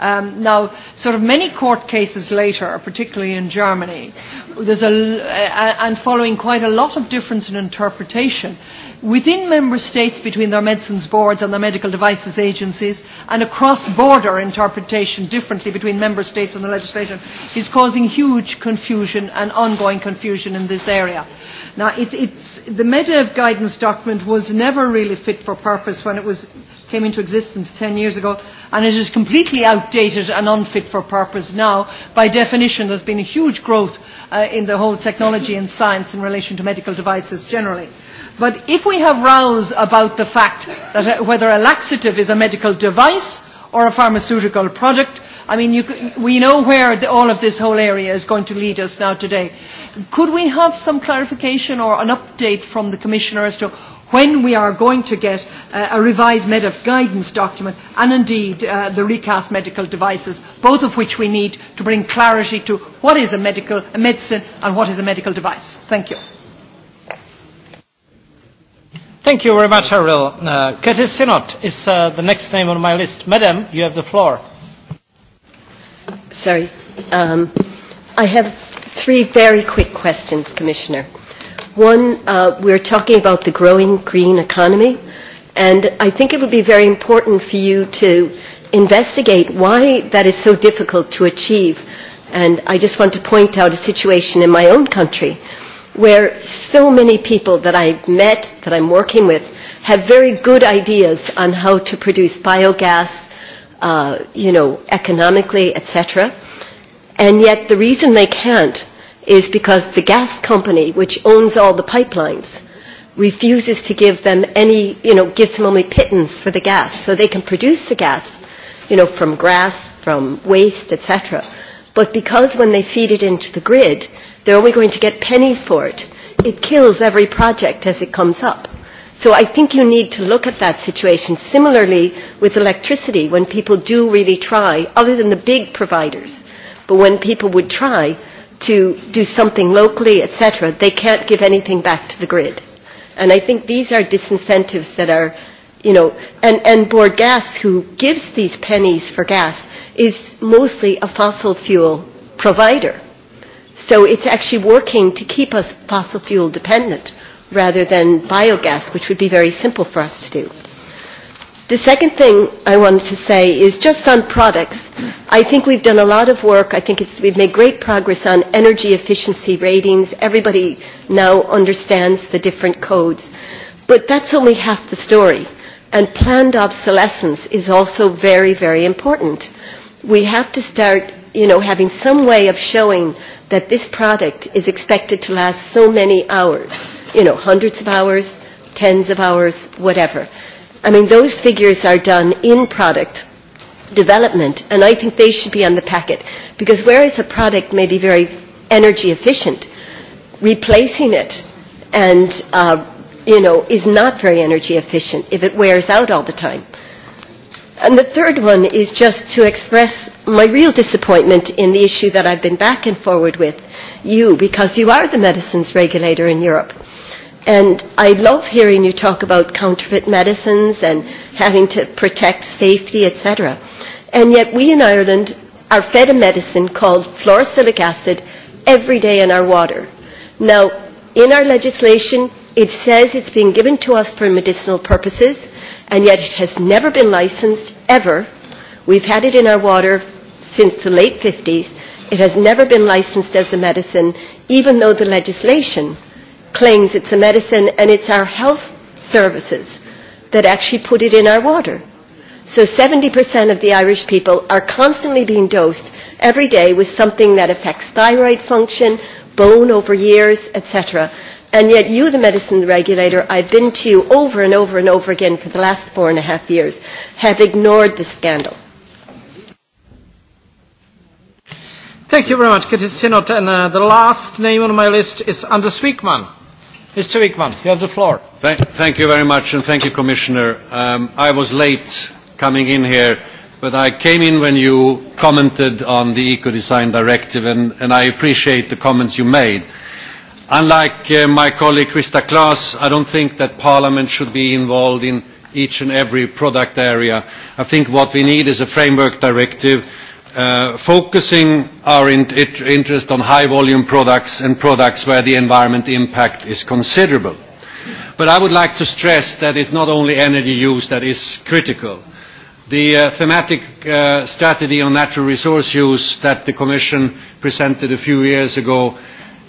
Um, now, sort of many court cases later, particularly in Germany, there's a, uh, and following quite a lot of difference in interpretation within member states between their medicines boards and their medical devices agencies and across border interpretation differently between member states and the legislation is causing huge confusion and ongoing confusion in this area. Now, it, it's, the Mediev guidance document was never really fit for purpose when it was came into existence 10 years ago, and it is completely outdated and unfit for purpose now. By definition, there's been a huge growth uh, in the whole technology and science in relation to medical devices generally. But if we have rows about the fact that uh, whether a laxative is a medical device or a pharmaceutical product, I mean, you, we know where the, all of this whole area is going to lead us now today. Could we have some clarification or an update from the Commissioner as to when we are going to get uh, a revised MEDEF guidance document and indeed uh, the recast medical devices, both of which we need to bring clarity to what is a medical a medicine and what is a medical device. Thank you. Thank you very much, Ariel. Uh, Katie Sinot is uh, the next name on my list. Madam, you have the floor. Sorry. Um, I have three very quick questions, Commissioner. Uh, One, uh, we're talking about the growing green economy, and I think it would be very important for you to investigate why that is so difficult to achieve. And I just want to point out a situation in my own country where so many people that I've met, that I'm working with, have very good ideas on how to produce biogas, uh, you know, economically, etc. And yet the reason they can't is because the gas company, which owns all the pipelines, refuses to give them any, you know, gives them only pittance for the gas. So they can produce the gas, you know, from grass, from waste, etc. But because when they feed it into the grid, they're only going to get pennies for it. It kills every project as it comes up. So I think you need to look at that situation. Similarly, with electricity, when people do really try, other than the big providers, but when people would try, to do something locally, etc., they can't give anything back to the grid. And I think these are disincentives that are, you know, and, and Board Gas, who gives these pennies for gas, is mostly a fossil fuel provider. So it's actually working to keep us fossil fuel dependent rather than biogas, which would be very simple for us to do. The second thing I wanted to say is just on products. I think we've done a lot of work. I think it's, we've made great progress on energy efficiency ratings. Everybody now understands the different codes. But that's only half the story. And planned obsolescence is also very, very important. We have to start, you know, having some way of showing that this product is expected to last so many hours, you know, hundreds of hours, tens of hours, whatever. I mean, those figures are done in product development, and I think they should be on the packet because whereas a product may be very energy efficient, replacing it and uh, you know is not very energy efficient if it wears out all the time. And the third one is just to express my real disappointment in the issue that I've been back and forward with you because you are the medicines regulator in Europe And I love hearing you talk about counterfeit medicines and having to protect safety, etc. And yet we in Ireland are fed a medicine called fluorosilic acid every day in our water. Now, in our legislation, it says it's been given to us for medicinal purposes, and yet it has never been licensed, ever. We've had it in our water since the late 50s. It has never been licensed as a medicine, even though the legislation – claims it's a medicine and it's our health services that actually put it in our water. So 70% of the Irish people are constantly being dosed every day with something that affects thyroid function, bone over years, etc. And yet you, the medicine regulator, I've been to you over and over and over again for the last four and a half years, have ignored the scandal. Thank you very much, Kitty Sinot. And uh, the last name on my list is Anders Wiekman. Mr. Wickman, you have the floor. Thank, thank you very much, and thank you, Commissioner. Um, I was late coming in here, but I came in when you commented on the Eco-Design Directive, and, and I appreciate the comments you made. Unlike uh, my colleague Krista Klaas, I don't think that Parliament should be involved in each and every product area. I think what we need is a framework directive Uh, focusing our in it interest on high volume products and products where the environment impact is considerable. But I would like to stress that it's not only energy use that is critical. The uh, thematic uh, strategy on natural resource use that the Commission presented a few years ago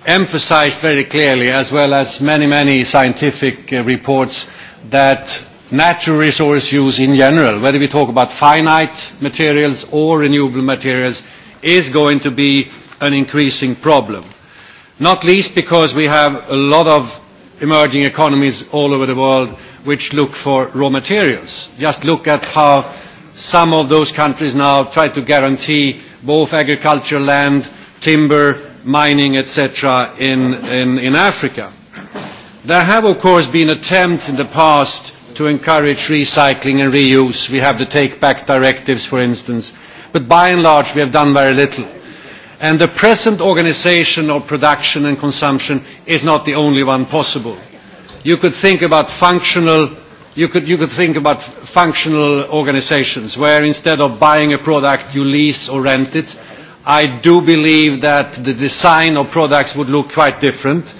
emphasized very clearly, as well as many, many scientific uh, reports, that natural resource use in general, whether we talk about finite materials or renewable materials, is going to be an increasing problem. Not least because we have a lot of emerging economies all over the world which look for raw materials. Just look at how some of those countries now try to guarantee both agricultural land, timber, mining, etc. In, in, in Africa. There have, of course, been attempts in the past to encourage recycling and reuse. We have the take-back directives, for instance. But by and large, we have done very little. And the present organization of production and consumption is not the only one possible. You could think about functional, you could, you could think about functional organizations where instead of buying a product, you lease or rent it. I do believe that the design of products would look quite different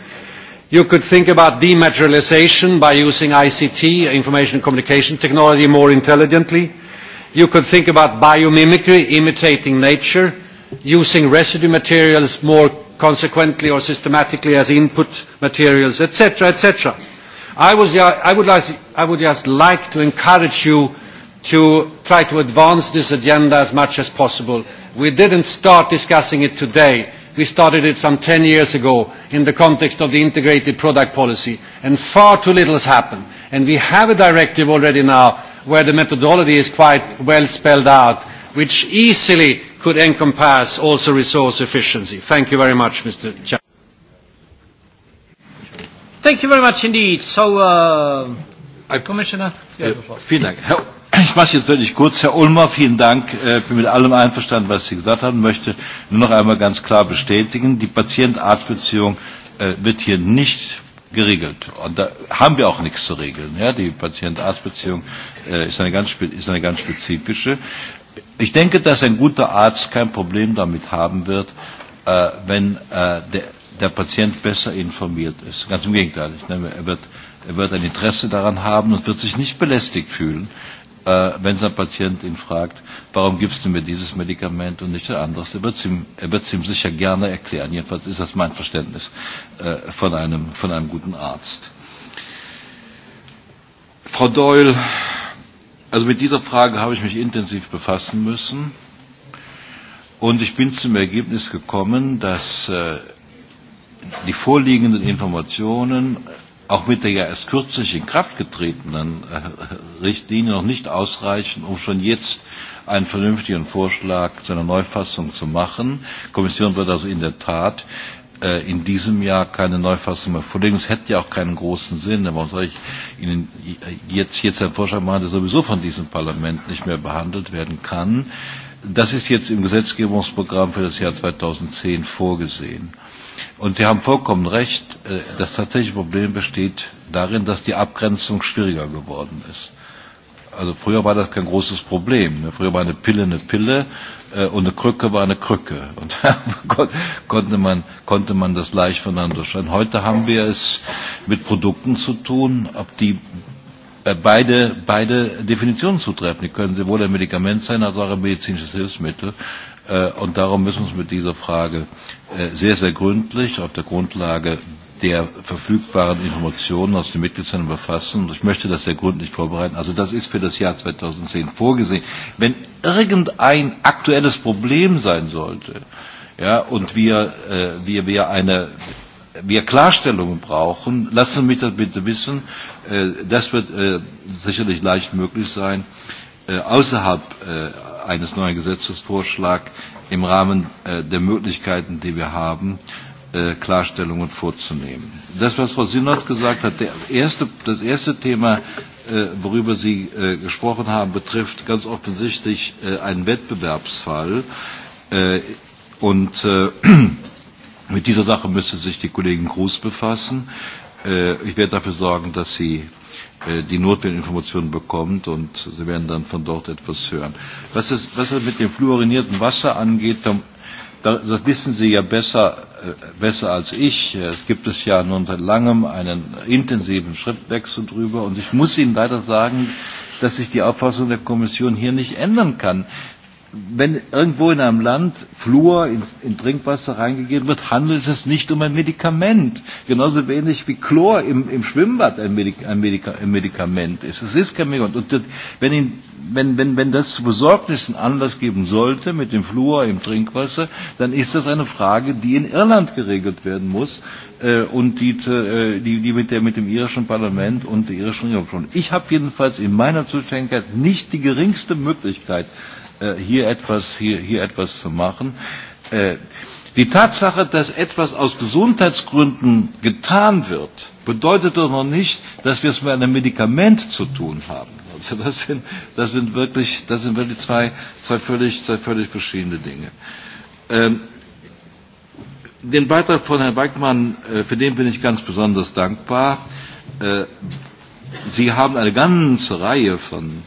You could think about dematerialization by using ICT, information communication technology, more intelligently. You could think about biomimicry, imitating nature, using residue materials more consequently or systematically as input materials, etc., etc. I, was, uh, I, would like, I would just like to encourage you to try to advance this agenda as much as possible. We didn't start discussing it today We started it some 10 years ago in the context of the integrated product policy, and far too little has happened. And we have a directive already now where the methodology is quite well spelled out, which easily could encompass also resource efficiency. Thank you very much, Mr. Chairman. Thank you very much indeed. So, uh, I, Commissioner, you have the floor. Vielen Dank. Herr Ich mache jetzt wirklich kurz. Herr Ulmer, vielen Dank. Ich äh, bin mit allem einverstanden, was Sie gesagt haben. möchte nur noch einmal ganz klar bestätigen, die Patient-Arzt-Beziehung äh, wird hier nicht geregelt. Und da haben wir auch nichts zu regeln. Ja, die Patient-Arzt-Beziehung äh, ist, eine ganz, ist eine ganz spezifische. Ich denke, dass ein guter Arzt kein Problem damit haben wird, äh, wenn äh, der, der Patient besser informiert ist. Ganz im Gegenteil. Ich nehme, er, wird, er wird ein Interesse daran haben und wird sich nicht belästigt fühlen, äh, wenn es ein Patient ihn fragt, warum gibst du mir dieses Medikament und nicht ein anderes? Er wird es ihm, er wird es ihm sicher gerne erklären. Jedenfalls ist das mein Verständnis äh, von, einem, von einem guten Arzt. Frau Doyle, also mit dieser Frage habe ich mich intensiv befassen müssen. Und ich bin zum Ergebnis gekommen, dass äh, die vorliegenden Informationen auch mit der ja erst kürzlich in Kraft getretenen äh, Richtlinie noch nicht ausreichen, um schon jetzt einen vernünftigen Vorschlag zu einer Neufassung zu machen. Die Kommission wird also in der Tat äh, in diesem Jahr keine Neufassung mehr vorlegen. Es hätte ja auch keinen großen Sinn, denn warum soll ich Ihnen jetzt, jetzt einen Vorschlag machen, der sowieso von diesem Parlament nicht mehr behandelt werden kann? Das ist jetzt im Gesetzgebungsprogramm für das Jahr 2010 vorgesehen. Und Sie haben vollkommen recht, äh, das tatsächliche Problem besteht darin, dass die Abgrenzung schwieriger geworden ist. Also früher war das kein großes Problem. Früher war eine Pille eine Pille äh, und eine Krücke war eine Krücke. *laughs* Und da konnte man, konnte man das leicht voneinander scheiden. Heute haben wir es mit Produkten zu tun, ob die äh, beide, beide Definitionen zutreffen. Die können sowohl ein Medikament sein als auch ein medizinisches Hilfsmittel. Äh, und darum müssen wir uns mit dieser Frage äh, sehr, sehr gründlich auf der Grundlage der verfügbaren Informationen aus den Mitgliedstaaten befassen. Und ich möchte das sehr gründlich vorbereiten. Also das ist für das Jahr 2010 vorgesehen. Wenn irgendein aktuelles Problem sein sollte, ja, und wir, äh, wir, wir eine wir Klarstellungen brauchen, lassen Sie mich das bitte wissen. Äh, das wird äh, sicherlich leicht möglich sein, äh, außerhalb äh, eines neuen Gesetzesvorschlags im Rahmen äh, der Möglichkeiten, die wir haben, äh, äh, Klarstellungen vorzunehmen. Das, was Frau Sinnott gesagt hat, der erste, das erste Thema, äh, worüber Sie äh, gesprochen haben, betrifft ganz offensichtlich äh, einen Wettbewerbsfall. Äh, und äh, *clears throat* mit dieser Sache müsste sich die Kollegin Groß befassen. Äh, ich werde dafür sorgen, dass sie äh, die notwendigen Informationen bekommt und Sie werden dann von dort etwas hören. Was, ist, was es mit dem fluorinierten Wasser angeht, da das wissen Sie ja besser, äh, besser als ich. Äh, es gibt es ja nun seit langem einen intensiven Schriftwechsel drüber. Und ich muss Ihnen leider sagen, dass sich die Auffassung der Kommission hier nicht ändern kann wenn irgendwo in einem Land Fluor in, in Trinkwasser reingegeben wird, handelt es nicht um ein Medikament. Genauso wenig wie Chlor im, im Schwimmbad ein, Medik ein, Medika ein Medikament ist. Es ist kein Medikament. Und das, wenn, ihn, wenn, wenn, wenn das zu Besorgnissen Anlass geben sollte mit dem Fluor im Trinkwasser, dann ist das eine Frage, die in Irland geregelt werden muss äh, und die, äh, die, die mit, der, mit dem irischen Parlament und der irischen Regierung schon. Ich habe jedenfalls in meiner Zuständigkeit nicht die geringste Möglichkeit, äh, hier, etwas, hier, hier etwas zu machen. Äh, die Tatsache, dass etwas aus Gesundheitsgründen getan wird, bedeutet doch noch nicht, dass wir es mit einem Medikament zu tun haben. Also das sind, das sind wirklich, das sind wirklich zwei, zwei, völlig, zwei völlig verschiedene Dinge. Ähm, Den Beitrag von Herrn Weigmann, äh, für den bin ich ganz besonders dankbar. Äh, Sie haben eine ganze Reihe von,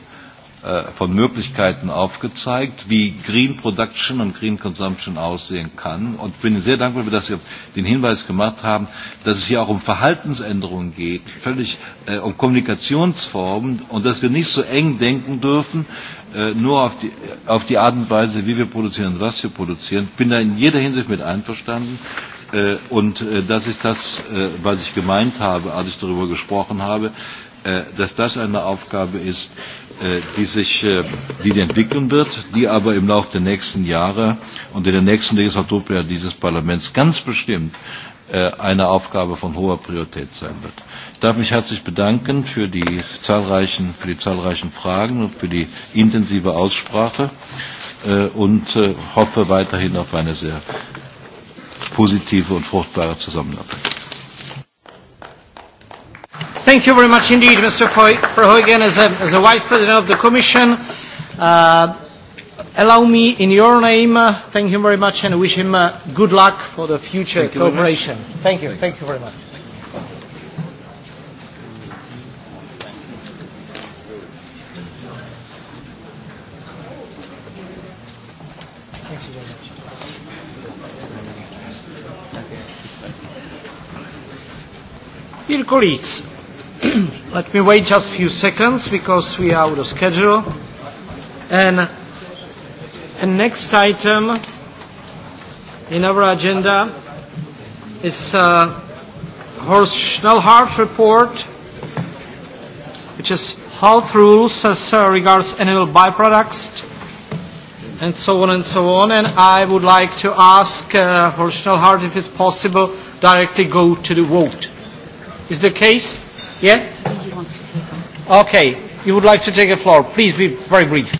äh, von Möglichkeiten aufgezeigt, wie Green Production und Green Consumption aussehen kann. Und bin sehr dankbar, dass Sie den Hinweis gemacht haben, dass es hier auch um Verhaltensänderungen geht, völlig äh, um Kommunikationsformen und dass wir nicht so eng denken dürfen, Äh, nur auf die, auf die Art und Weise, wie wir produzieren, was wir produzieren. Ich bin da in jeder Hinsicht mit einverstanden. Äh, und äh, das ist das, äh, was ich gemeint habe, als ich darüber gesprochen habe, äh, dass das eine Aufgabe ist, äh, die sich äh, die entwickeln wird, die aber im Laufe der nächsten Jahre und in der nächsten Legislaturperiode dieses Parlaments ganz bestimmt Äh, eine Aufgabe von hoher Priorität sein wird. Ich darf mich herzlich bedanken für die zahlreichen, für die zahlreichen Fragen und für die intensive Aussprache äh, und äh, hoffe weiterhin auf eine sehr positive und fruchtbare Zusammenarbeit. Thank you very much indeed, Mr. Verheugen, as a, as a Vice President of the Commission. Uh, allow me in your name uh, thank him very much and wish him uh, good luck for the future thank cooperation. You thank you. Thank you very much. Thank you very much. Dear colleagues, *clears throat* let me wait just a few seconds because we are out of schedule. And next item in our agenda is uh, Horst Schnellhardt report, which is health rules as uh, regards animal byproducts, and so on and so on. And I would like to ask uh, Horst Schnellhardt if it's possible directly go to the vote. Is the case? Yeah? Okay. You would like to take the floor. Please be very brief.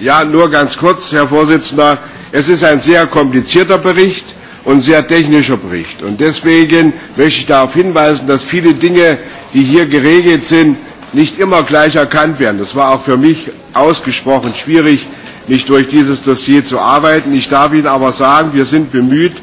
Ja, nur ganz kurz, Herr Vorsitzender. Es ist ein sehr komplizierter Bericht und sehr technischer Bericht. Und deswegen möchte ich darauf hinweisen, dass viele Dinge, die hier geregelt sind, nicht immer gleich erkannt werden. Das war auch für mich ausgesprochen schwierig, mich durch dieses Dossier zu arbeiten. Ich darf Ihnen aber sagen, wir sind bemüht,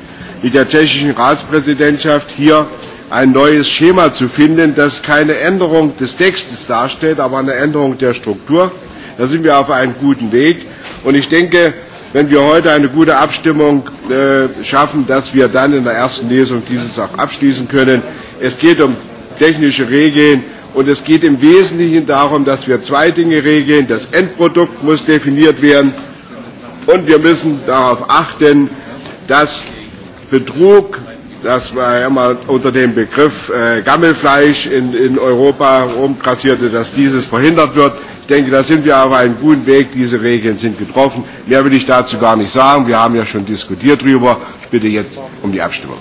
mit der tschechischen Ratspräsidentschaft hier ein neues Schema zu finden, das keine Änderung des Textes darstellt, aber eine Änderung der Struktur. Da sind wir auf einem guten Weg. Und ich denke, wenn wir heute eine gute Abstimmung äh, schaffen, dass wir dann in der ersten Lesung dieses auch abschließen können. Es geht um technische Regeln und es geht im Wesentlichen darum, dass wir zwei Dinge regeln. Das Endprodukt muss definiert werden und wir müssen darauf achten, dass Betrug, das war ja mal unter dem Begriff äh, Gammelfleisch in, in Europa rumkassierte, dass dieses verhindert wird denke, da sind wir auf einem guten Weg. Diese Regeln sind getroffen. Mehr will ich dazu gar nicht sagen. Wir haben ja schon diskutiert darüber. Ich bitte jetzt um die Abstimmung.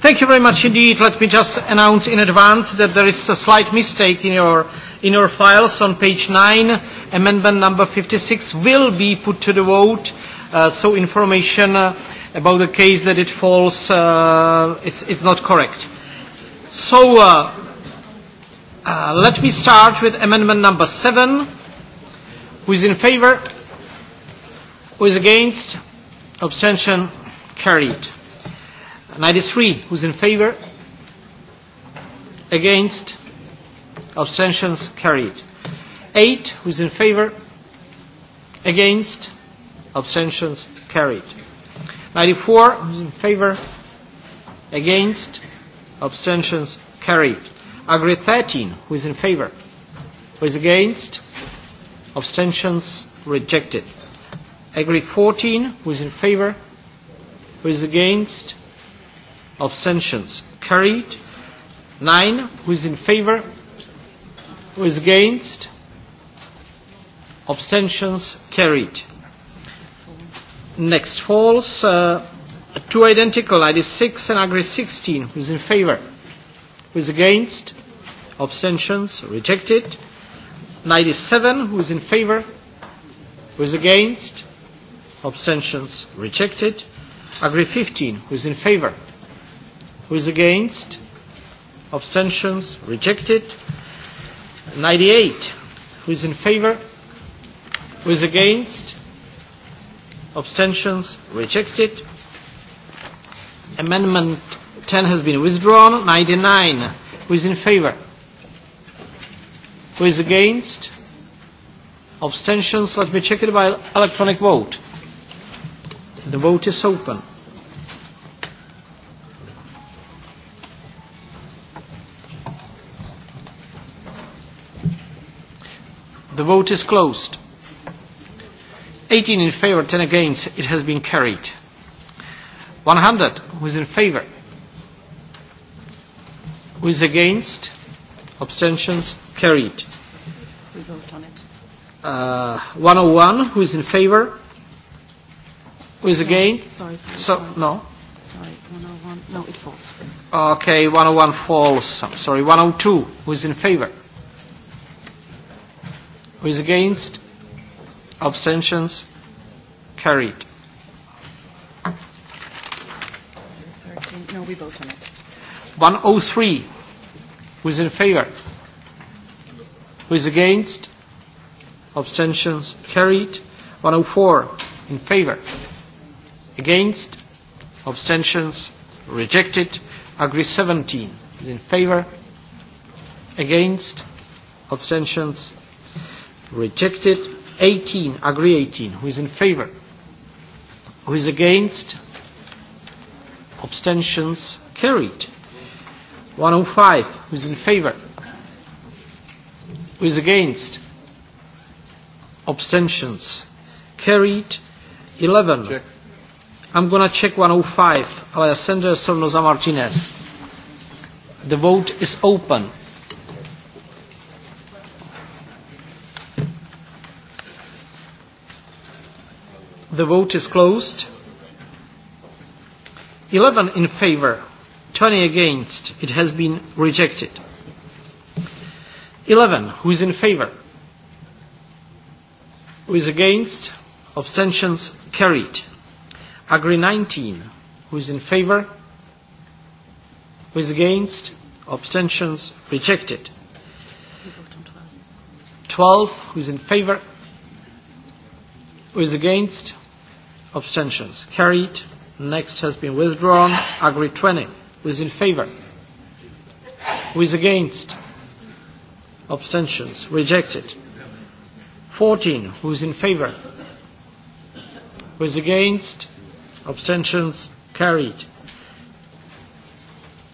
Thank you very much indeed. Let me just announce in advance that there is a slight mistake in your, in your files on page 9. Amendment number 56 will be put to the vote. Uh, so information uh, about the case that it falls, uh, it's, it's not correct. So uh, Uh, let me start with amendment number seven. Who is in favor? Who is against? Abstention carried. 93. Who's in favor? Against? Abstentions carried. 8. Who's in favor? Against? Abstentions carried. 94. Who's in favor? Against? Abstentions carried. Agri 13, who is in favor? Who is against? Abstentions rejected. Agri 14, who is in favor? Who is against? Abstentions carried. 9, who is in favor? Who is against? Abstentions carried. Next falls. Uh, two identical, ID 6 and Agri 16. Who is in favor? Who is against? abstentions rejected 97 who is in favor who is against abstentions rejected agree 15 who is in favor who is against abstentions rejected 98 who is in favor who is against abstentions rejected amendment 10 has been withdrawn 99 who is in favor Who is against? Abstentions? Let me check it by electronic vote. The vote is open. The vote is closed. 18 in favor, 10 against. It has been carried. 100. Who is in favor? Who is against? Abstentions? Carried. We vote on it. Uh, 101, who is in favor? Who is no, against? Sorry, sorry. So, sorry. No. Sorry, 101. No, it falls. Okay, 101 falls. I'm sorry, 102. Who is in favor? Who is against? Abstentions? Carried. 13. No, we vote on it. 103. Who is in favor? Who is against? Abstentions carried. 104 in favor. Against? Abstentions rejected. Agri 17 is in favor. Against? Abstentions rejected. 18, Agri 18. Who is in favor? Who is against? Abstentions carried. 105. Who is in favor? Who is against? Abstentions. Carried. 11. Check. I'm going to check 105. Alessandra Sornoza Martinez. The vote is open. The vote is closed. 11 in favor, 20 against. It has been rejected. 11. Who is in favor? Who is against? Abstentions carried. Agri 19. Who is in favor? Who is against? Abstentions rejected. 12. Who is in favor? Who is against? Abstentions carried. Next has been withdrawn. Agri 20. Who is in favor? Who is against? abstentions rejected 14 who's in favor who's against abstentions carried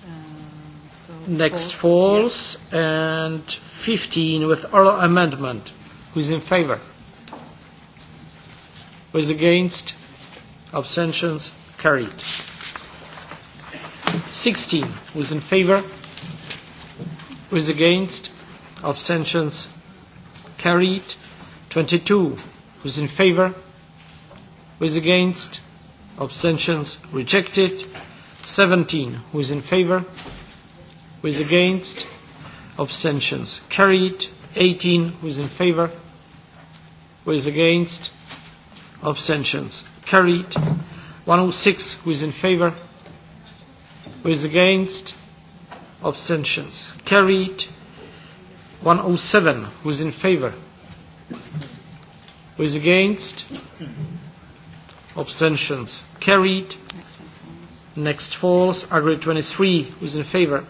uh, so next falls yes. and 15 with oral amendment who's in favor who's against abstentions carried 16 who's in favor who's against abstentions carried 22 who's in favor who is against abstentions rejected 17 who is in favor who is against abstentions carried 18 who is in favor who is against abstentions carried 106 who is in favor who is against abstentions carried 107. Who is in favor? Who is against? Abstentions. Carried. Next, Next falls. Agri 23. Who is in favor?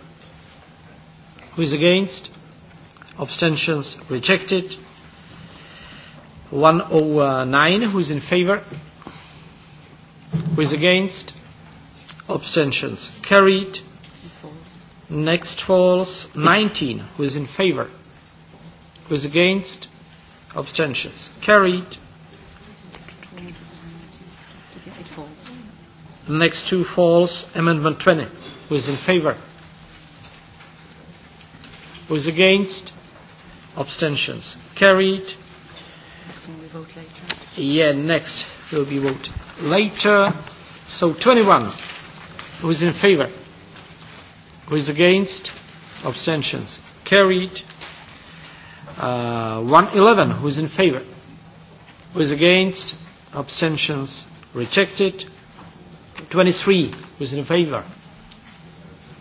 Who is against? Abstentions. Rejected. 109. Who is in favor? Who is against? Abstentions. Carried. False. Next falls. 19. Who is in favor? Who is against? Abstentions. Carried. The next two falls. Amendment 20. Who is in favor? Who is against? Abstentions. Carried. Next one we vote later. Yeah, next will be vote later. So 21. Who is in favor? Who is against? Abstentions. Carried. Uh, 111, who is in favor? Who is against? Abstentions rejected. 23, who is in favor?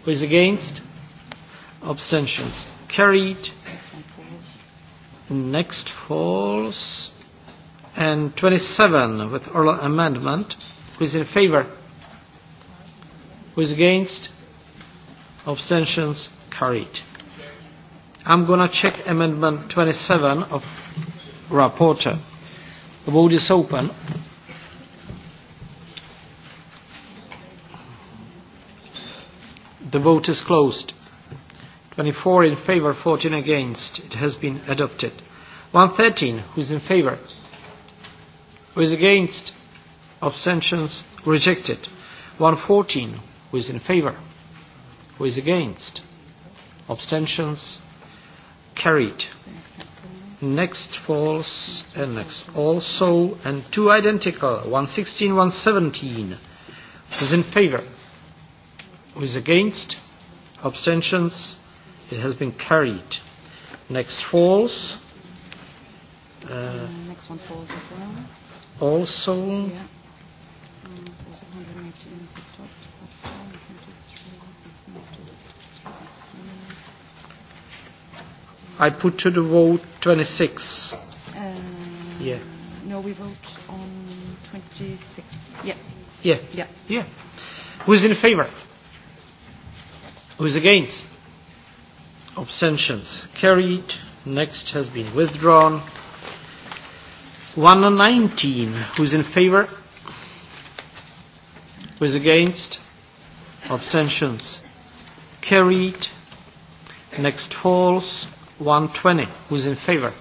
Who is against? Abstentions carried. Next falls. And 27, with oral amendment, who is in favor? Who is against? Abstentions carried. I'm going to check Amendment 27 of Rapporteur. The vote is open. The vote is closed. 24 in favor, 14 against. It has been adopted. 113, who is in favor? Who is against? Abstentions rejected. 114, who is in favor? Who is against? Abstentions rejected Carried. Next falls and next also and two identical 116 117 who's in favor who's against abstentions it has been carried next falls uh, next one falls as well also yeah. mm. I put to the vote 26. Uh, um, yeah. No, we vote on 26. Yeah. Yeah. Yeah. Yeah. Who's in favor? Who's against? Abstentions. Carried. Next has been withdrawn. 119. Who's in favor? Who's against? Abstentions. Carried. Next falls. 120. Who's in favor?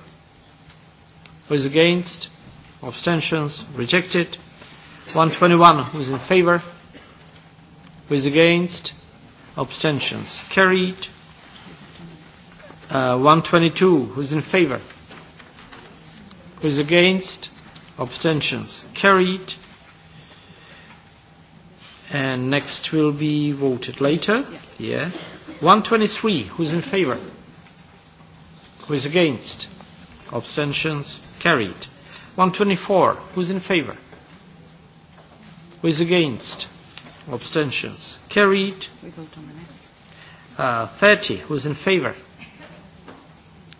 Who's against? Abstentions? Rejected. 121. Who's in favor? Who's against? Abstentions? Carried. Uh, 122. Who's in favor? Who's against? Abstentions? Carried. And next will be voted later. Yeah. yeah. 123. Who's in favor? Yeah. Who is against? Abstentions carried. 124. Who's in favour? Who is against? Abstentions carried. We vote on the next. Uh, 30. Who's in favour?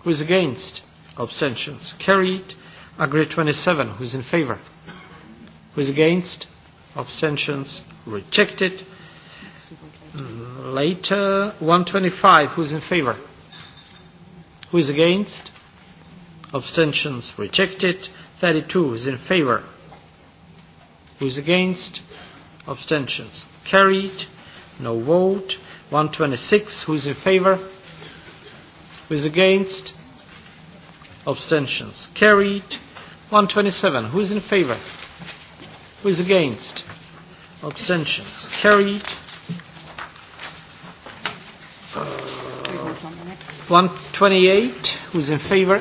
Who is against? Abstentions carried. Agri 27. Who's in favour? Who is against? Abstentions rejected. Later, 125. Who's in favour? Who is against? Abstentions rejected. 32 is in favor. Who is against? Abstentions carried. No vote. 126. Who is in favor? Who is against? Abstentions carried. 127. Who is in favor? Who is against? Abstentions carried. Uh, 128, who's in favor?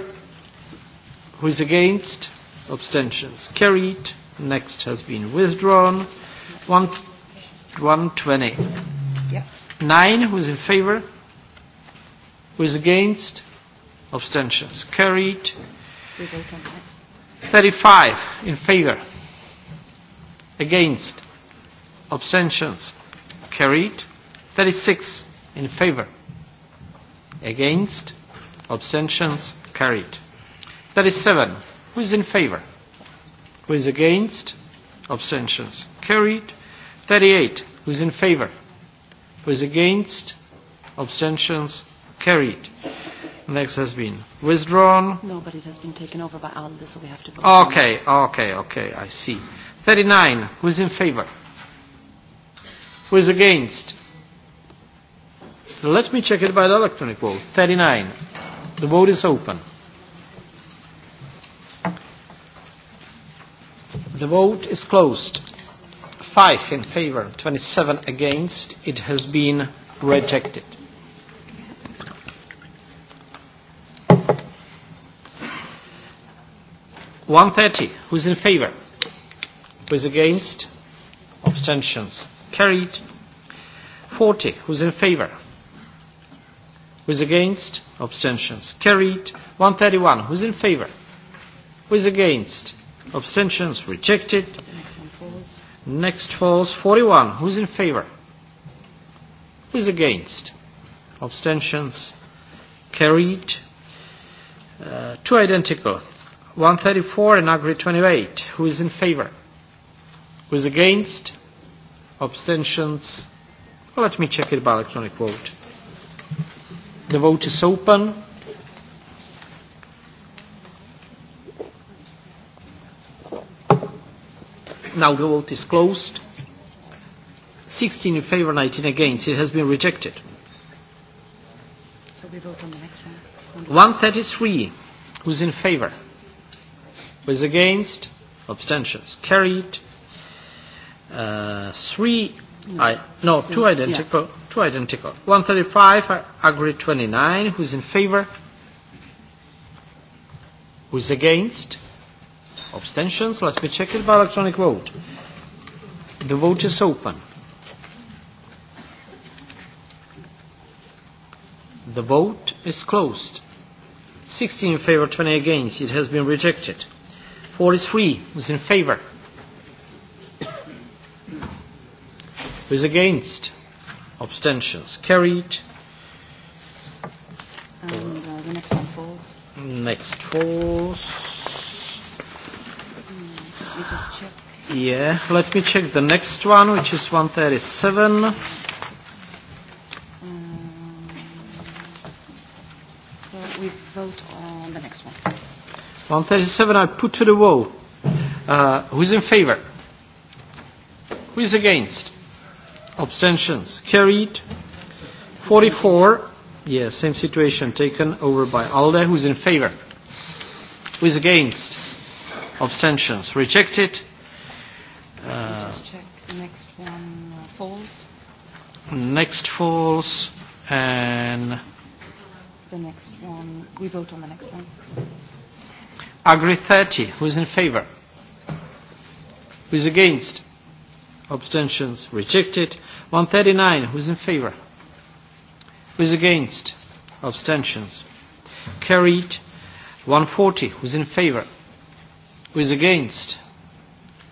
Who's against? Abstentions carried. Next has been withdrawn. One, 120. Yeah. 9, who's in favor? Who's against? Abstentions carried. We vote on next. 35 in favor. Against. Abstentions carried. 36 in favor Against? Abstentions? Carried. That is 7. Who is in favor? Who is against? Abstentions? Carried. 38. Who is in favor? Who is against? Abstentions? Carried. Next has been withdrawn. No, but it has been taken over by ALDE, so we have to vote. Okay, okay, okay, I see. 39. Who is in favor? Who is against? Let me check it by the electronic vote. 39. The vote is open. The vote is closed. 5 in favor, 27 against. It has been rejected. One thirty. Who's in favor? Who's against? Abstentions. Carried. Forty. Who's in favor? Who's against? Abstentions. Carried. 131. Who's in favor? Who's against? Abstentions. Rejected. Next one falls. Next falls. 41. Who's in favor? Who's against? Abstentions. Carried. Uh, two identical. 134 and Agri 28. Who is in favor? Who is against? Abstentions. Well, let me check it by electronic vote. The vote is open. Now the vote is closed. 16 in favor, 19 against. It has been rejected. So we vote on the next one. 133. Who's in favor? Who is against? Abstentions. Carried. Uh, 3 No, I, no two identical. Yeah. Two identical. 135, Agri 29. Who's in favor? Who's against? Abstentions? Let me check it by electronic vote. The vote is open. The vote is closed. 16 in favor, 20 against. It has been rejected. 43 is in favor. Who is against? Abstentions carried. And uh, the next one falls. Next falls. Mm, we just check. Yeah, let me check the next one, which is 137. Um, so we vote on the next one. 137 I put to the vote. Uh, who's in favor? Who is against? abstentions carried. 44, yeah, same situation taken over by ALDE. Who's in favor? Who is against? Abstentions rejected. Uh, check next one uh, falls. Next falls and the next one. We vote on the next one. Agri 30. Who is in favor? Who is against? abstentions rejected. 139, who's in favor? Who's against? Abstentions. Carried. 140, who's in favor? Who's against?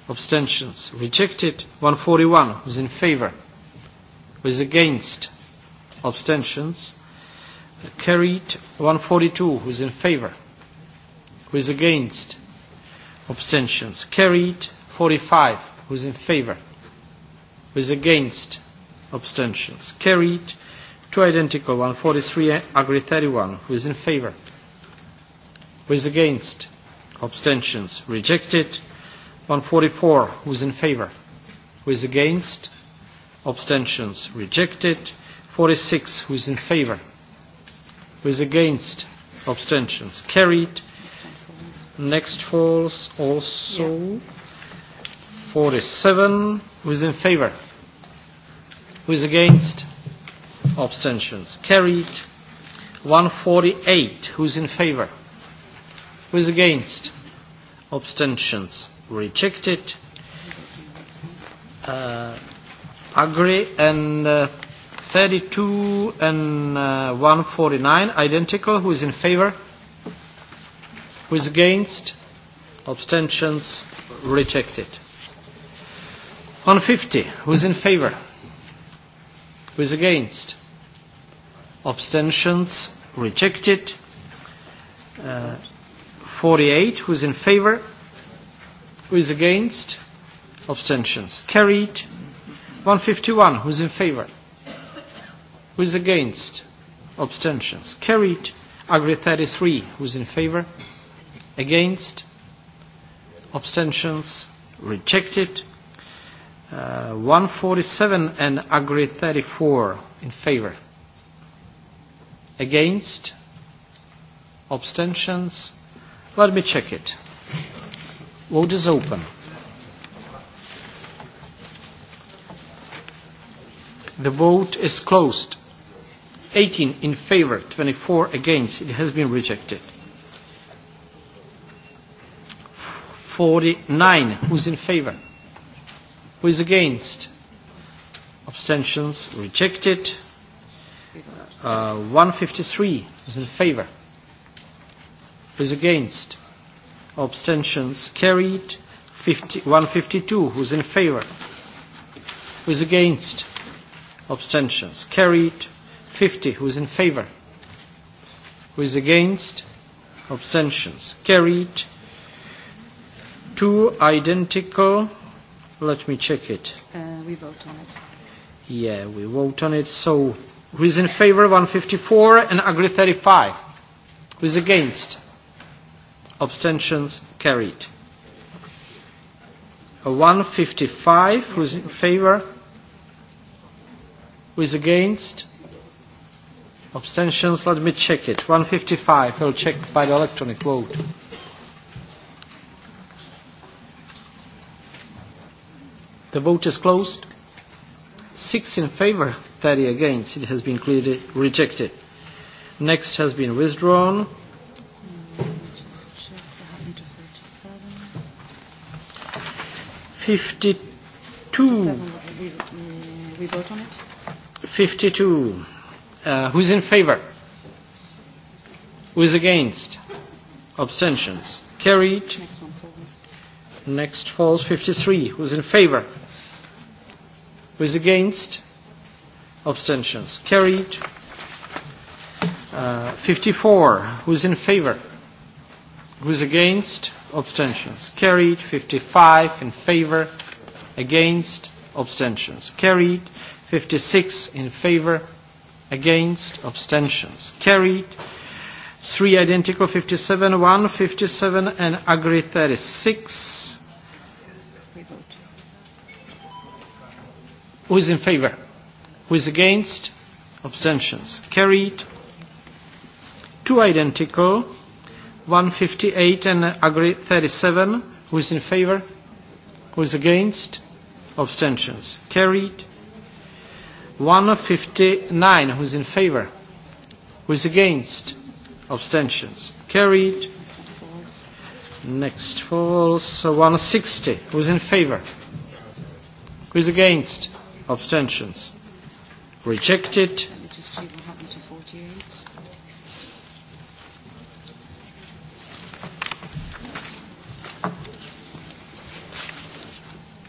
Abstentions. Rejected. 141, who's in favor? Who's against? Abstentions. Carried. 142, who's in favor? Who's against? Abstentions. Carried. 45, who's in favor? with against abstentions carried two identical 143 agri 31 who is in favor who is against abstentions rejected 144 who is in favor who is against abstentions rejected 46 who is in favor who is against abstentions carried next falls also yeah. 47. Who is in favor? Who is against? Abstentions. Carried. 148. Who is in favor? Who is against? Abstentions. Rejected. Uh, agree and uh, 32 and uh, 149 identical. Who is in favor? Who is against? Abstentions rejected. 150. Who's in favor? Who's against? Abstentions rejected. Uh, 48. Who's in favor? Who's against? Abstentions carried. 151. Who's in favor? Who's against? Abstentions carried. Agri 33. Who's in favor? Against? Abstentions rejected. Uh, 147 and Agri 34 in favor. Against? Abstentions? Let me check it. Vote is open. The vote is closed. 18 in favor, 24 against. It has been rejected. 49. Who's in favor? Who is against? Abstentions rejected. Uh, 153 is in favor. Who is against? Abstentions carried. 50, 152 who's in favor? Who is against? Abstentions carried. 50 who's in favor? Who is against? Abstentions carried. Two identical. Let me check it. Uh, we vote on it. Yeah, we vote on it. So, who is in favor? 154 and Agri 35. Who is against? Abstentions carried. 155. Who is in favor? Who is against? Abstentions. Let me check it. 155. I'll check by the electronic vote. The vote is closed. Six in favor, 30 against. It has been clearly rejected. Next has been withdrawn. Fifty-two. We vote on it. Fifty-two. Uh, who's in favor? Who is against? Abstentions. Carried. Next. Next falls 53. Uh, Who's in favor? Who's against? Abstentions. Carried. Uh, 54. Who's in favor? Who's against? Abstentions. Carried. 55. In favor. Against. Abstentions. Carried. 56. In favor. Against. Abstentions. Carried. 3 identical 57, 1, 57 and Agri 36. Who is in favor? Who is against? Abstentions. Carried. Two identical. 158 and Agri 37. Who is in favor? Who is against? Abstentions. Carried. 159. Who is in favor? Who is against? Abstentions. Carried. Next falls. 160. Uh, Who is in favor? Who is against? abstentions rejected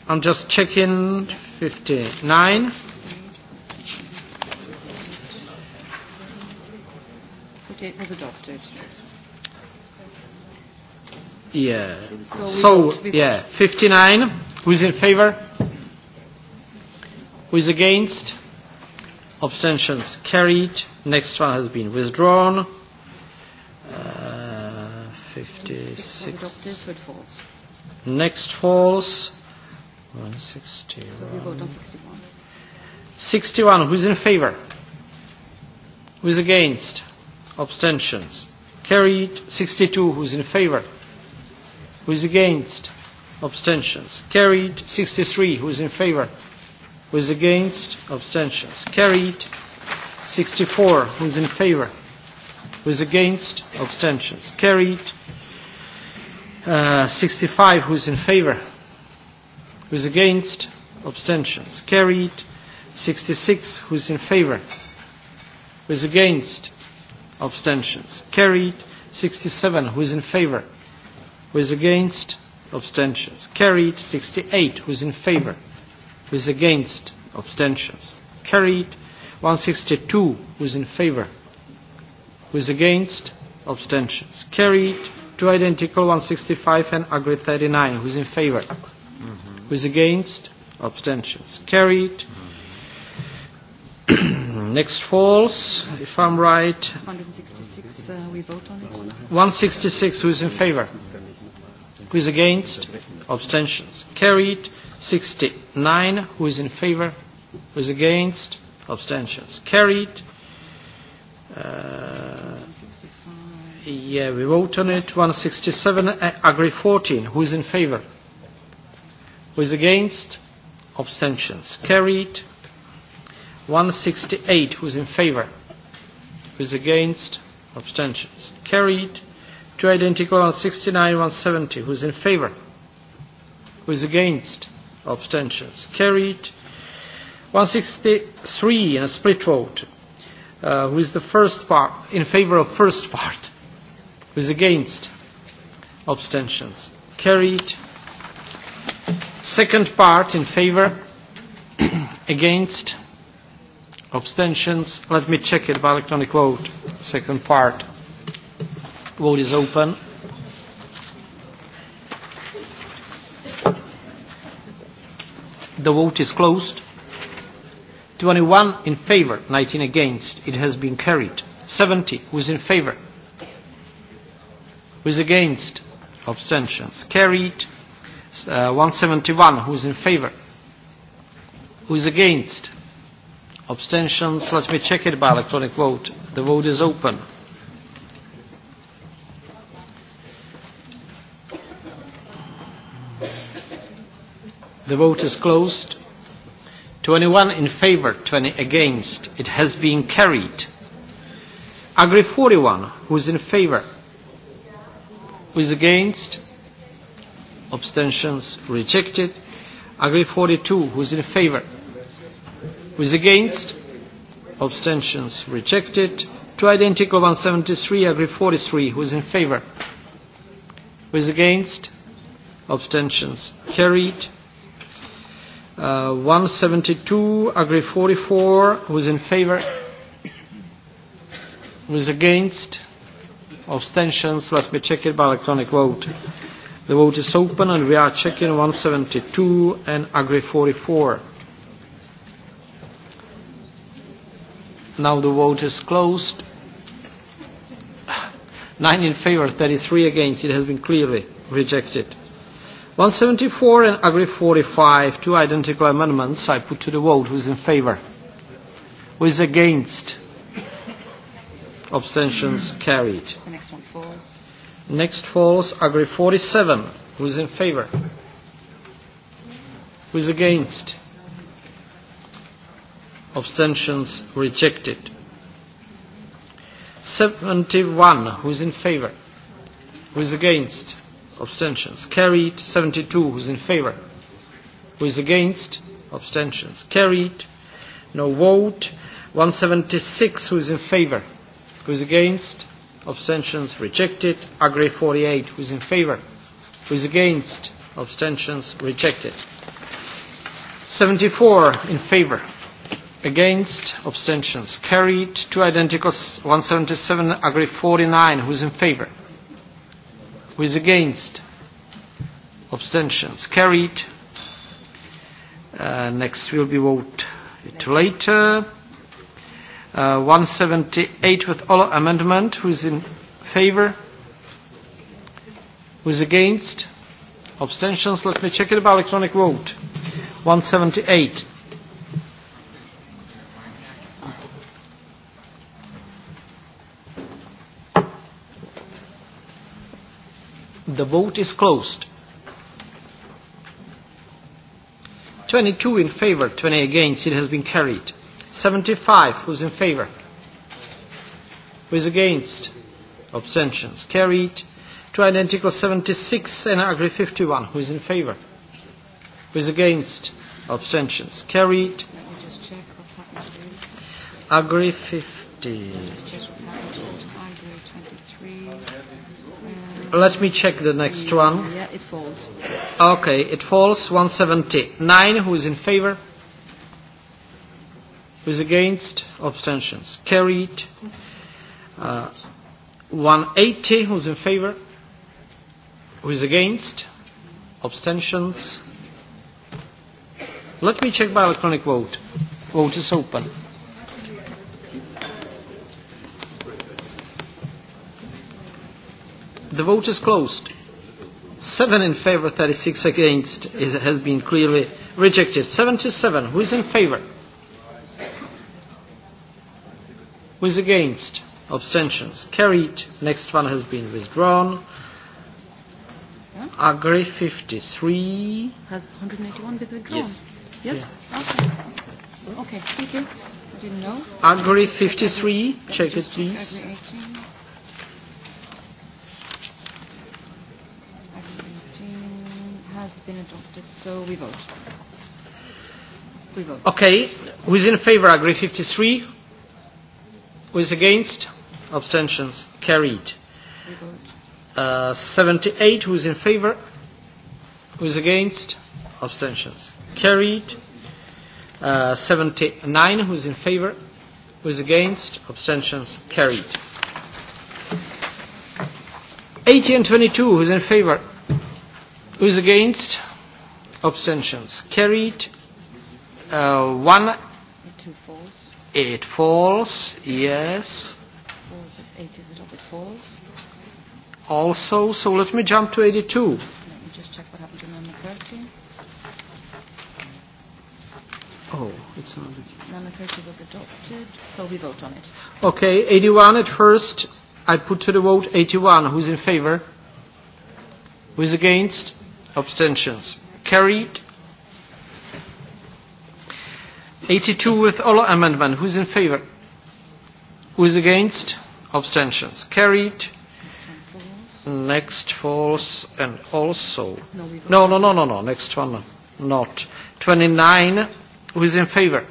I'm just checking 59 it was adopted yeah so, so yeah 59 who's in favor Who is against? Abstentions carried. Next one has been withdrawn. Uh, 56. Adopted, but false. Next false. 161. So we vote on 61. 61. Who is in favor? Who is against? Abstentions. Carried. 62. Who is in favor? Who is against? Abstentions. Carried. 63. Who is in favor? Who's against? Abstentions. Carried. 64. Who's in favor? Who's against? Abstentions. Carried. Uh, 65. Who's in favor? Who's against? Abstentions. Carried. 66. Who's in favor? Who's against? Abstentions. Carried. 67. Who's in favor? Who's against? Abstentions. Carried. 68. Who's in favor? Who is against? Abstentions. Carried. 162. Who is in favor? Who is against? Abstentions. Carried. Two identical 165 and Agri 39. Who is in favor? Mm-hmm. Who is against? Abstentions. Carried. Mm-hmm. *clears throat* Next falls, if I'm right. 166, uh, we vote on it. 166, who is in favor? Mm-hmm. Who is against? Abstentions. Carried. 69. Who is in favor? Who is against? Abstentions. Carried. Uh, yeah, we vote on it. 167. Agri 14. Who is in favor? Who is against? Abstentions. Carried. 168. Who is in favor? Who is against? Abstentions. Carried. Two identical on 69, 170. Who's in favor? Who is against? Abstentions. Carried. 163 in a split vote. Uh, who is the first part? In favor of first part. Who is against? Abstentions. Carried. Second part in favor. *clears throat* against? Abstentions. Let me check it by electronic vote. Second part. Vote is open. The vote is closed. 21 in favor, 19 against. It has been carried. 70. Who is in favor? Who is against? Abstentions. Carried. Uh, 171. Who is in favor? Who is against? Abstentions. Let me check it by electronic vote. The vote is open. The vote is closed. 21 in favor, 20 against. It has been carried. Agri 41, who is in favor? Who is against? Abstentions rejected. Agri 42, who is in favor? Who is against? Abstentions rejected. Two identical 173, Agri 43, who is in favor? Who is against? Abstentions carried. Uh, 172, Agri 44, who's in favor? Who's against? Abstentions, let me check it by electronic vote. The vote is open and we are checking 172 and Agri 44. Now the vote is closed. 9 *sighs* in favor, 33 against. It has been clearly rejected. 174 and Agri 45, two identical amendments. I put to the vote who's in favor. Who is against? Abstentions carried. The next one falls. Next falls Agri 47. Who is in favor? Who is against? Abstentions rejected. 71. Who is in favor? Who is against? abstentions carried 72 who's in favor who is against abstentions carried no vote 176 who is in favor who is against abstentions rejected agri 48 who is in favor who is against abstentions rejected 74 in favor against abstentions carried to identical 177 agri 49 who is in favor Who is against? Abstentions carried. Uh, next will be vote it later. Uh, 178 with all amendment. Who is in favor? Who is against? Abstentions. Let me check it by electronic vote. 178. The vote is closed. 22 in favor, 20 against. It has been carried. 75. Who's in favor? Who is against? Abstentions. Carried. To identical 76 and Agri 51. Who is in favor? Who is against? Abstentions. Carried. Agri 50. let me check the next one. Yeah, it falls. Okay, it falls. 179. Who is in favor? Who is against? Abstentions. Carried. Uh, 180. Who is in favor? Who is against? Abstentions. Let me check by electronic vote. Vote is open. The vote is closed. 7 in favor, 36 against. It has been clearly rejected. 77. Who is in favor? Who is against? Abstentions. Carried. Next one has been withdrawn. Agri 53. Has 181 been withdrawn? Yes. Yes? Yeah. Okay. Okay, thank you. I didn't know. Agri 53. Check it, please. Agri 18. adopted. So we vote. We vote. Okay. Who is in favor? Agree 53. Who is against? Abstentions. Carried. We vote. Uh, 78. Who is in favor? Who is against? Abstentions. Carried. Uh, 79. Who is in favor? Who is against? Abstentions. Carried. 80 and 22. Who is in favor? Who is against? abstentions carried. Uh, one it falls. It falls. Yes. Falls if eight is adopted. Falls. Also, so let me jump to 82. Let me just check what happened to number 13. Oh, it's not. Number 30 was adopted, so we vote on it. Okay, 81 at first. I put to the vote 81. Who's in favor? Who's against? Abstentions Carried. 82 with all amendment. Who's in favor? Who's against? Abstentions. Carried. Next false and also. No, no, no, no, no. Next one not. 29. Who's in favor?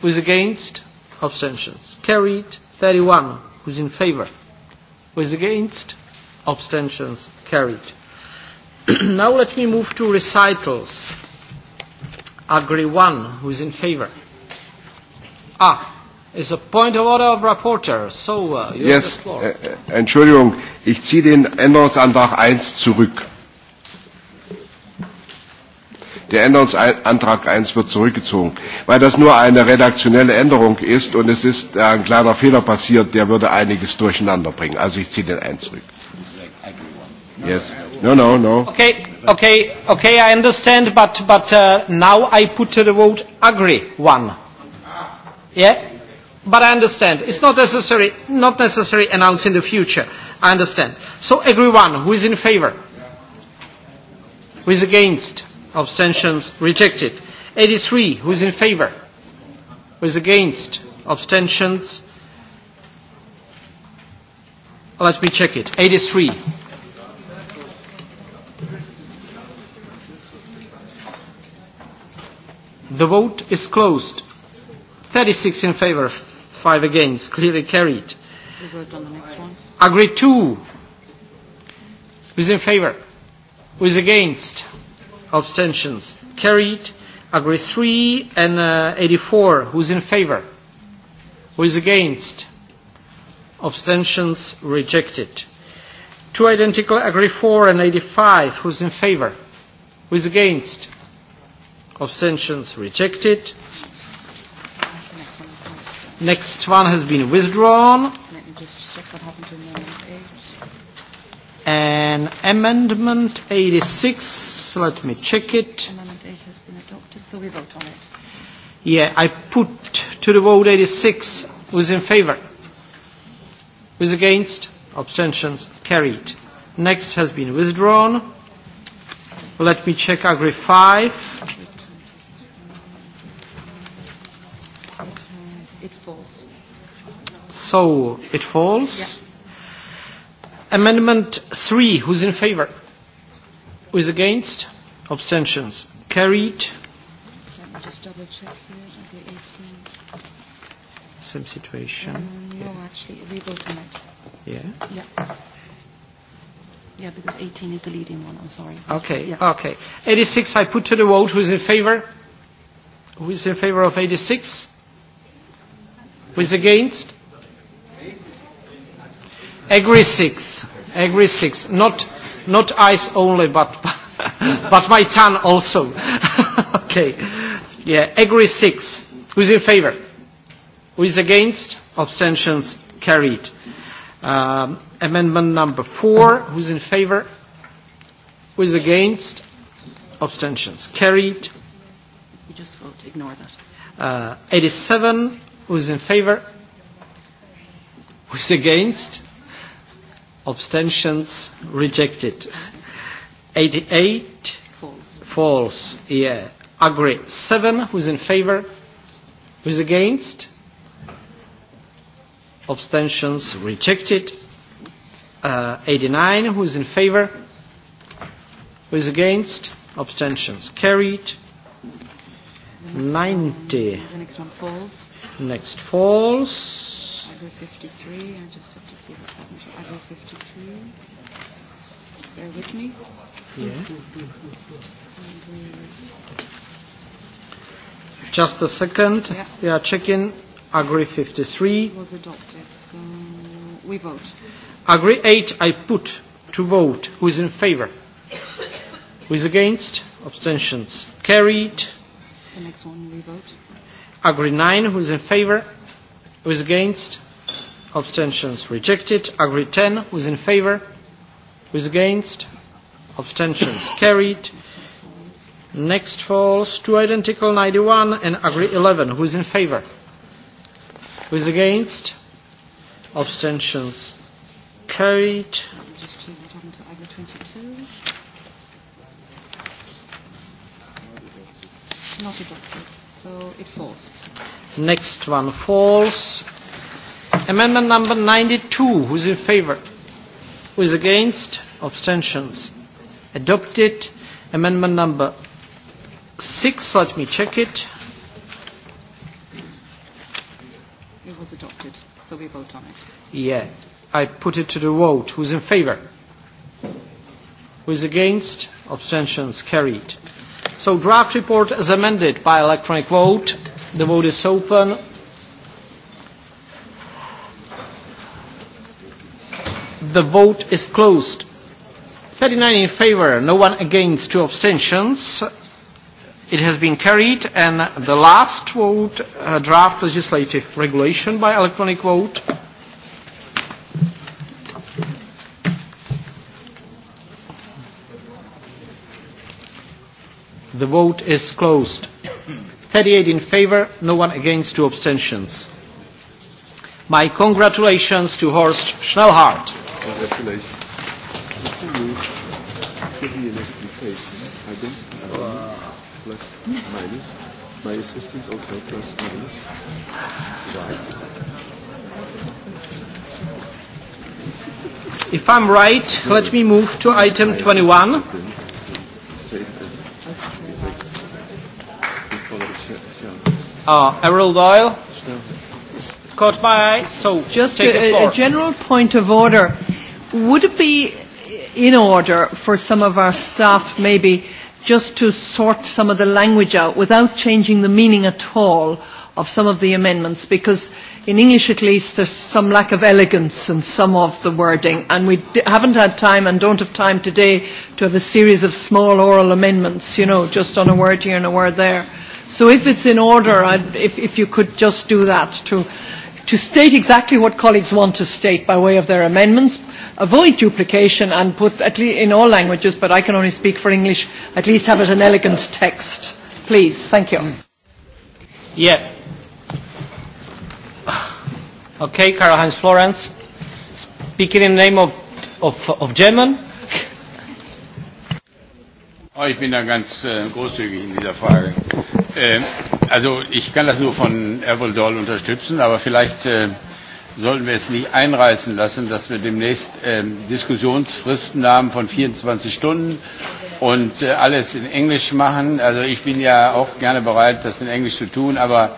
Who's against? Abstentions. Carried. 31. Who's in favor? Who's against? Abstentions. Carried. *clears throat* now let me move to recitals. Agri 1, who is in favor? Ah, Ist a point of order of rapporteur. So, uh, you yes, the floor. Äh, äh, Entschuldigung, ich ziehe den Änderungsantrag 1 zurück. Der Änderungsantrag 1 wird zurückgezogen, weil das nur eine redaktionelle Änderung ist und es ist äh, ein kleiner Fehler passiert, der würde einiges durcheinander bringen. Also ich ziehe den 1 zurück. Yes. No, no, no. Okay, okay, okay. I understand, but but uh, now I put to the vote agree one. Yeah, but I understand. It's not necessary, not necessary announce in the future. I understand. So agree one. Who is in favour? Who is against? Abstentions rejected. 83. Who is in favour? Who is against? Abstentions. Let me check it. 83. The vote is closed. 36 in favor, 5 against. Clearly carried. We vote on the next one. Agri 2. Who is in favor? Who is against? Abstentions. Carried. Agri 3 and uh, 84. Who is in favor? Who is against? Abstentions rejected. Two identical Agri 4 and 85. Who is in favor? Who is against? abstentions rejected. Next one has been withdrawn. Let me just check what happened to amendment 8. And amendment 86, let me check it. Amendment 8 has been adopted, so we vote on it. Yeah, I put to the vote 86. Who's in favour? Who's against? Abstentions carried. Next has been withdrawn. Let me check Agri 5. So it falls. Yeah. Amendment 3. Who's in favor? Who is against? Abstentions. Carried. Let me just double check here. 18. Same situation. Um, no, yeah. actually, we vote on it. Yeah? Yeah. Yeah, because 18 is the leading one. I'm sorry. Okay, yeah. okay. 86, I put to the vote. Who's in favor? Who is in favor of 86? Who is against? Agri 6. Agri 6. Not, not eyes only, but, *laughs* but my tongue also. *laughs* okay. Yeah. Agri 6. Who's in favor? Who is against? Abstentions carried. Um, amendment number 4. Who's in favor? Who is against? Abstentions carried. You just vote. Ignore that. Uh, 87. Who's in favor? Who's against? abstentions rejected 88 false false yeah agree 7 who's in favor who's against abstentions rejected uh, 89 who's in favor who's against abstentions carried 90 the next one falls next falls Agri 53. I just have to see what's happened to Agri 53. Bear with me. Yeah. Just a second. Yeah. We are checking Agri 53. It was adopted, so we vote. Agri 8, I put to vote. Who is in favor? Who is against? Abstentions. Carried. The next one we vote. Agri 9, who is in favor? Who is against? abstentions rejected. Agri 10, who's in favor? Who's against? Abstentions carried. Next falls two identical 91 and Agri 11. Who's in favor? Who's against? Abstentions carried. Not adopted, so it falls. Next one falls. Amendment number 92. Who's in favor? Who is against? Abstentions. Adopted. Amendment number 6. Let me check it. It was adopted, so we vote on it. Yeah. I put it to the vote. Who's in favor? Who is against? Abstentions carried. So draft report as amended by electronic vote. The vote is open. The vote is closed. 39 in favor, no one against, two abstentions. It has been carried. And the last vote, uh, draft legislative regulation by electronic vote. The vote is closed. 38 in favor, no one against, two abstentions. My congratulations to Horst Schnellhardt. Congratulations. Before you give me an explication, I don't have minus, plus, minus. My assistant also plus, minus. Why? If I'm right, let me move to item 21. Uh, Errol Doyle caught my eye, so just take a, the floor. a general point of order would it be in order for some of our staff maybe just to sort some of the language out without changing the meaning at all of some of the amendments? Because in English at least there's some lack of elegance in some of the wording and we d- haven't had time and don't have time today to have a series of small oral amendments, you know, just on a word here and a word there. So if it's in order, I'd, if, if you could just do that to to state exactly what colleagues want to state by way of their amendments, avoid duplication and put, at least in all languages, but I can only speak for English, at least have it an elegant text. Please, thank you. Yeah. Okay, Karl-Heinz Florenz, speaking in the name of, of, of German Oh, ich bin da ganz äh, großzügig in dieser Frage. Äh, also ich kann das nur von Errol Doll unterstützen, aber vielleicht äh, sollten wir es nicht einreißen lassen, dass wir demnächst äh, Diskussionsfristen haben von 24 Stunden und äh, alles in Englisch machen. Also ich bin ja auch gerne bereit, das in Englisch zu tun, aber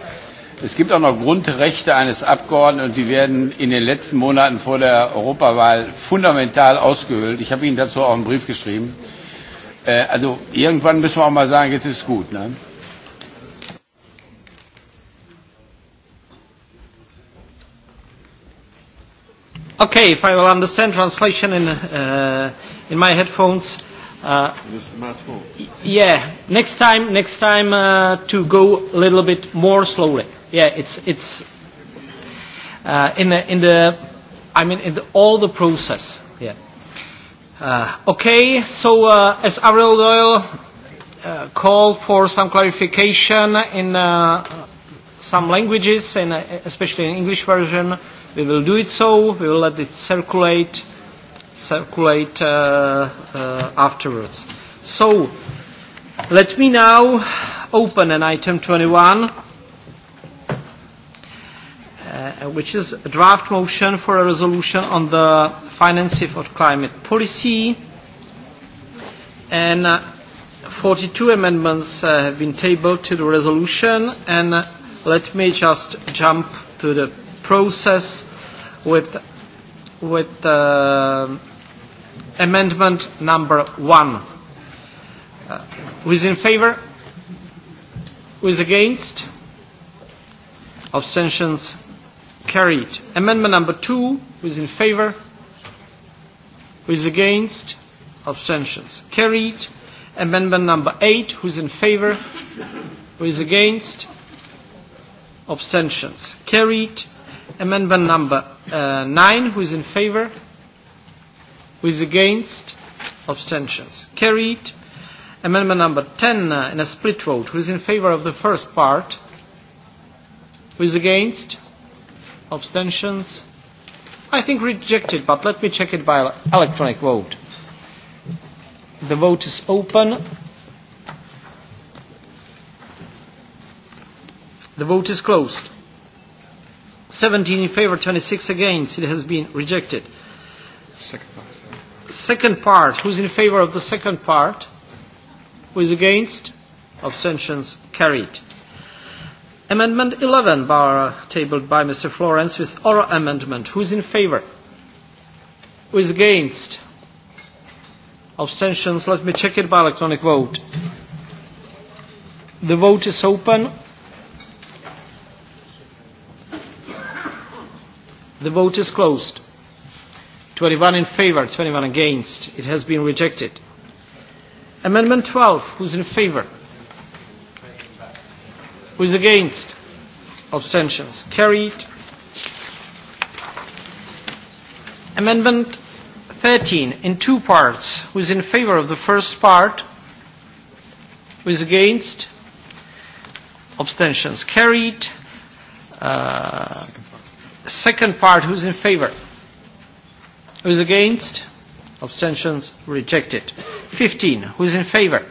es gibt auch noch Grundrechte eines Abgeordneten und die werden in den letzten Monaten vor der Europawahl fundamental ausgehöhlt. Ich habe Ihnen dazu auch einen Brief geschrieben. Äh, Äh, eh, also irgendwann müssen wir auch mal sagen, jetzt ist gut. Ne? Okay, if I will understand translation in uh, in my headphones. Uh, yeah, next time, next time uh, to go a little bit more slowly. Yeah, it's it's uh, in the in the I mean in the, all the process Uh, okay, so uh, as Avril Doyle uh, called for some clarification in uh, some languages, and uh, especially in English version, we will do it so. We will let it circulate, circulate uh, uh, afterwards. So let me now open an item 21 Uh, uh, which is a draft motion for a resolution on the financing for climate policy. And uh, 42 amendments uh, have been tabled to the resolution. And uh, let me just jump to the process with, with uh, amendment number one. Uh, who is in favor? Who is against? Abstentions Carried. Amendment number two, who is in favour? Who is against? Abstentions. Carried. Amendment number eight, who is in favour? Who is against? Abstentions. Carried. Amendment number uh, nine, who is in favour? Who is against? Abstentions. Carried. Amendment number 10 uh, in a split vote. Who is in favour of the first part? Who is against? Abstentions? I think rejected, but let me check it by electronic vote. The vote is open. The vote is closed. 17 in favor, 26 against. It has been rejected. Second part. Second part. Who's in favor of the second part? Who is against? Abstentions carried. Amendment 11, bar, tabled by Mr. Florence with oral amendment. Who's in favor? Who is against? Abstentions. Let me check it by electronic vote. The vote is open. The vote is closed. 21 in favor, 21 against. It has been rejected. Amendment 12. Who's in favor? Who is against? Abstentions. Carried. Amendment 13 in two parts. Who is in favor of the first part? Who is against? Abstentions. Carried. Uh, second part. Second part. Who is in favor? Who is against? Abstentions. Rejected. 15. Who is in favor?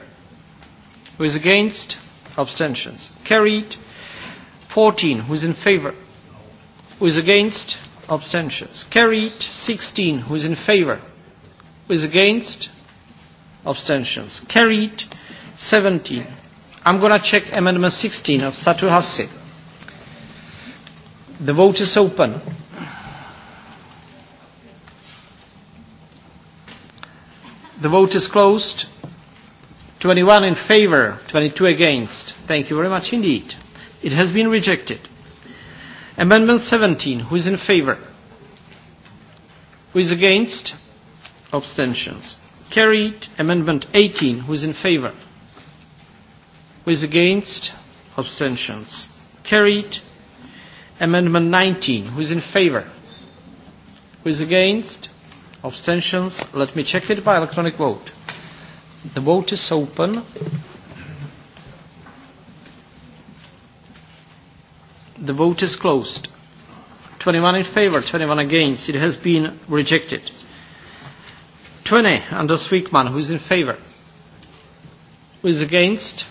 Who is against? abstentions carried 14 who's in favor who's against abstentions carried 16 who's in favor who's against abstentions carried 17 i'm going to check amendment 16 of satu hasse the vote is open the vote is closed 21 in favor, 22 against. Thank you very much indeed. It has been rejected. Amendment 17, who is in favor? Who is against? Abstentions. Carried. Amendment 18, who is in favor? Who is against? Abstentions. Carried. Amendment 19, who is in favor? Who is against? Abstentions. Let me check it by electronic vote. The vote is open. The vote is closed. 21 in favor, 21 against. It has been rejected. 20, Anders Wiekman, who is in favor? Who is against?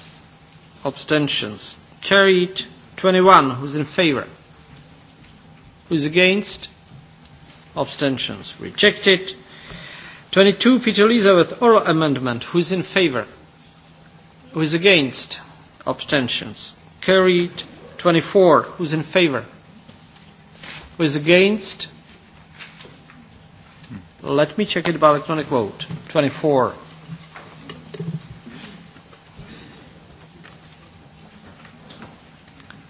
Abstentions. Carried. 21, who is in favor? Who is against? Abstentions. Rejected. 22, Peter Elizabeth, oral amendment. Who is in favor? Who is against? Abstentions. Carried. 24. Who is in favor? Who is against? Let me check it by electronic vote. 24.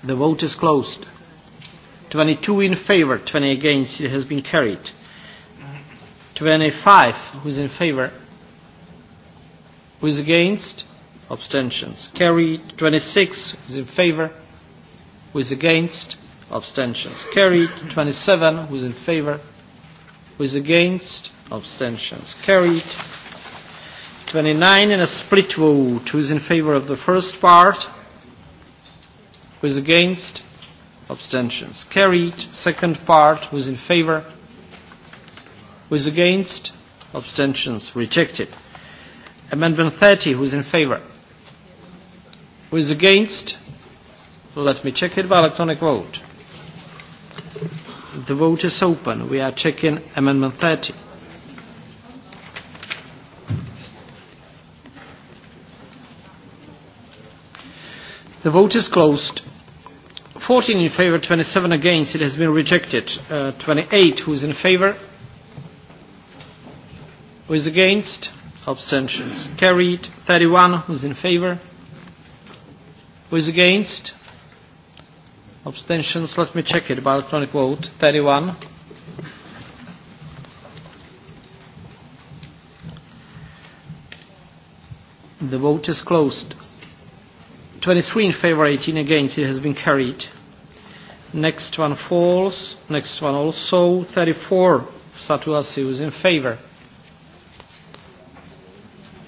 The vote is closed. 22 in favor, 20 against. It has been carried. 25. Who's in favor? Who's against? Abstentions. Carried. 26. Who's in favor? Who's against? Abstentions. Carried. 27. Who's in favor? Who's against? Abstentions. Carried. 29 in a split vote. Who's in favor of the first part? Who's against? Abstentions. Carried. Second part. Who's in favor? Who is against? Abstentions rejected. Amendment 30, who is in favour? Who is against? Let me check it by electronic vote. The vote is open. We are checking Amendment 30. The vote is closed. 14 in favour, 27 against. It has been rejected. Uh, 28, who is in favour? Who is against? Abstentions carried. 31. Who's in favor? Who is against? Abstentions. Let me check it by electronic vote. 31. The vote is closed. 23 in favor, 18 against. It has been carried. Next one falls. Next one also. 34. Satuasi was in favor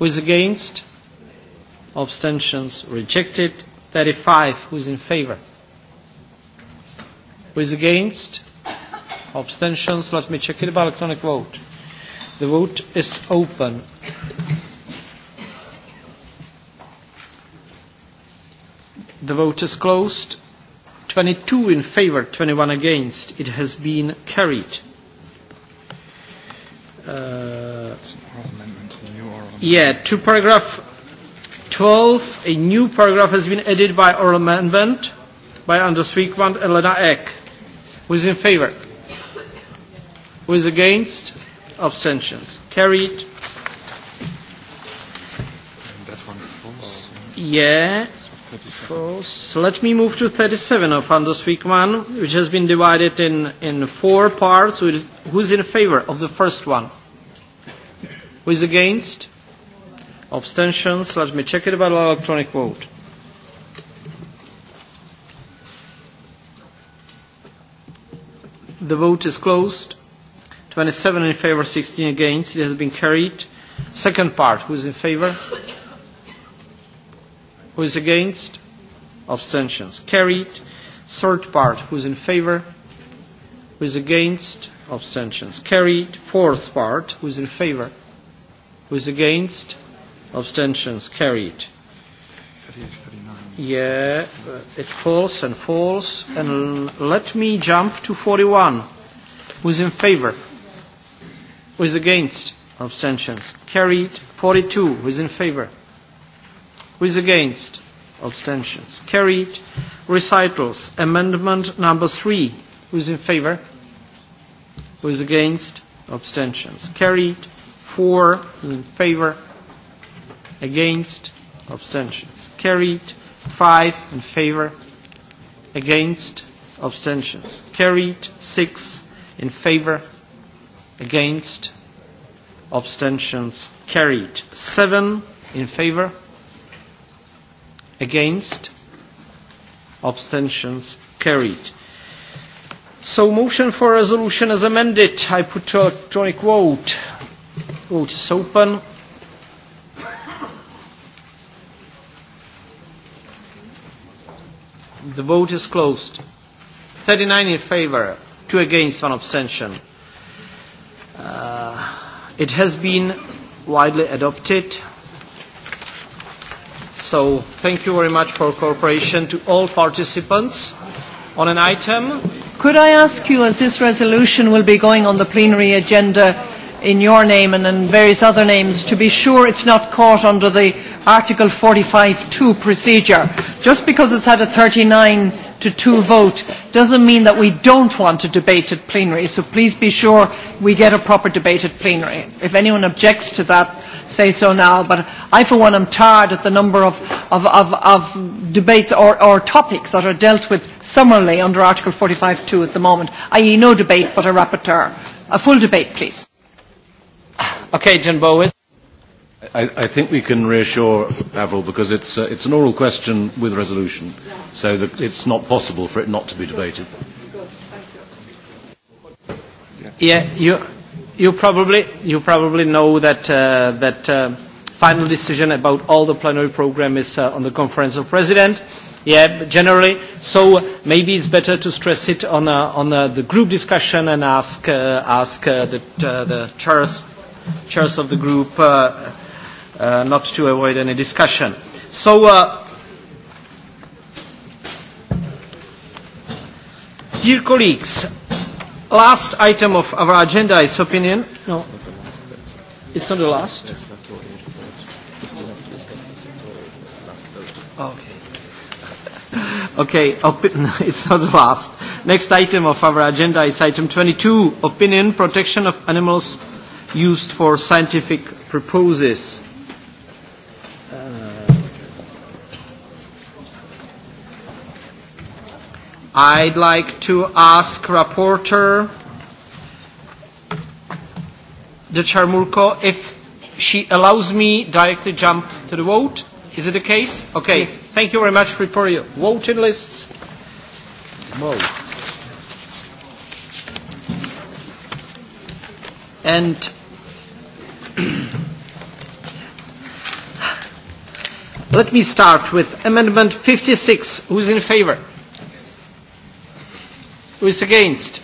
Who is against? Abstentions rejected. 35. Who is in favor? Who is against? Abstentions. Let me check it by electronic vote. The vote is open. The vote is closed. 22 in favor, 21 against. It has been carried. Uh, Yeah, to paragraph 12, a new paragraph has been added by oral amendment by Anders Wiekman and Lena Eck. Who is in favor? Who is against? Abstentions. Carried. Yeah. False. Let me move to 37 of Anders Wiekman, which has been divided in, in four parts. Who's in favor of the first one? Who is against? Abstentions? Let me check it by electronic vote. The vote is closed. 27 in favor, 16 against. It has been carried. Second part, who is in favor? Who is against? Abstentions. Carried. Third part, who is in favor? Who is against? Abstentions. Carried. Fourth part, who is in favor? Who is against? abstentions carried. Yeah, it falls and falls. And let me jump to 41. Who's in favor? Who's against? Abstentions. Carried. 42. Who's in favor? Who's against? Abstentions. Carried. Recitals. Amendment number 3. Who's in favor? Who's against? Abstentions. Carried. 4. In favor against, abstentions carried. 5 in favor, against, abstentions carried. 6 in favor, against, abstentions carried. 7 in favor, against, abstentions carried. So motion for resolution as amended. I put to electronic vote. Vote is open. The vote is closed. 39 in favor, 2 against, 1 abstention. Uh, it has been widely adopted. So thank you very much for cooperation to all participants on an item. Could I ask you, as this resolution will be going on the plenary agenda in your name and in various other names, to be sure it's not caught under the Article 45.2 procedure. Just because it's had a 39 to 2 vote doesn't mean that we don't want a debate at plenary, so please be sure we get a proper debate at plenary. If anyone objects to that, say so now, but I for one am tired at the number of, of, of, of debates or, or topics that are dealt with summarily under Article 45.2 at the moment, i.e. no debate but a rapporteur. A full debate, please. Okay, Jim Bowis. I, I think we can reassure Avril because it's, uh, it's an oral question with resolution, so the, it's not possible for it not to be debated. Yeah, you, you, probably, you probably know that, uh, that uh, final decision about all the plenary program is uh, on the Conference of Presidents. Yeah, generally. So maybe it's better to stress it on, uh, on uh, the group discussion and ask, uh, ask uh, the, uh, the chairs, chairs of the group uh, uh, not to avoid any discussion. So, uh, dear colleagues, last item of our agenda is opinion. No, it's not the last. Okay. Okay, opi- *laughs* it's not the last. Next item of our agenda is item 22, opinion protection of animals used for scientific purposes. I'd like to ask Rapporteur Decharmurko if she allows me directly jump to the vote. Is it the case? Okay. Yes. Thank you very much. Prepare your voting lists. Vote. And let me start with Amendment 56. Who's in favor? Who is against?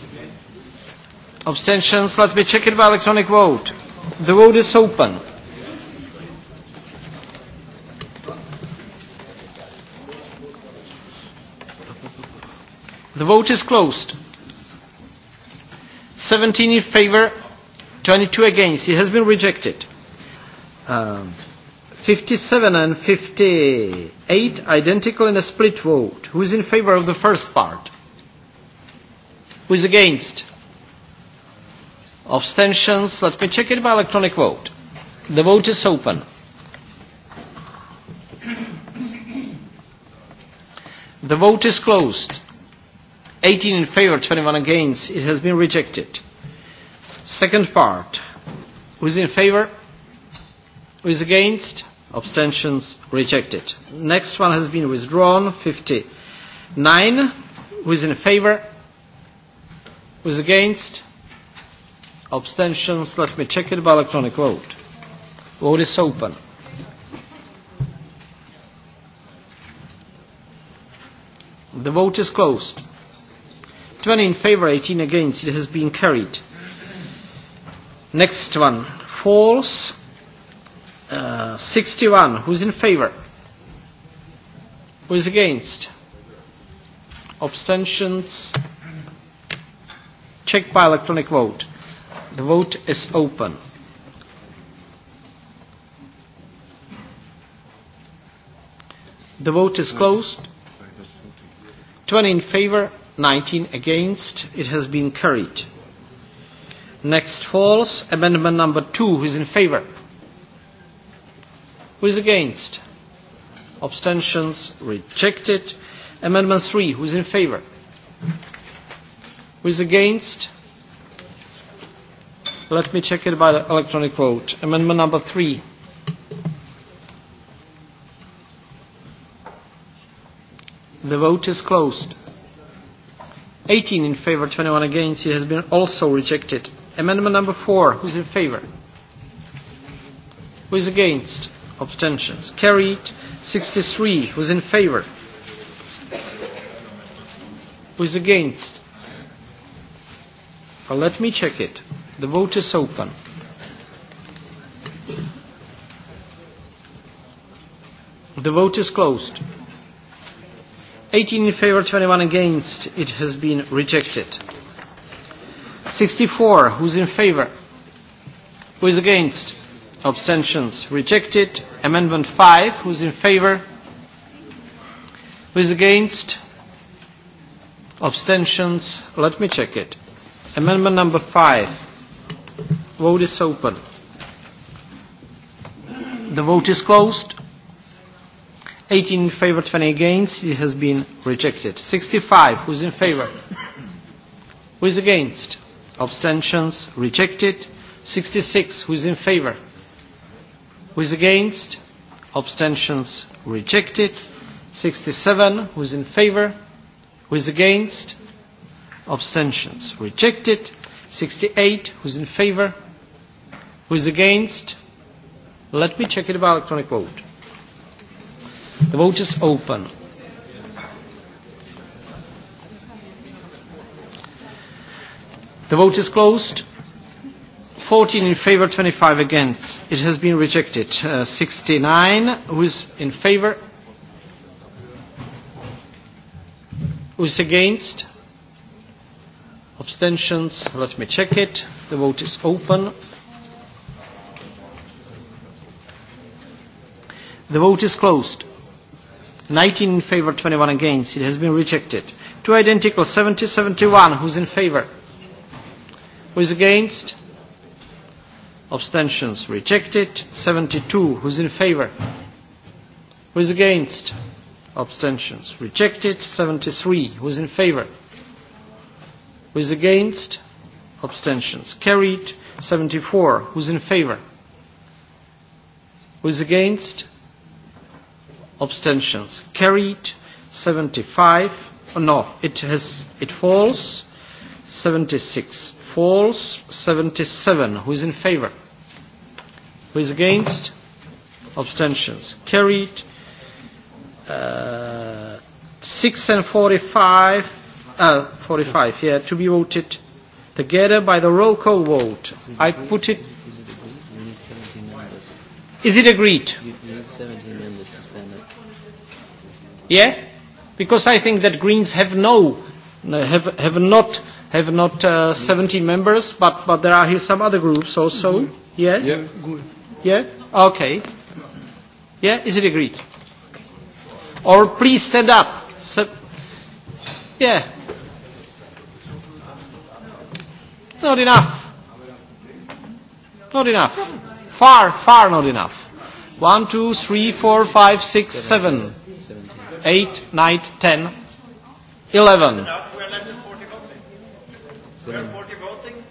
Abstentions? Let me check it by electronic vote. The vote is open. The vote is closed. 17 in favor, 22 against. It has been rejected. Um, 57 and 58 identical in a split vote. Who is in favor of the first part? Who is against? Abstentions. Let me check it by electronic vote. The vote is open. The vote is closed. 18 in favor, 21 against. It has been rejected. Second part. Who is in favor? Who is against? Abstentions rejected. Next one has been withdrawn. 59. Who is in favor? Who's against? Abstentions. Let me check it by electronic vote. Vote is open. The vote is closed. 20 in favor, 18 against. It has been carried. Next one. False. Uh, 61. Who's in favor? Who is against? Abstentions. Check by electronic vote. The vote is open. The vote is closed. 20 in favor, 19 against. It has been carried. Next falls. Amendment number 2. Who is in favor? Who is against? Abstentions rejected. Amendment 3. Who is in favor? Who is against? Let me check it by the electronic vote. Amendment number three. The vote is closed. 18 in favor, 21 against. It has been also rejected. Amendment number four. Who's in favor? Who is against? Abstentions. Carried. 63. Who's in favor? Who is against? Well, let me check it. The vote is open. The vote is closed. 18 in favor, 21 against. It has been rejected. 64. Who's in favor? Who is against? Abstentions. Rejected. Amendment 5. Who's in favor? Who is against? Abstentions. Let me check it. Amendment number five. Vote is open. The vote is closed. 18 in favor, 20 against. It has been rejected. 65. Who's in favor? Who is against? Abstentions rejected. 66. Who is in favor? Who is against? Abstentions rejected. 67. Who is in favor? Who is against? abstentions rejected 68 who's in favor who's against let me check it by electronic vote the vote is open the vote is closed 14 in favor 25 against it has been rejected uh, 69 who's in favor who's against Abstentions. Let me check it. The vote is open. The vote is closed. 19 in favor, 21 against. It has been rejected. Two identical, 70, 71. Who's in favor? Who is against? Abstentions rejected. 72. Who's in favor? Who is against? Abstentions rejected. 73. Who's in favor? Who is against? Abstentions. Carried. 74. Who's in favor? Who is against? Abstentions. Carried. 75. Oh, no, it has it falls. 76 falls. 77. Who is in favor? Who is against? Abstentions. Carried. Uh, 6 and 45 uh, 45, yeah, to be voted together by the roll call vote. I put it. Is it agreed? You need 17 members to stand up. Yeah, because I think that Greens have no, have have not have not uh, 70 members, but but there are here some other groups also. Yeah. Yeah. Yeah. Okay. Yeah. Is it agreed? Or please stand up. So, yeah. Not enough. Not enough. Far, far not enough. One, two, three, four, five, six, seven, eight, nine, ten, eleven. Seven,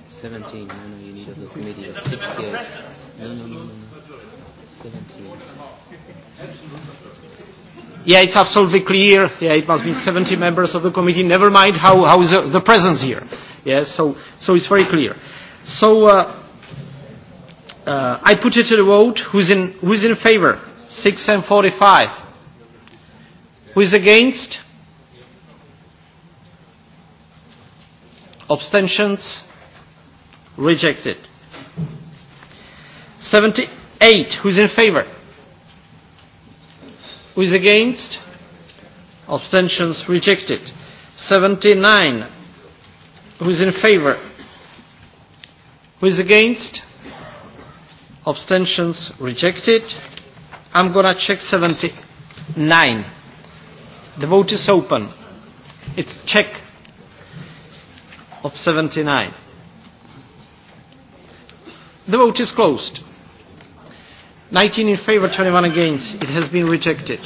Seventeen. No, no, you need a committee at sixty-eight. No, no, no, no, no. Seventeen. Yeah, it's absolutely clear. Yeah, it must be 70 members of the committee. Never mind how, how is the, the presence here. Yes, so, so it's very clear. So uh, uh, I put it to the vote. Who's in, who's in favor? 6 and 45. Who is against? Abstentions? Rejected. 78. Who's in favor? Who is against? Abstentions rejected. 79. Who is in favor? Who is against? Abstentions rejected. I'm going to check 79. The vote is open. It's check of 79. The vote is closed. 19 in favor, 21 against. It has been rejected.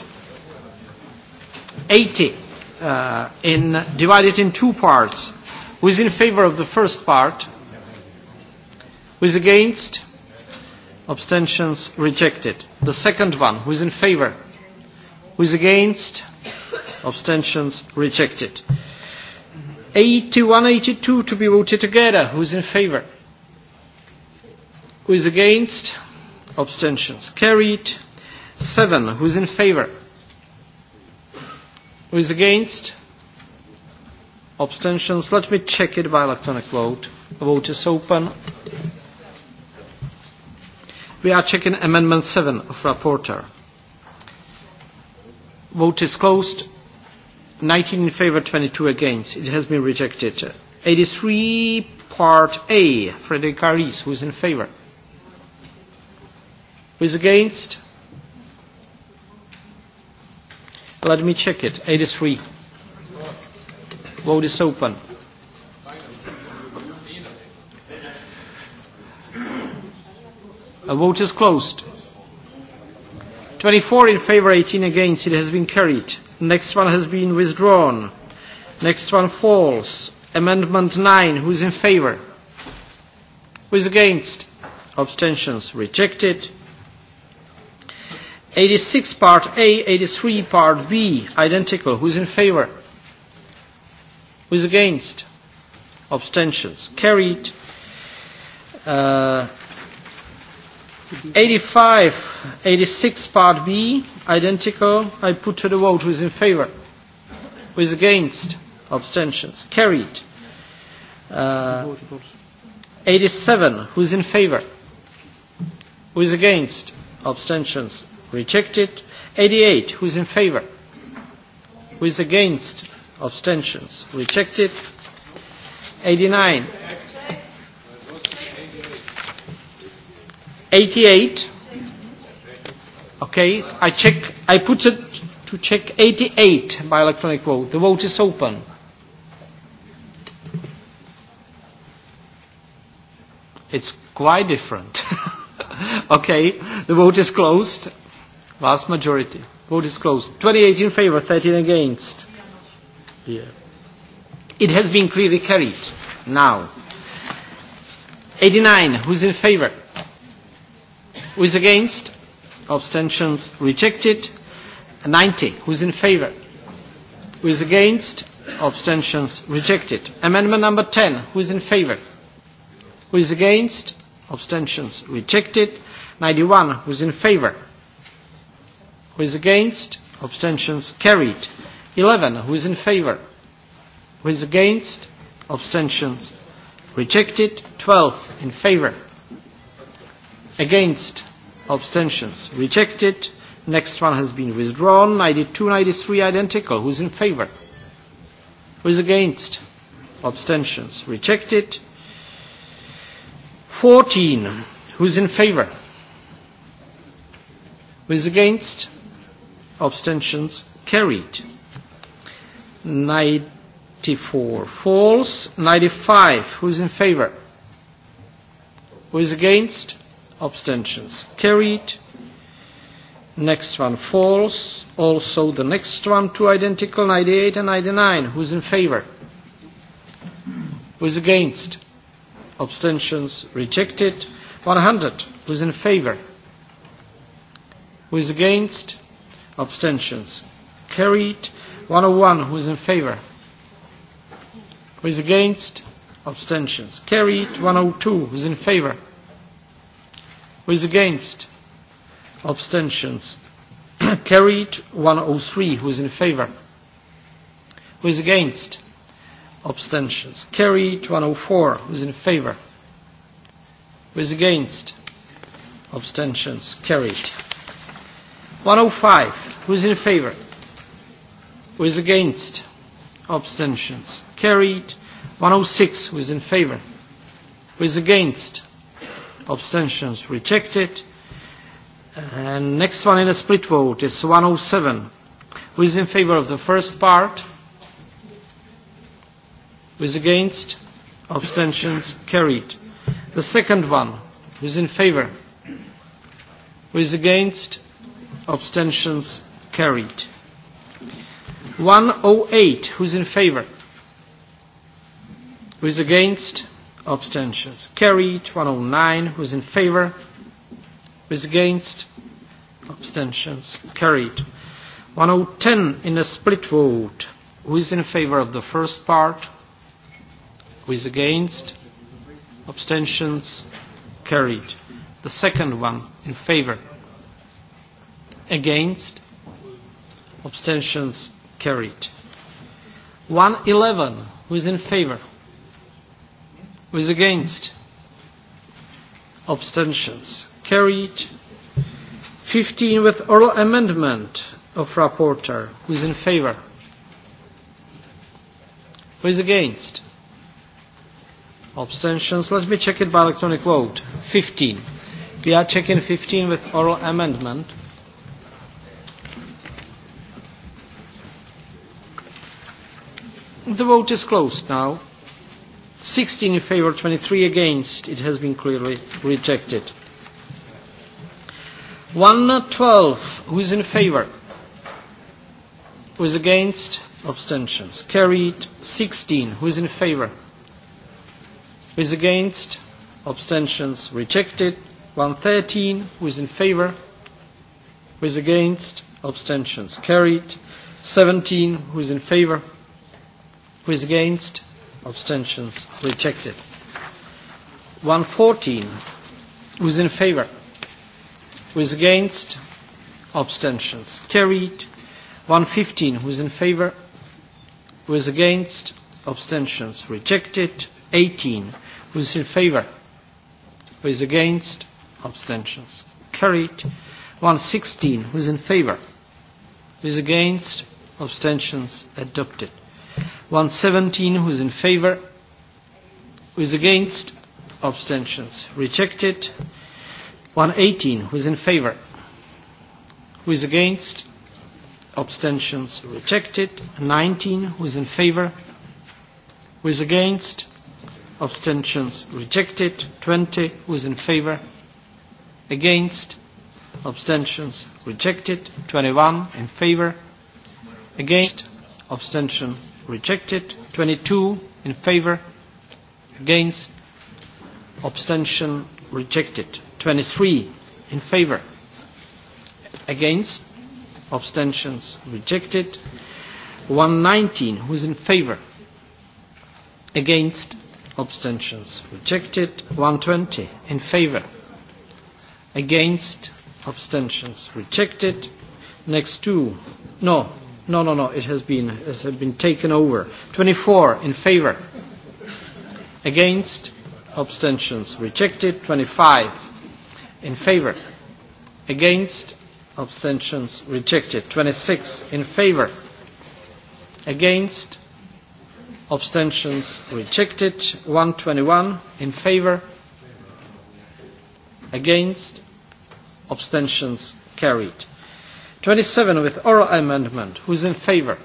80 uh, in, divided in two parts. Who is in favor of the first part? Who is against? Abstentions rejected. The second one, who is in favor? Who is against? Abstentions rejected. 81, 82 to be voted together. Who is in favor? Who is against? Abstentions carried. 7. Who is in favor? Who is against? Abstentions. Let me check it by electronic vote. The vote is open. We are checking Amendment 7 of Rapporteur. Vote is closed. 19 in favor, 22 against. It has been rejected. 83, Part A. Frederic Aris, who is in favor? Who is against? Let me check it. 83. Vote is open. A vote is closed. 24 in favor, 18 against. It has been carried. Next one has been withdrawn. Next one falls. Amendment 9. Who is in favor? Who is against? Abstentions rejected. 86 part A, 83 part B, identical. Who is in favor? Who is against? Abstentions. Carried. Uh, 85, 86 part B, identical. I put to the vote who is in favor. Who is against? Abstentions. Carried. Uh, 87, who is in favor? Who is against? Abstentions. Rejected. 88, who is in favor? Who is against? abstentions rejected 89 88 okay i check i put it to check 88 by electronic vote the vote is open it's quite different *laughs* okay the vote is closed vast majority vote is closed 28 in favor 13 against Yeah. It has been clearly carried now. 89. Who's in favor? Who's against? Abstentions rejected. 90. Who's in favor? Who's against? Abstentions rejected. Amendment number 10. Who's in favor? Who is against? Abstentions rejected. 91. Who is in favor? Who is against? Abstentions carried. 11. Who is in favor? Who is against? Abstentions. Rejected. 12. In favor. Against. Abstentions. Rejected. Next one has been withdrawn. 92, 93 identical. Who's in favor? Who is against? Abstentions. Rejected. 14. Who's in favor? Who is against? Abstentions. Carried. 94 false. 95. Who's in favor? Who is against? Abstentions carried. Next one false. Also the next one, two identical, 98 and 99. Who's in favor? Who's against? Abstentions rejected. 100. Who's in favor? Who's against? Abstentions carried. 101, who is in favor? Who is against? Abstentions. Carried. 102, *clears throat* who is in favor? Who is against? Abstentions. Carried. 103, who is in favor? Who is against? Abstentions. Carried. 104, who is in favor? Who is against? Abstentions. Carried. 105, who is in favor? Who is against? Abstentions. Carried. 106. Who is in favor? Who is against? Abstentions. Rejected. And next one in a split vote is 107. Who is in favor of the first part? Who is against? Abstentions. Carried. The second one. Who is in favor? Who is against? Abstentions. Carried. 108. Who's in favor? Who's against? Abstentions. Carried. 109. Who's in favor? Who's against? Abstentions. Carried. 1010 in a split vote. Who is in favor of the first part? Who is against? Abstentions? Carried. The second one in favor. Against? Abstentions? Carried. 111. Who is in favor? Who is against? Abstentions. Carried. 15 with oral amendment of rapporteur. Who is in favor? Who is against? Abstentions. Let me check it by electronic vote. 15. We are checking 15 with oral amendment. The vote is closed now. 16 in favor, 23 against. It has been clearly rejected. 112. Who is in favor? Who is against? Abstentions. Carried. 16. Who is in favor? Who is against? Abstentions. Rejected. 113. Who is in favor? Who is against? Abstentions. Carried. 17. Who is in favor? Who is against? Abstentions rejected. 114. Who is in favor? Who is against? Abstentions carried. 115. Who is in favor? Who is against? Abstentions rejected. 18. Who is in favor? Who is against? Abstentions carried. 116. Who is in favor? Who is against? Abstentions adopted. 117 who's in favor who's against abstentions rejected 118 who's in favor who's against abstentions rejected 19 who's in favor who's against abstentions rejected 20 who's in favor against abstentions rejected 21 in favor against abstention rejected. 22 in favor, against, abstention rejected. 23 in favor, against, abstentions rejected. 119, who's in favor? Against, abstentions rejected. 120, in favor? Against, abstentions rejected. Next two, no, No, no, no. It has been, it has been taken over. 24 in favor. Against. Abstentions rejected. 25 in favor. Against. Abstentions rejected. 26 in favor. Against. Abstentions rejected. 121 in favor. Against. Abstentions carried. 27 with oral amendment. Who's in favor?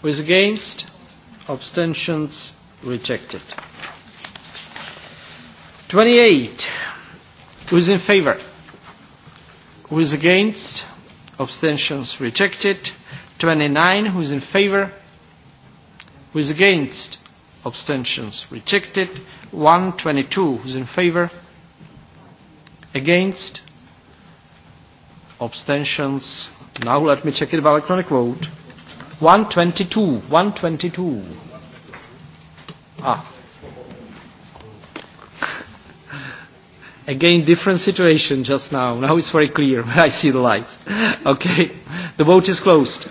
Who is against? Abstentions rejected. 28. Who is in favor? Who is against? Abstentions rejected. 29. Who is in favor? Who is against? Abstentions rejected. 122. Who is in favor? Against? abstentions. Now let me check it by electronic vote. 122, 122. Ah. *laughs* Again, different situation just now. Now it's very clear. I see the lights. *laughs* Okay. The vote is closed.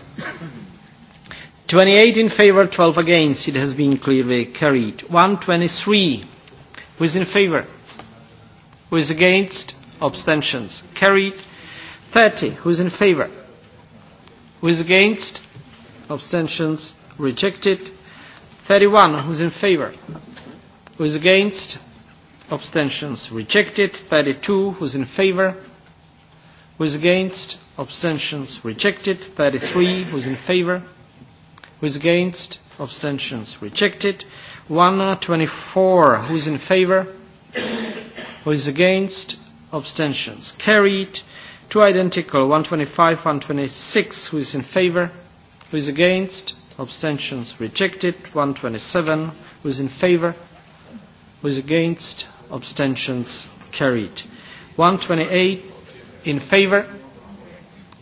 28 in favor, 12 against. It has been clearly carried. 123. Who is in favor? Who is against? Abstentions. Carried. 30. Who's in favor? Who's against? Abstentions rejected. 31. Who's in favor? Who's against? Abstentions rejected. 32. Who's in favor? Who's against? Abstentions rejected. 33. Who's in favor? Who's against? Abstentions rejected. 124. Uh, Who's in favor? Who's against? Abstentions carried. Two identical, 125, 126, who is in favor, who is against, abstentions rejected, 127, who is in favor, who is against, abstentions carried. 128 in favor,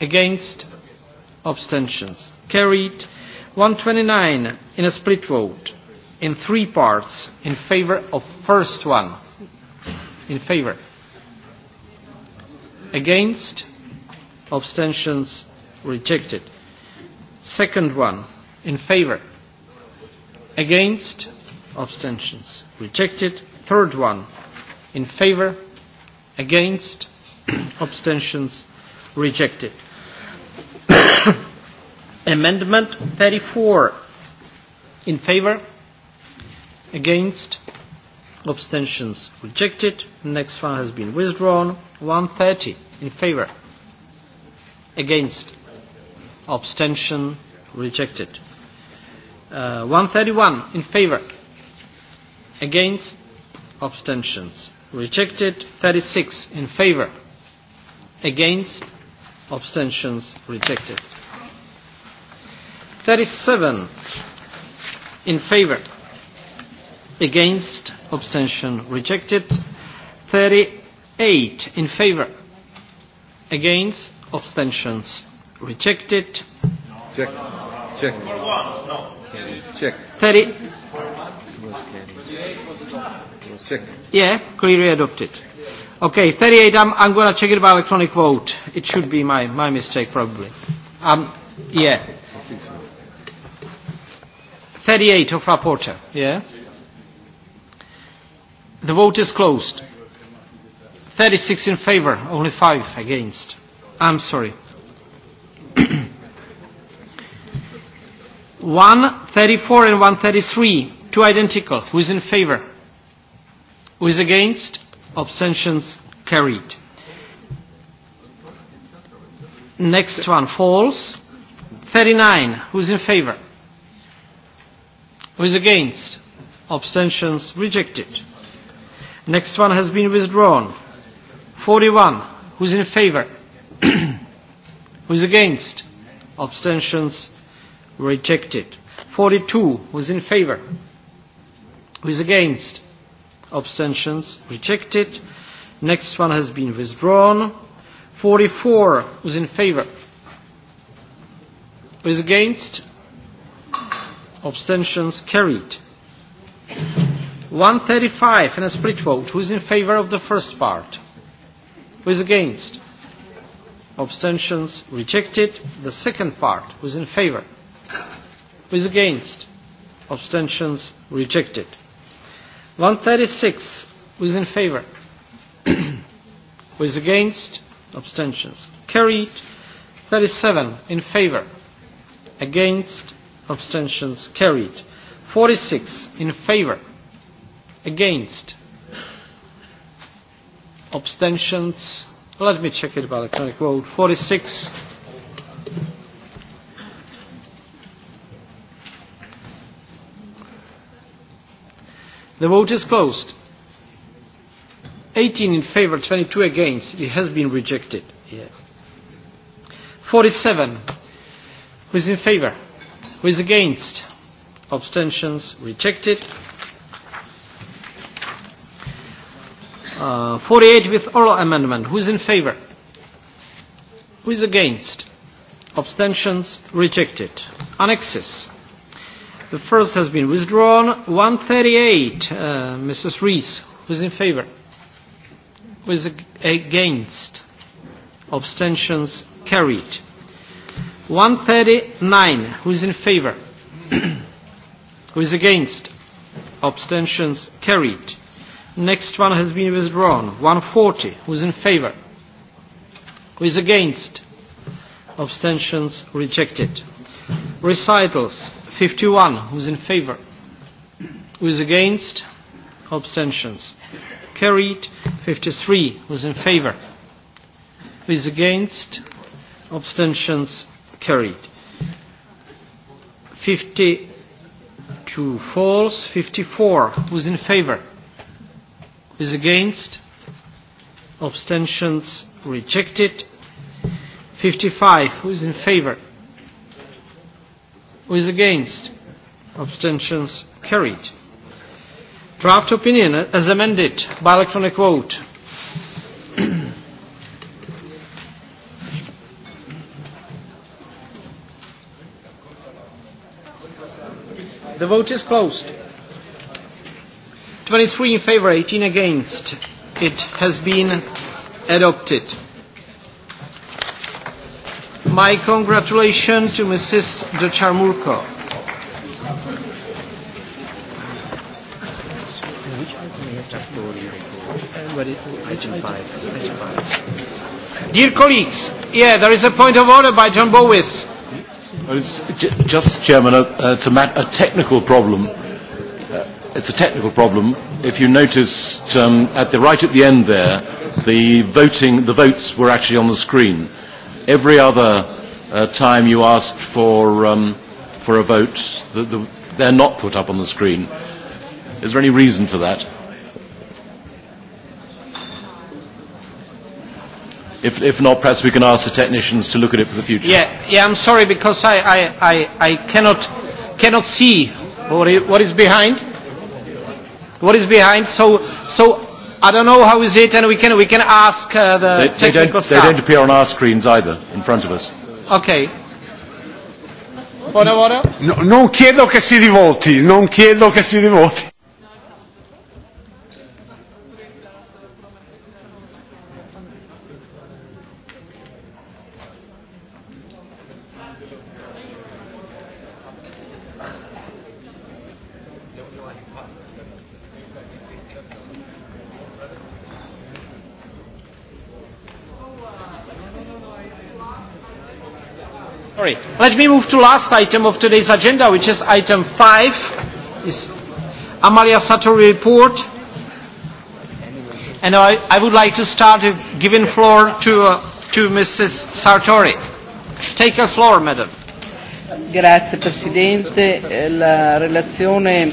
against, abstentions carried. 129 in a split vote, in three parts, in favor of first one, in favor Against? Abstentions? Rejected. Second one. In favor? Against? Abstentions? Rejected. Third one. In favor? Against? *coughs* abstentions? Rejected. *coughs* Amendment 34. In favor? Against? abstentions rejected. Next one has been withdrawn. 130 in favor. Against. Abstention rejected. Uh, 131 in favor. Against. Abstentions rejected. 36 in favor. Against. Abstentions rejected. 37 in favor against, abstention rejected. 38 in favor, against, abstentions rejected. Check. Check. No. Check. 30. Check. Yeah, clearly adopted. Okay, 38, I'm, I'm going to check it by electronic vote. It should be my, my mistake probably. Um, yeah. 38 of rapporteur, yeah? The vote is closed. 36 in favor, only 5 against. I'm sorry. 134 *clears throat* and 133, two identical. Who is in favor? Who is against? Abstentions carried. Next one falls. 39. Who is in favor? Who is against? Abstentions rejected. Next one has been withdrawn. 41. Who's in favor? *clears throat* Who's against? Abstentions rejected. 42. Who's in favor? Who's against? Abstentions rejected. Next one has been withdrawn. 44. Who's in favor? Who's against? Abstentions carried. 135 in a split vote. Who is in favor of the first part? Who is against? Abstentions rejected. The second part. Who is in favor? Who is against? Abstentions rejected. 136. Who is in favor? *clears throat* Who is against? Abstentions carried. 37 in favor. Against? Abstentions carried. 46 in favor Against? Abstentions? Let me check it by electronic vote. 46. The vote is closed. 18 in favor, 22 against. It has been rejected. Yeah. 47. Who is in favor? Who is against? Abstentions rejected. Uh, 48 with oral amendment. Who's in favor? Who is against? Abstentions rejected. Annexes. The first has been withdrawn. 138, uh, Mrs. Rees. Who's in favor? Who is ag against? Abstentions carried. 139, who is in favor? *clears throat* who is against? Abstentions carried. Next one has been withdrawn. 140. Who is in favor? Who is against? Abstentions rejected. Recitals. 51. Who is in favor? Who is against? Abstentions. Carried. 53. Who is in favor? Who is against? Abstentions carried. 52 false. 54. Who is in favor? is against, abstentions rejected. 55, who is in favor? Who is against? Abstentions carried. Draft opinion as amended by electronic vote. the vote is closed. 23 in favor, 18 against. It has been adopted. My congratulations to Mrs. Docharmurko. Dear colleagues, yeah, there is a point of order by John Bowis. Well, it's j- just, Chairman, a, uh, it's a, mat- a technical problem it's a technical problem. If you noticed um, at the right at the end there, the voting, the votes were actually on the screen. Every other uh, time you asked for um, for a vote, the, the, they're not put up on the screen. Is there any reason for that? If, if not, perhaps we can ask the technicians to look at it for the future. Yeah, yeah I'm sorry because I, I, I, I cannot, cannot see what is, what is behind what is behind. So, so I don't know how is it, and we can we can ask uh, the they, technical they don't, staff. They don't appear on our screens either, in front of us. Okay. Ora, ora. No, non chiedo che si rivoti, non chiedo che si rivoti. Let me move to last item of today's agenda, which is item 5, is Amalia Satori report. And I, I would like to start giving floor to, uh, to Mrs. Sartori. Take the floor, madam. Grazie Presidente. La relazione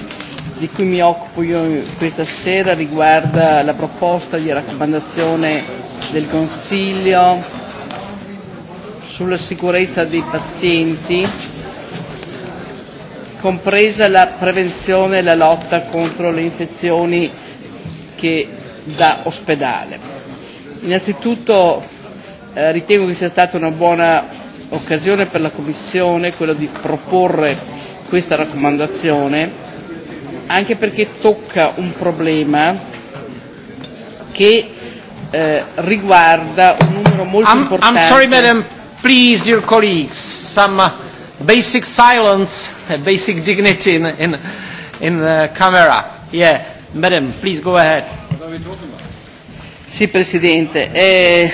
di cui mi occupo io questa sera riguarda la proposta di raccomandazione del Consiglio sulla sicurezza dei pazienti, compresa la prevenzione e la lotta contro le infezioni che da ospedale. Innanzitutto eh, ritengo che sia stata una buona occasione per la Commissione quella di proporre questa raccomandazione, anche perché tocca un problema che eh, riguarda un numero molto I'm, importante. I'm sorry, madam please, dear colleagues, some uh, basic silence, uh, *laughs* basic dignity in, in, in the camera. Yeah, madam, please go ahead. Sì, Presidente. Eh,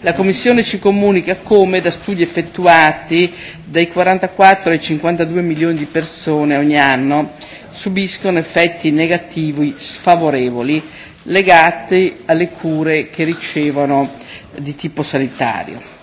la Commissione ci comunica come da studi effettuati dai 44 ai 52 milioni di persone ogni anno subiscono effetti negativi sfavorevoli legati alle cure che ricevono di tipo sanitario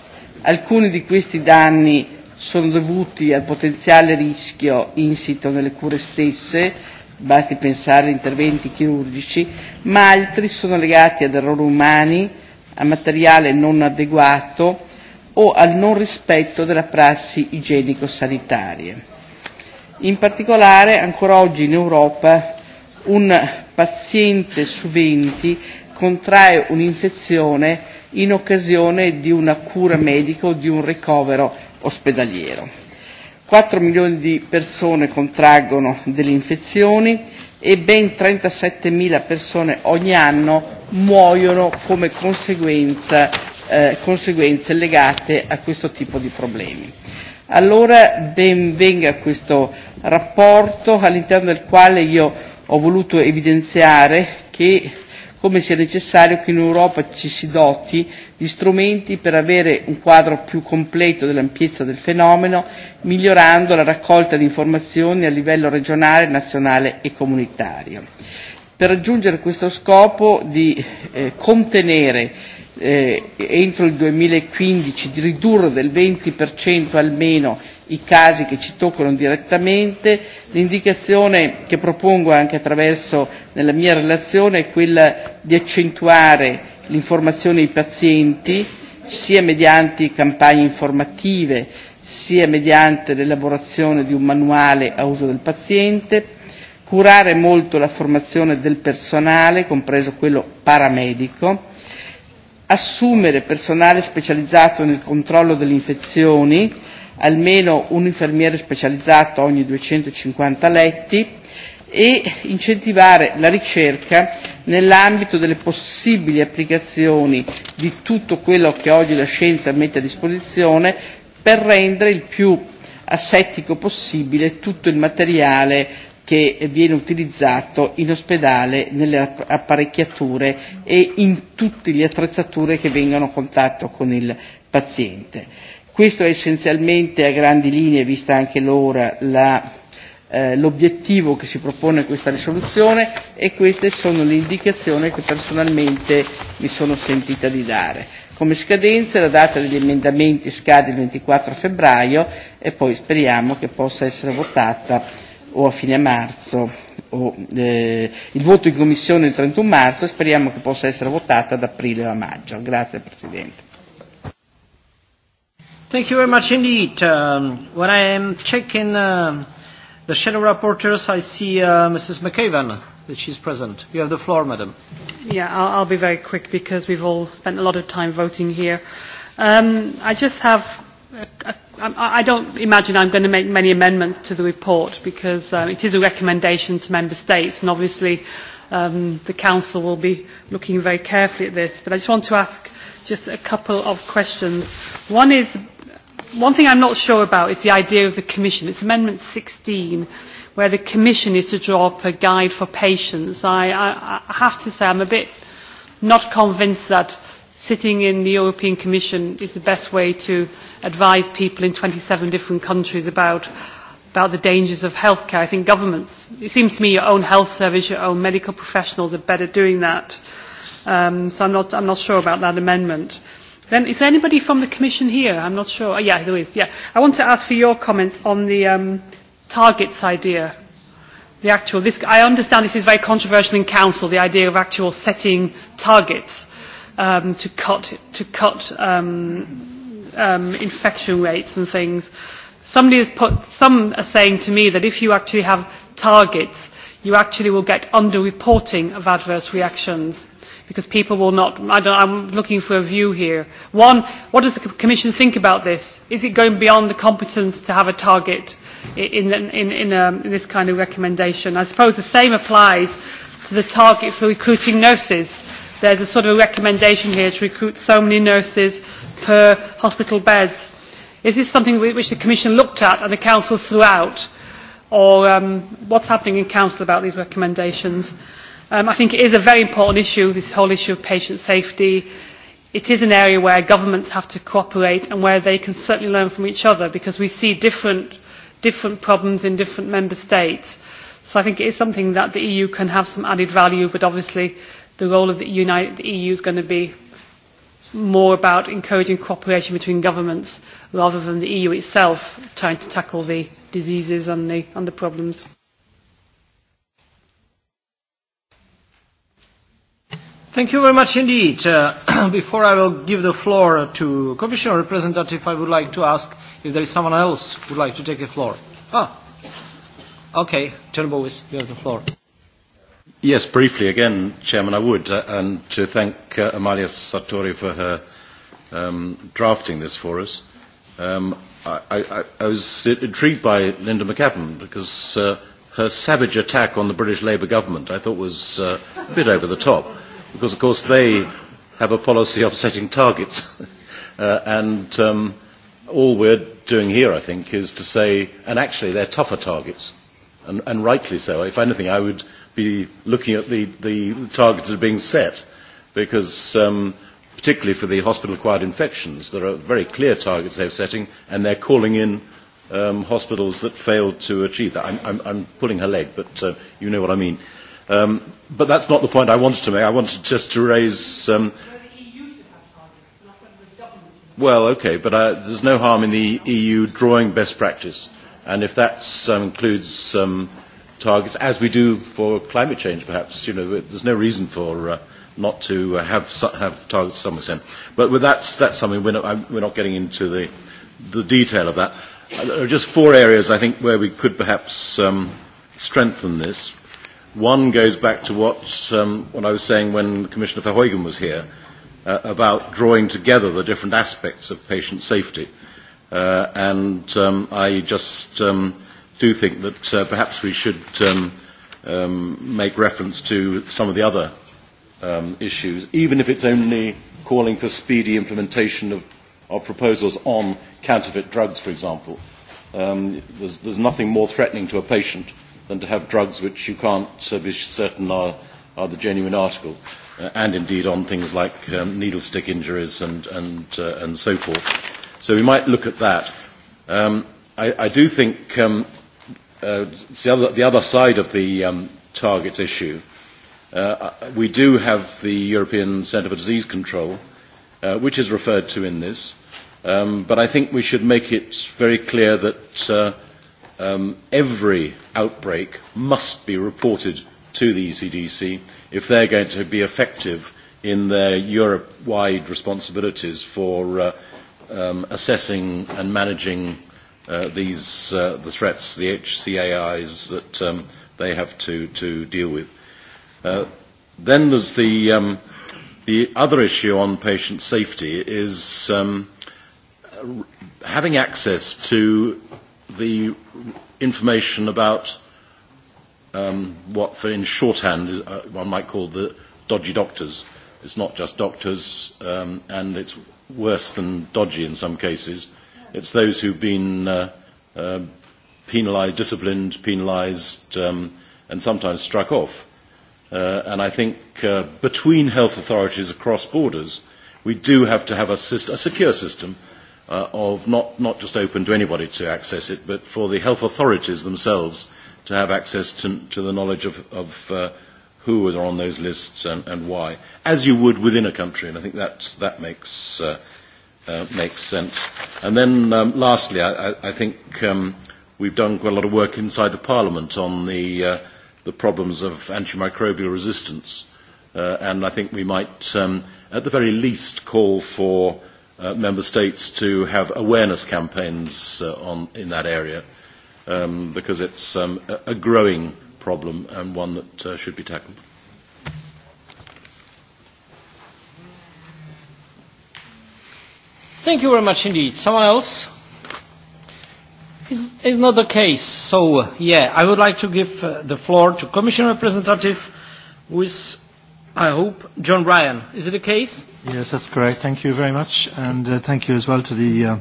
Alcuni di questi danni sono dovuti al potenziale rischio insito nelle cure stesse, basti pensare a interventi chirurgici, ma altri sono legati ad errori umani, a materiale non adeguato o al non rispetto della prassi igienico-sanitaria. In particolare, ancora oggi in Europa un paziente su 20 contrae un'infezione in occasione di una cura medica o di un ricovero ospedaliero. 4 milioni di persone contraggono delle infezioni e ben 37.000 persone ogni anno muoiono come conseguenza, eh, conseguenze legate a questo tipo di problemi. Allora ben venga questo rapporto all'interno del quale io ho voluto evidenziare che come sia necessario che in Europa ci si doti di strumenti per avere un quadro più completo dell'ampiezza del fenomeno, migliorando la raccolta di informazioni a livello regionale, nazionale e comunitario. Per raggiungere questo scopo di eh, contenere eh, entro il 2015 di ridurre del 20% almeno i casi che ci toccano direttamente. L'indicazione che propongo anche attraverso nella mia relazione è quella di accentuare l'informazione ai pazienti sia mediante campagne informative sia mediante l'elaborazione di un manuale a uso del paziente, curare molto la formazione del personale, compreso quello paramedico, assumere personale specializzato nel controllo delle infezioni, almeno un infermiere specializzato ogni 250 letti e incentivare la ricerca nell'ambito delle possibili applicazioni di tutto quello che oggi la scienza mette a disposizione per rendere il più assettico possibile tutto il materiale che viene utilizzato in ospedale, nelle apparecchiature e in tutte le attrezzature che vengono a contatto con il paziente. Questo è essenzialmente a grandi linee, vista anche l'ora, la, eh, l'obiettivo che si propone questa risoluzione e queste sono le indicazioni che personalmente mi sono sentita di dare. Come scadenza la data degli emendamenti scade il 24 febbraio e poi speriamo che possa essere votata o a fine marzo o, eh, il voto in commissione il 31 marzo e speriamo che possa essere votata ad aprile o a maggio. Grazie Presidente. Thank you very much indeed. Um, when I am checking um, the shadow rapporteurs, I see uh, Mrs. McAvan that she's present. You have the floor, madam. Yeah, I'll, I'll be very quick because we've all spent a lot of time voting here. Um, I just have. A, uh, a, um, I don't imagine I'm going to make many amendments to the report because um, it is a recommendation to member states, and obviously um, the council will be looking very carefully at this. But I just want to ask just a couple of questions. One is one thing I'm not sure about is the idea of the Commission. It's Amendment 16, where the Commission is to draw up a guide for patients. I, I, I have to say I'm a bit not convinced that sitting in the European Commission is the best way to advise people in 27 different countries about about the dangers of healthcare. I think governments, it seems to me your own health service, your own medical professionals are better doing that. Um, so I'm not, I'm not sure about that amendment. Uh, Then, is there anybody from the Commission here? I'm not sure. Oh, yeah, there is. Yeah. I want to ask for your comments on the um, targets idea. The actual, this, I understand this is very controversial in Council, the idea of actual setting targets um, to cut, to cut um, um, infection rates and things. Somebody has put, some are saying to me that if you actually have targets, you actually will get under-reporting of adverse reactions because people will not. I don't, I'm looking for a view here. One, what does the Commission think about this? Is it going beyond the competence to have a target in, in, in, um, in this kind of recommendation? I suppose the same applies to the target for recruiting nurses. There's a sort of a recommendation here to recruit so many nurses per hospital beds. Is this something which the Commission looked at and the Council throughout? Or um, what's happening in Council about these recommendations? Mm-hmm. Um, I think it is a very important issue, this whole issue of patient safety. It is an area where governments have to cooperate and where they can certainly learn from each other because we see different, different problems in different member states. So I think it is something that the EU can have some added value, but obviously the role of the, United, the EU is going to be more about encouraging cooperation between governments rather than the EU itself trying to tackle the diseases and the, and the problems. Thank you very much indeed. Uh, *clears throat* before I will give the floor to Commission representative, I would like to ask if there is someone else who would like to take the floor. Ah, okay, Turnbull, you have the floor. Yes, briefly again, Chairman, I would, uh, and to thank uh, Amalia Sartori for her um, drafting this for us. Um, I, I, I was intrigued by Linda McCaban because uh, her savage attack on the British Labour government I thought was uh, a bit over the top because of course they have a policy of setting targets. *laughs* uh, and um, all we're doing here, I think, is to say, and actually they're tougher targets, and, and rightly so. If anything, I would be looking at the, the targets that are being set, because um, particularly for the hospital-acquired infections, there are very clear targets they're setting, and they're calling in um, hospitals that failed to achieve that. I'm, I'm, I'm pulling her leg, but uh, you know what I mean. Uh, Um, but that's not the point I wanted to make. I wanted just to raise. Um, well, okay, but uh, there's no harm in the EU drawing best practice, and if that um, includes um, targets, as we do for climate change, perhaps you know, there's no reason for uh, not to uh, have have targets to some extent. But with that's that's something we're not I'm, we're not getting into the the detail of that. There uh, are just four areas I think where we could perhaps um, strengthen this. One goes back to what, um, what I was saying when Commissioner Verheugen was here uh, about drawing together the different aspects of patient safety. Uh, and um, I just um, do think that uh, perhaps we should um, um, make reference to some of the other um, issues, even if it's only calling for speedy implementation of, of proposals on counterfeit drugs, for example. Um, there's, there's nothing more threatening to a patient uh, than to have drugs which you can't uh, be certain are, are the genuine article, uh, and indeed on things like um, needle stick injuries and, and, uh, and so forth. So we might look at that. Um, I, I do think um, uh, it's the other, the other side of the um, targets issue. Uh, we do have the European Centre for Disease Control, uh, which is referred to in this, um, but I think we should make it very clear that uh, um, every outbreak must be reported to the ECDC if they're going to be effective in their Europe-wide responsibilities for uh, um, assessing and managing uh, these uh, the threats, the HCAIs that um, they have to, to deal with. Uh, then there's the, um, the other issue on patient safety is um, having access to the information about um, what, for in shorthand, is, uh, one might call the dodgy doctors. It's not just doctors, um, and it's worse than dodgy in some cases. It's those who've been uh, uh, um, penalised, disciplined, penalised, um, and sometimes struck off. Uh, and I think uh, between health authorities across borders, we do have to have a, syst- a secure system uh, of not, not just open to anybody to access it, but for the health authorities themselves to have access to, to the knowledge of, of uh, who are on those lists and, and why, as you would within a country, and I think that, that makes, uh, uh, makes sense. And then um, lastly, I, I, I think um, we've done quite a lot of work inside the Parliament on the, uh, the problems of antimicrobial resistance, uh, and I think we might, um, at the very least, call for uh, member states to have awareness campaigns uh, on, in that area um, because it's um, a, a growing problem and one that uh, should be tackled. Thank you very much indeed. Someone else? It's, it's not the case. So, uh, yeah, I would like to give uh, the floor to Commission representative who is I hope. John Ryan, is it the case? Yes, that's correct. Thank you very much, and uh, thank you as well to the uh,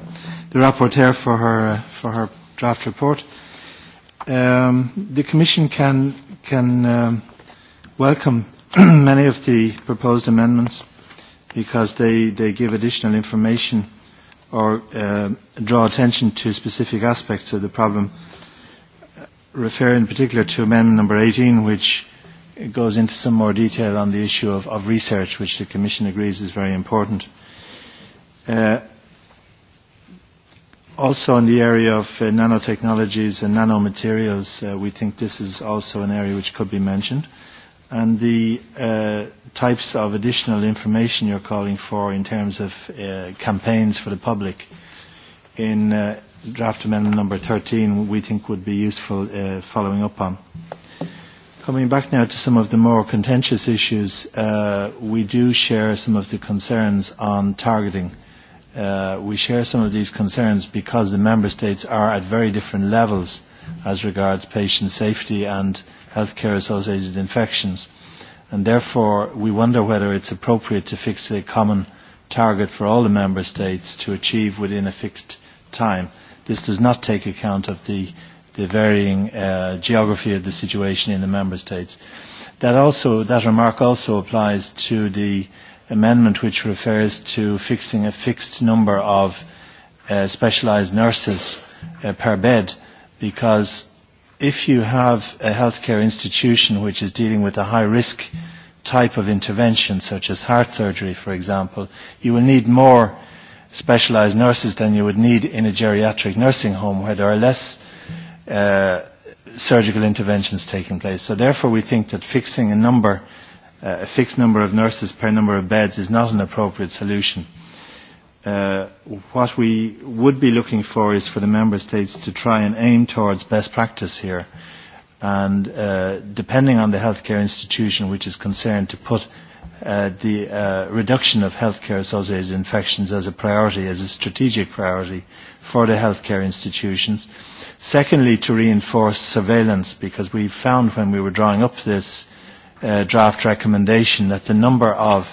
the rapporteur for her uh, for her draft report. Um, the Commission can can um, welcome *clears throat* many of the proposed amendments because they, they give additional information or uh, draw attention to specific aspects of the problem. Uh, refer in particular to amendment number 18, which it goes into some more detail on the issue of, of research, which the Commission agrees is very important. Uh, also in the area of uh, nanotechnologies and nanomaterials, uh, we think this is also an area which could be mentioned. And the uh, types of additional information you're calling for in terms of uh, campaigns for the public in uh, draft amendment number 13, we think would be useful uh, following up on. Uh, Coming back now to some of the more contentious issues, uh, we do share some of the concerns on targeting. Uh, we share some of these concerns because the member states are at very different levels as regards patient safety and healthcare associated infections. And therefore, we wonder whether it's appropriate to fix a common target for all the member states to achieve within a fixed time. This does not take account of the the varying uh, geography of the situation in the member states. That also, that remark also applies to the amendment which refers to fixing a fixed number of uh, specialised nurses uh, per bed, because if you have a healthcare institution which is dealing with a high risk type of intervention, such as heart surgery, for example, you will need more specialised nurses than you would need in a geriatric nursing home where there are less uh, surgical interventions taking place. So therefore we think that fixing a number, uh, a fixed number of nurses per number of beds is not an appropriate solution. Uh, what we would be looking for is for the member states to try and aim towards best practice here and uh, depending on the healthcare institution which is concerned to put uh, the uh, reduction of healthcare associated infections as a priority, as a strategic priority for the healthcare institutions. Uh, Secondly, to reinforce surveillance, because we found when we were drawing up this uh, draft recommendation that the number of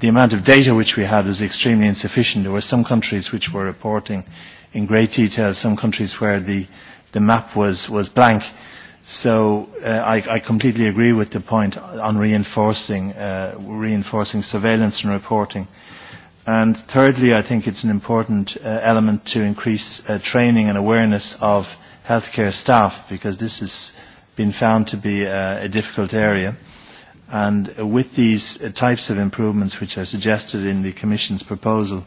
the amount of data which we had was extremely insufficient. There were some countries which were reporting in great detail, some countries where the, the map was, was blank. So uh, I, I completely agree with the point on reinforcing, uh, reinforcing surveillance and reporting. Uh, And thirdly, I think it's an important uh, element to increase uh, training and awareness of healthcare staff because this has been found to be uh, a difficult area. And uh, with these uh, types of improvements which are suggested in the Commission's proposal,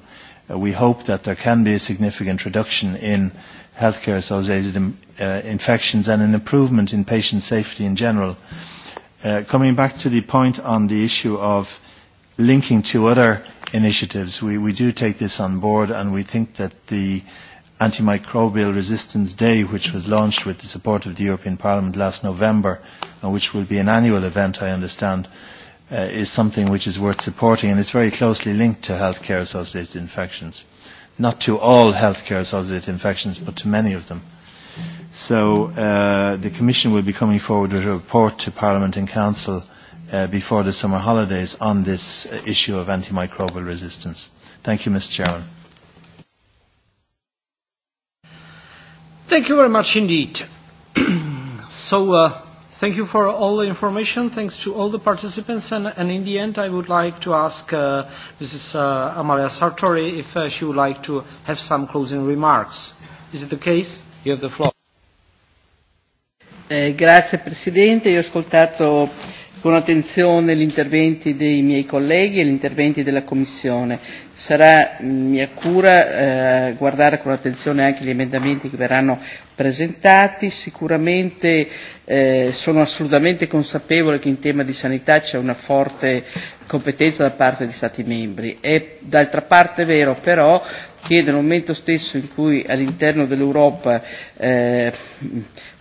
uh, we hope that there can be a significant reduction in healthcare associated in, um, uh, infections and an improvement in patient safety in general. Uh, coming back to the point on the issue of linking to other uh, initiatives. We, we do take this on board and we think that the Antimicrobial Resistance Day, which was launched with the support of the European Parliament last November, and which will be an annual event, I understand, uh, is something which is worth supporting, and it's very closely linked to healthcare-associated infections. Not to all healthcare-associated infections, but to many of them. So uh, the Commission will be coming forward with a report to Parliament and Council uh, before the summer holidays on this uh, issue of antimicrobial resistance. Thank you, Ms. Chairman. Thank you very much indeed. *clears throat* so, uh, thank you for all the information. Thanks to all the participants. And, and in the end, I would like to ask uh, Mrs. Uh, Amalia Sartori if uh, she would like to have some closing remarks. Is it the case? You have the floor. Eh, grazie Presidente, io ho ascoltato con attenzione gli interventi dei miei colleghi e gli interventi della Commissione. Sarà mm, mia cura eh, guardare con attenzione anche gli emendamenti che verranno presentati. Sicuramente eh, sono assolutamente consapevole che in tema di sanità c'è una forte competenza da parte degli Stati membri. È d'altra parte vero però che nel momento stesso in cui all'interno dell'Europa eh,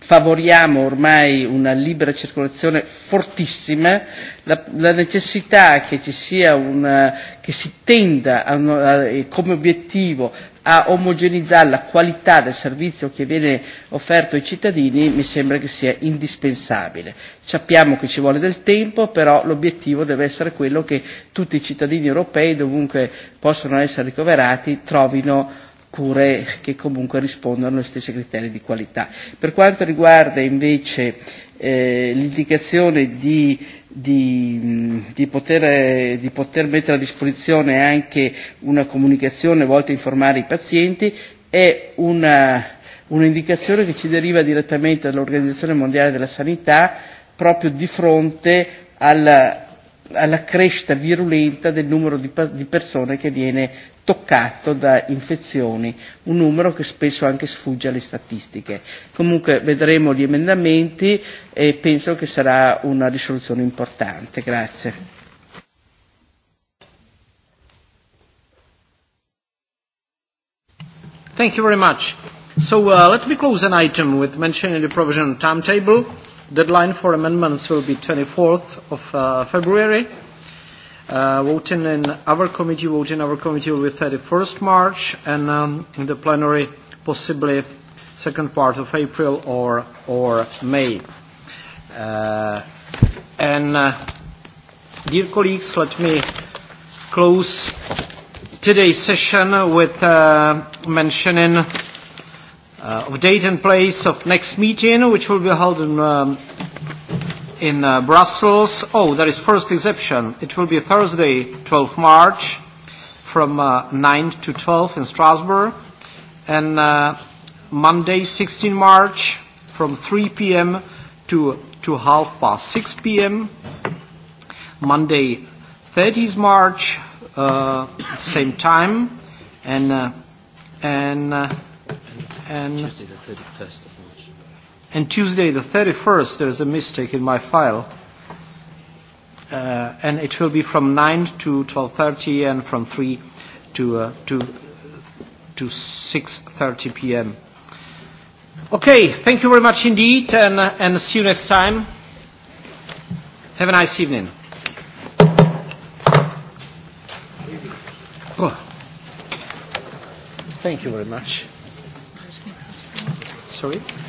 favoriamo ormai una libera circolazione fortissima, la, la necessità che ci sia una, che si tenda a, a, come obiettivo a omogeneizzare la qualità del servizio che viene offerto ai cittadini mi sembra che sia indispensabile. Sappiamo che ci vuole del tempo, però l'obiettivo deve essere quello che tutti i cittadini europei, dovunque possano essere ricoverati, trovino cure che comunque rispondono agli stessi criteri di qualità. Per quanto riguarda invece eh, l'indicazione di, di, di, poter, di poter mettere a disposizione anche una comunicazione volta a informare i pazienti, è una, un'indicazione che ci deriva direttamente dall'Organizzazione Mondiale della Sanità proprio di fronte alla alla crescita virulenta del numero di, di persone che viene toccato da infezioni, un numero che spesso anche sfugge alle statistiche. Comunque vedremo gli emendamenti e penso che sarà una risoluzione importante. Grazie. Thank you very much. So uh, let me close an item with mentioning the provision timetable. Deadline for amendments will be 24th of uh, February. Uh, voting in our committee, voting in our committee will be 31st March, and um, in the plenary possibly second part of April or or May. Uh, and uh, dear colleagues, let me close today's session with uh, mentioning uh, of date and place of next meeting, which will be held in, um, in uh, Brussels. Oh, there is first exception. It will be Thursday, 12 March, from uh, 9 to 12 in Strasbourg, and uh, Monday, 16 March, from 3 p.m. to to half past 6 p.m. Monday, 30th March, uh, same time, and uh, and. Uh, and Tuesday the 31st of March. And Tuesday the 31st, there is a mistake in my file. Uh, and it will be from 9 to 12.30 and from 3 to, uh, to, to 6.30 p.m. Okay, thank you very much indeed and, uh, and see you next time. Have a nice evening. Oh. Thank you very much sorry?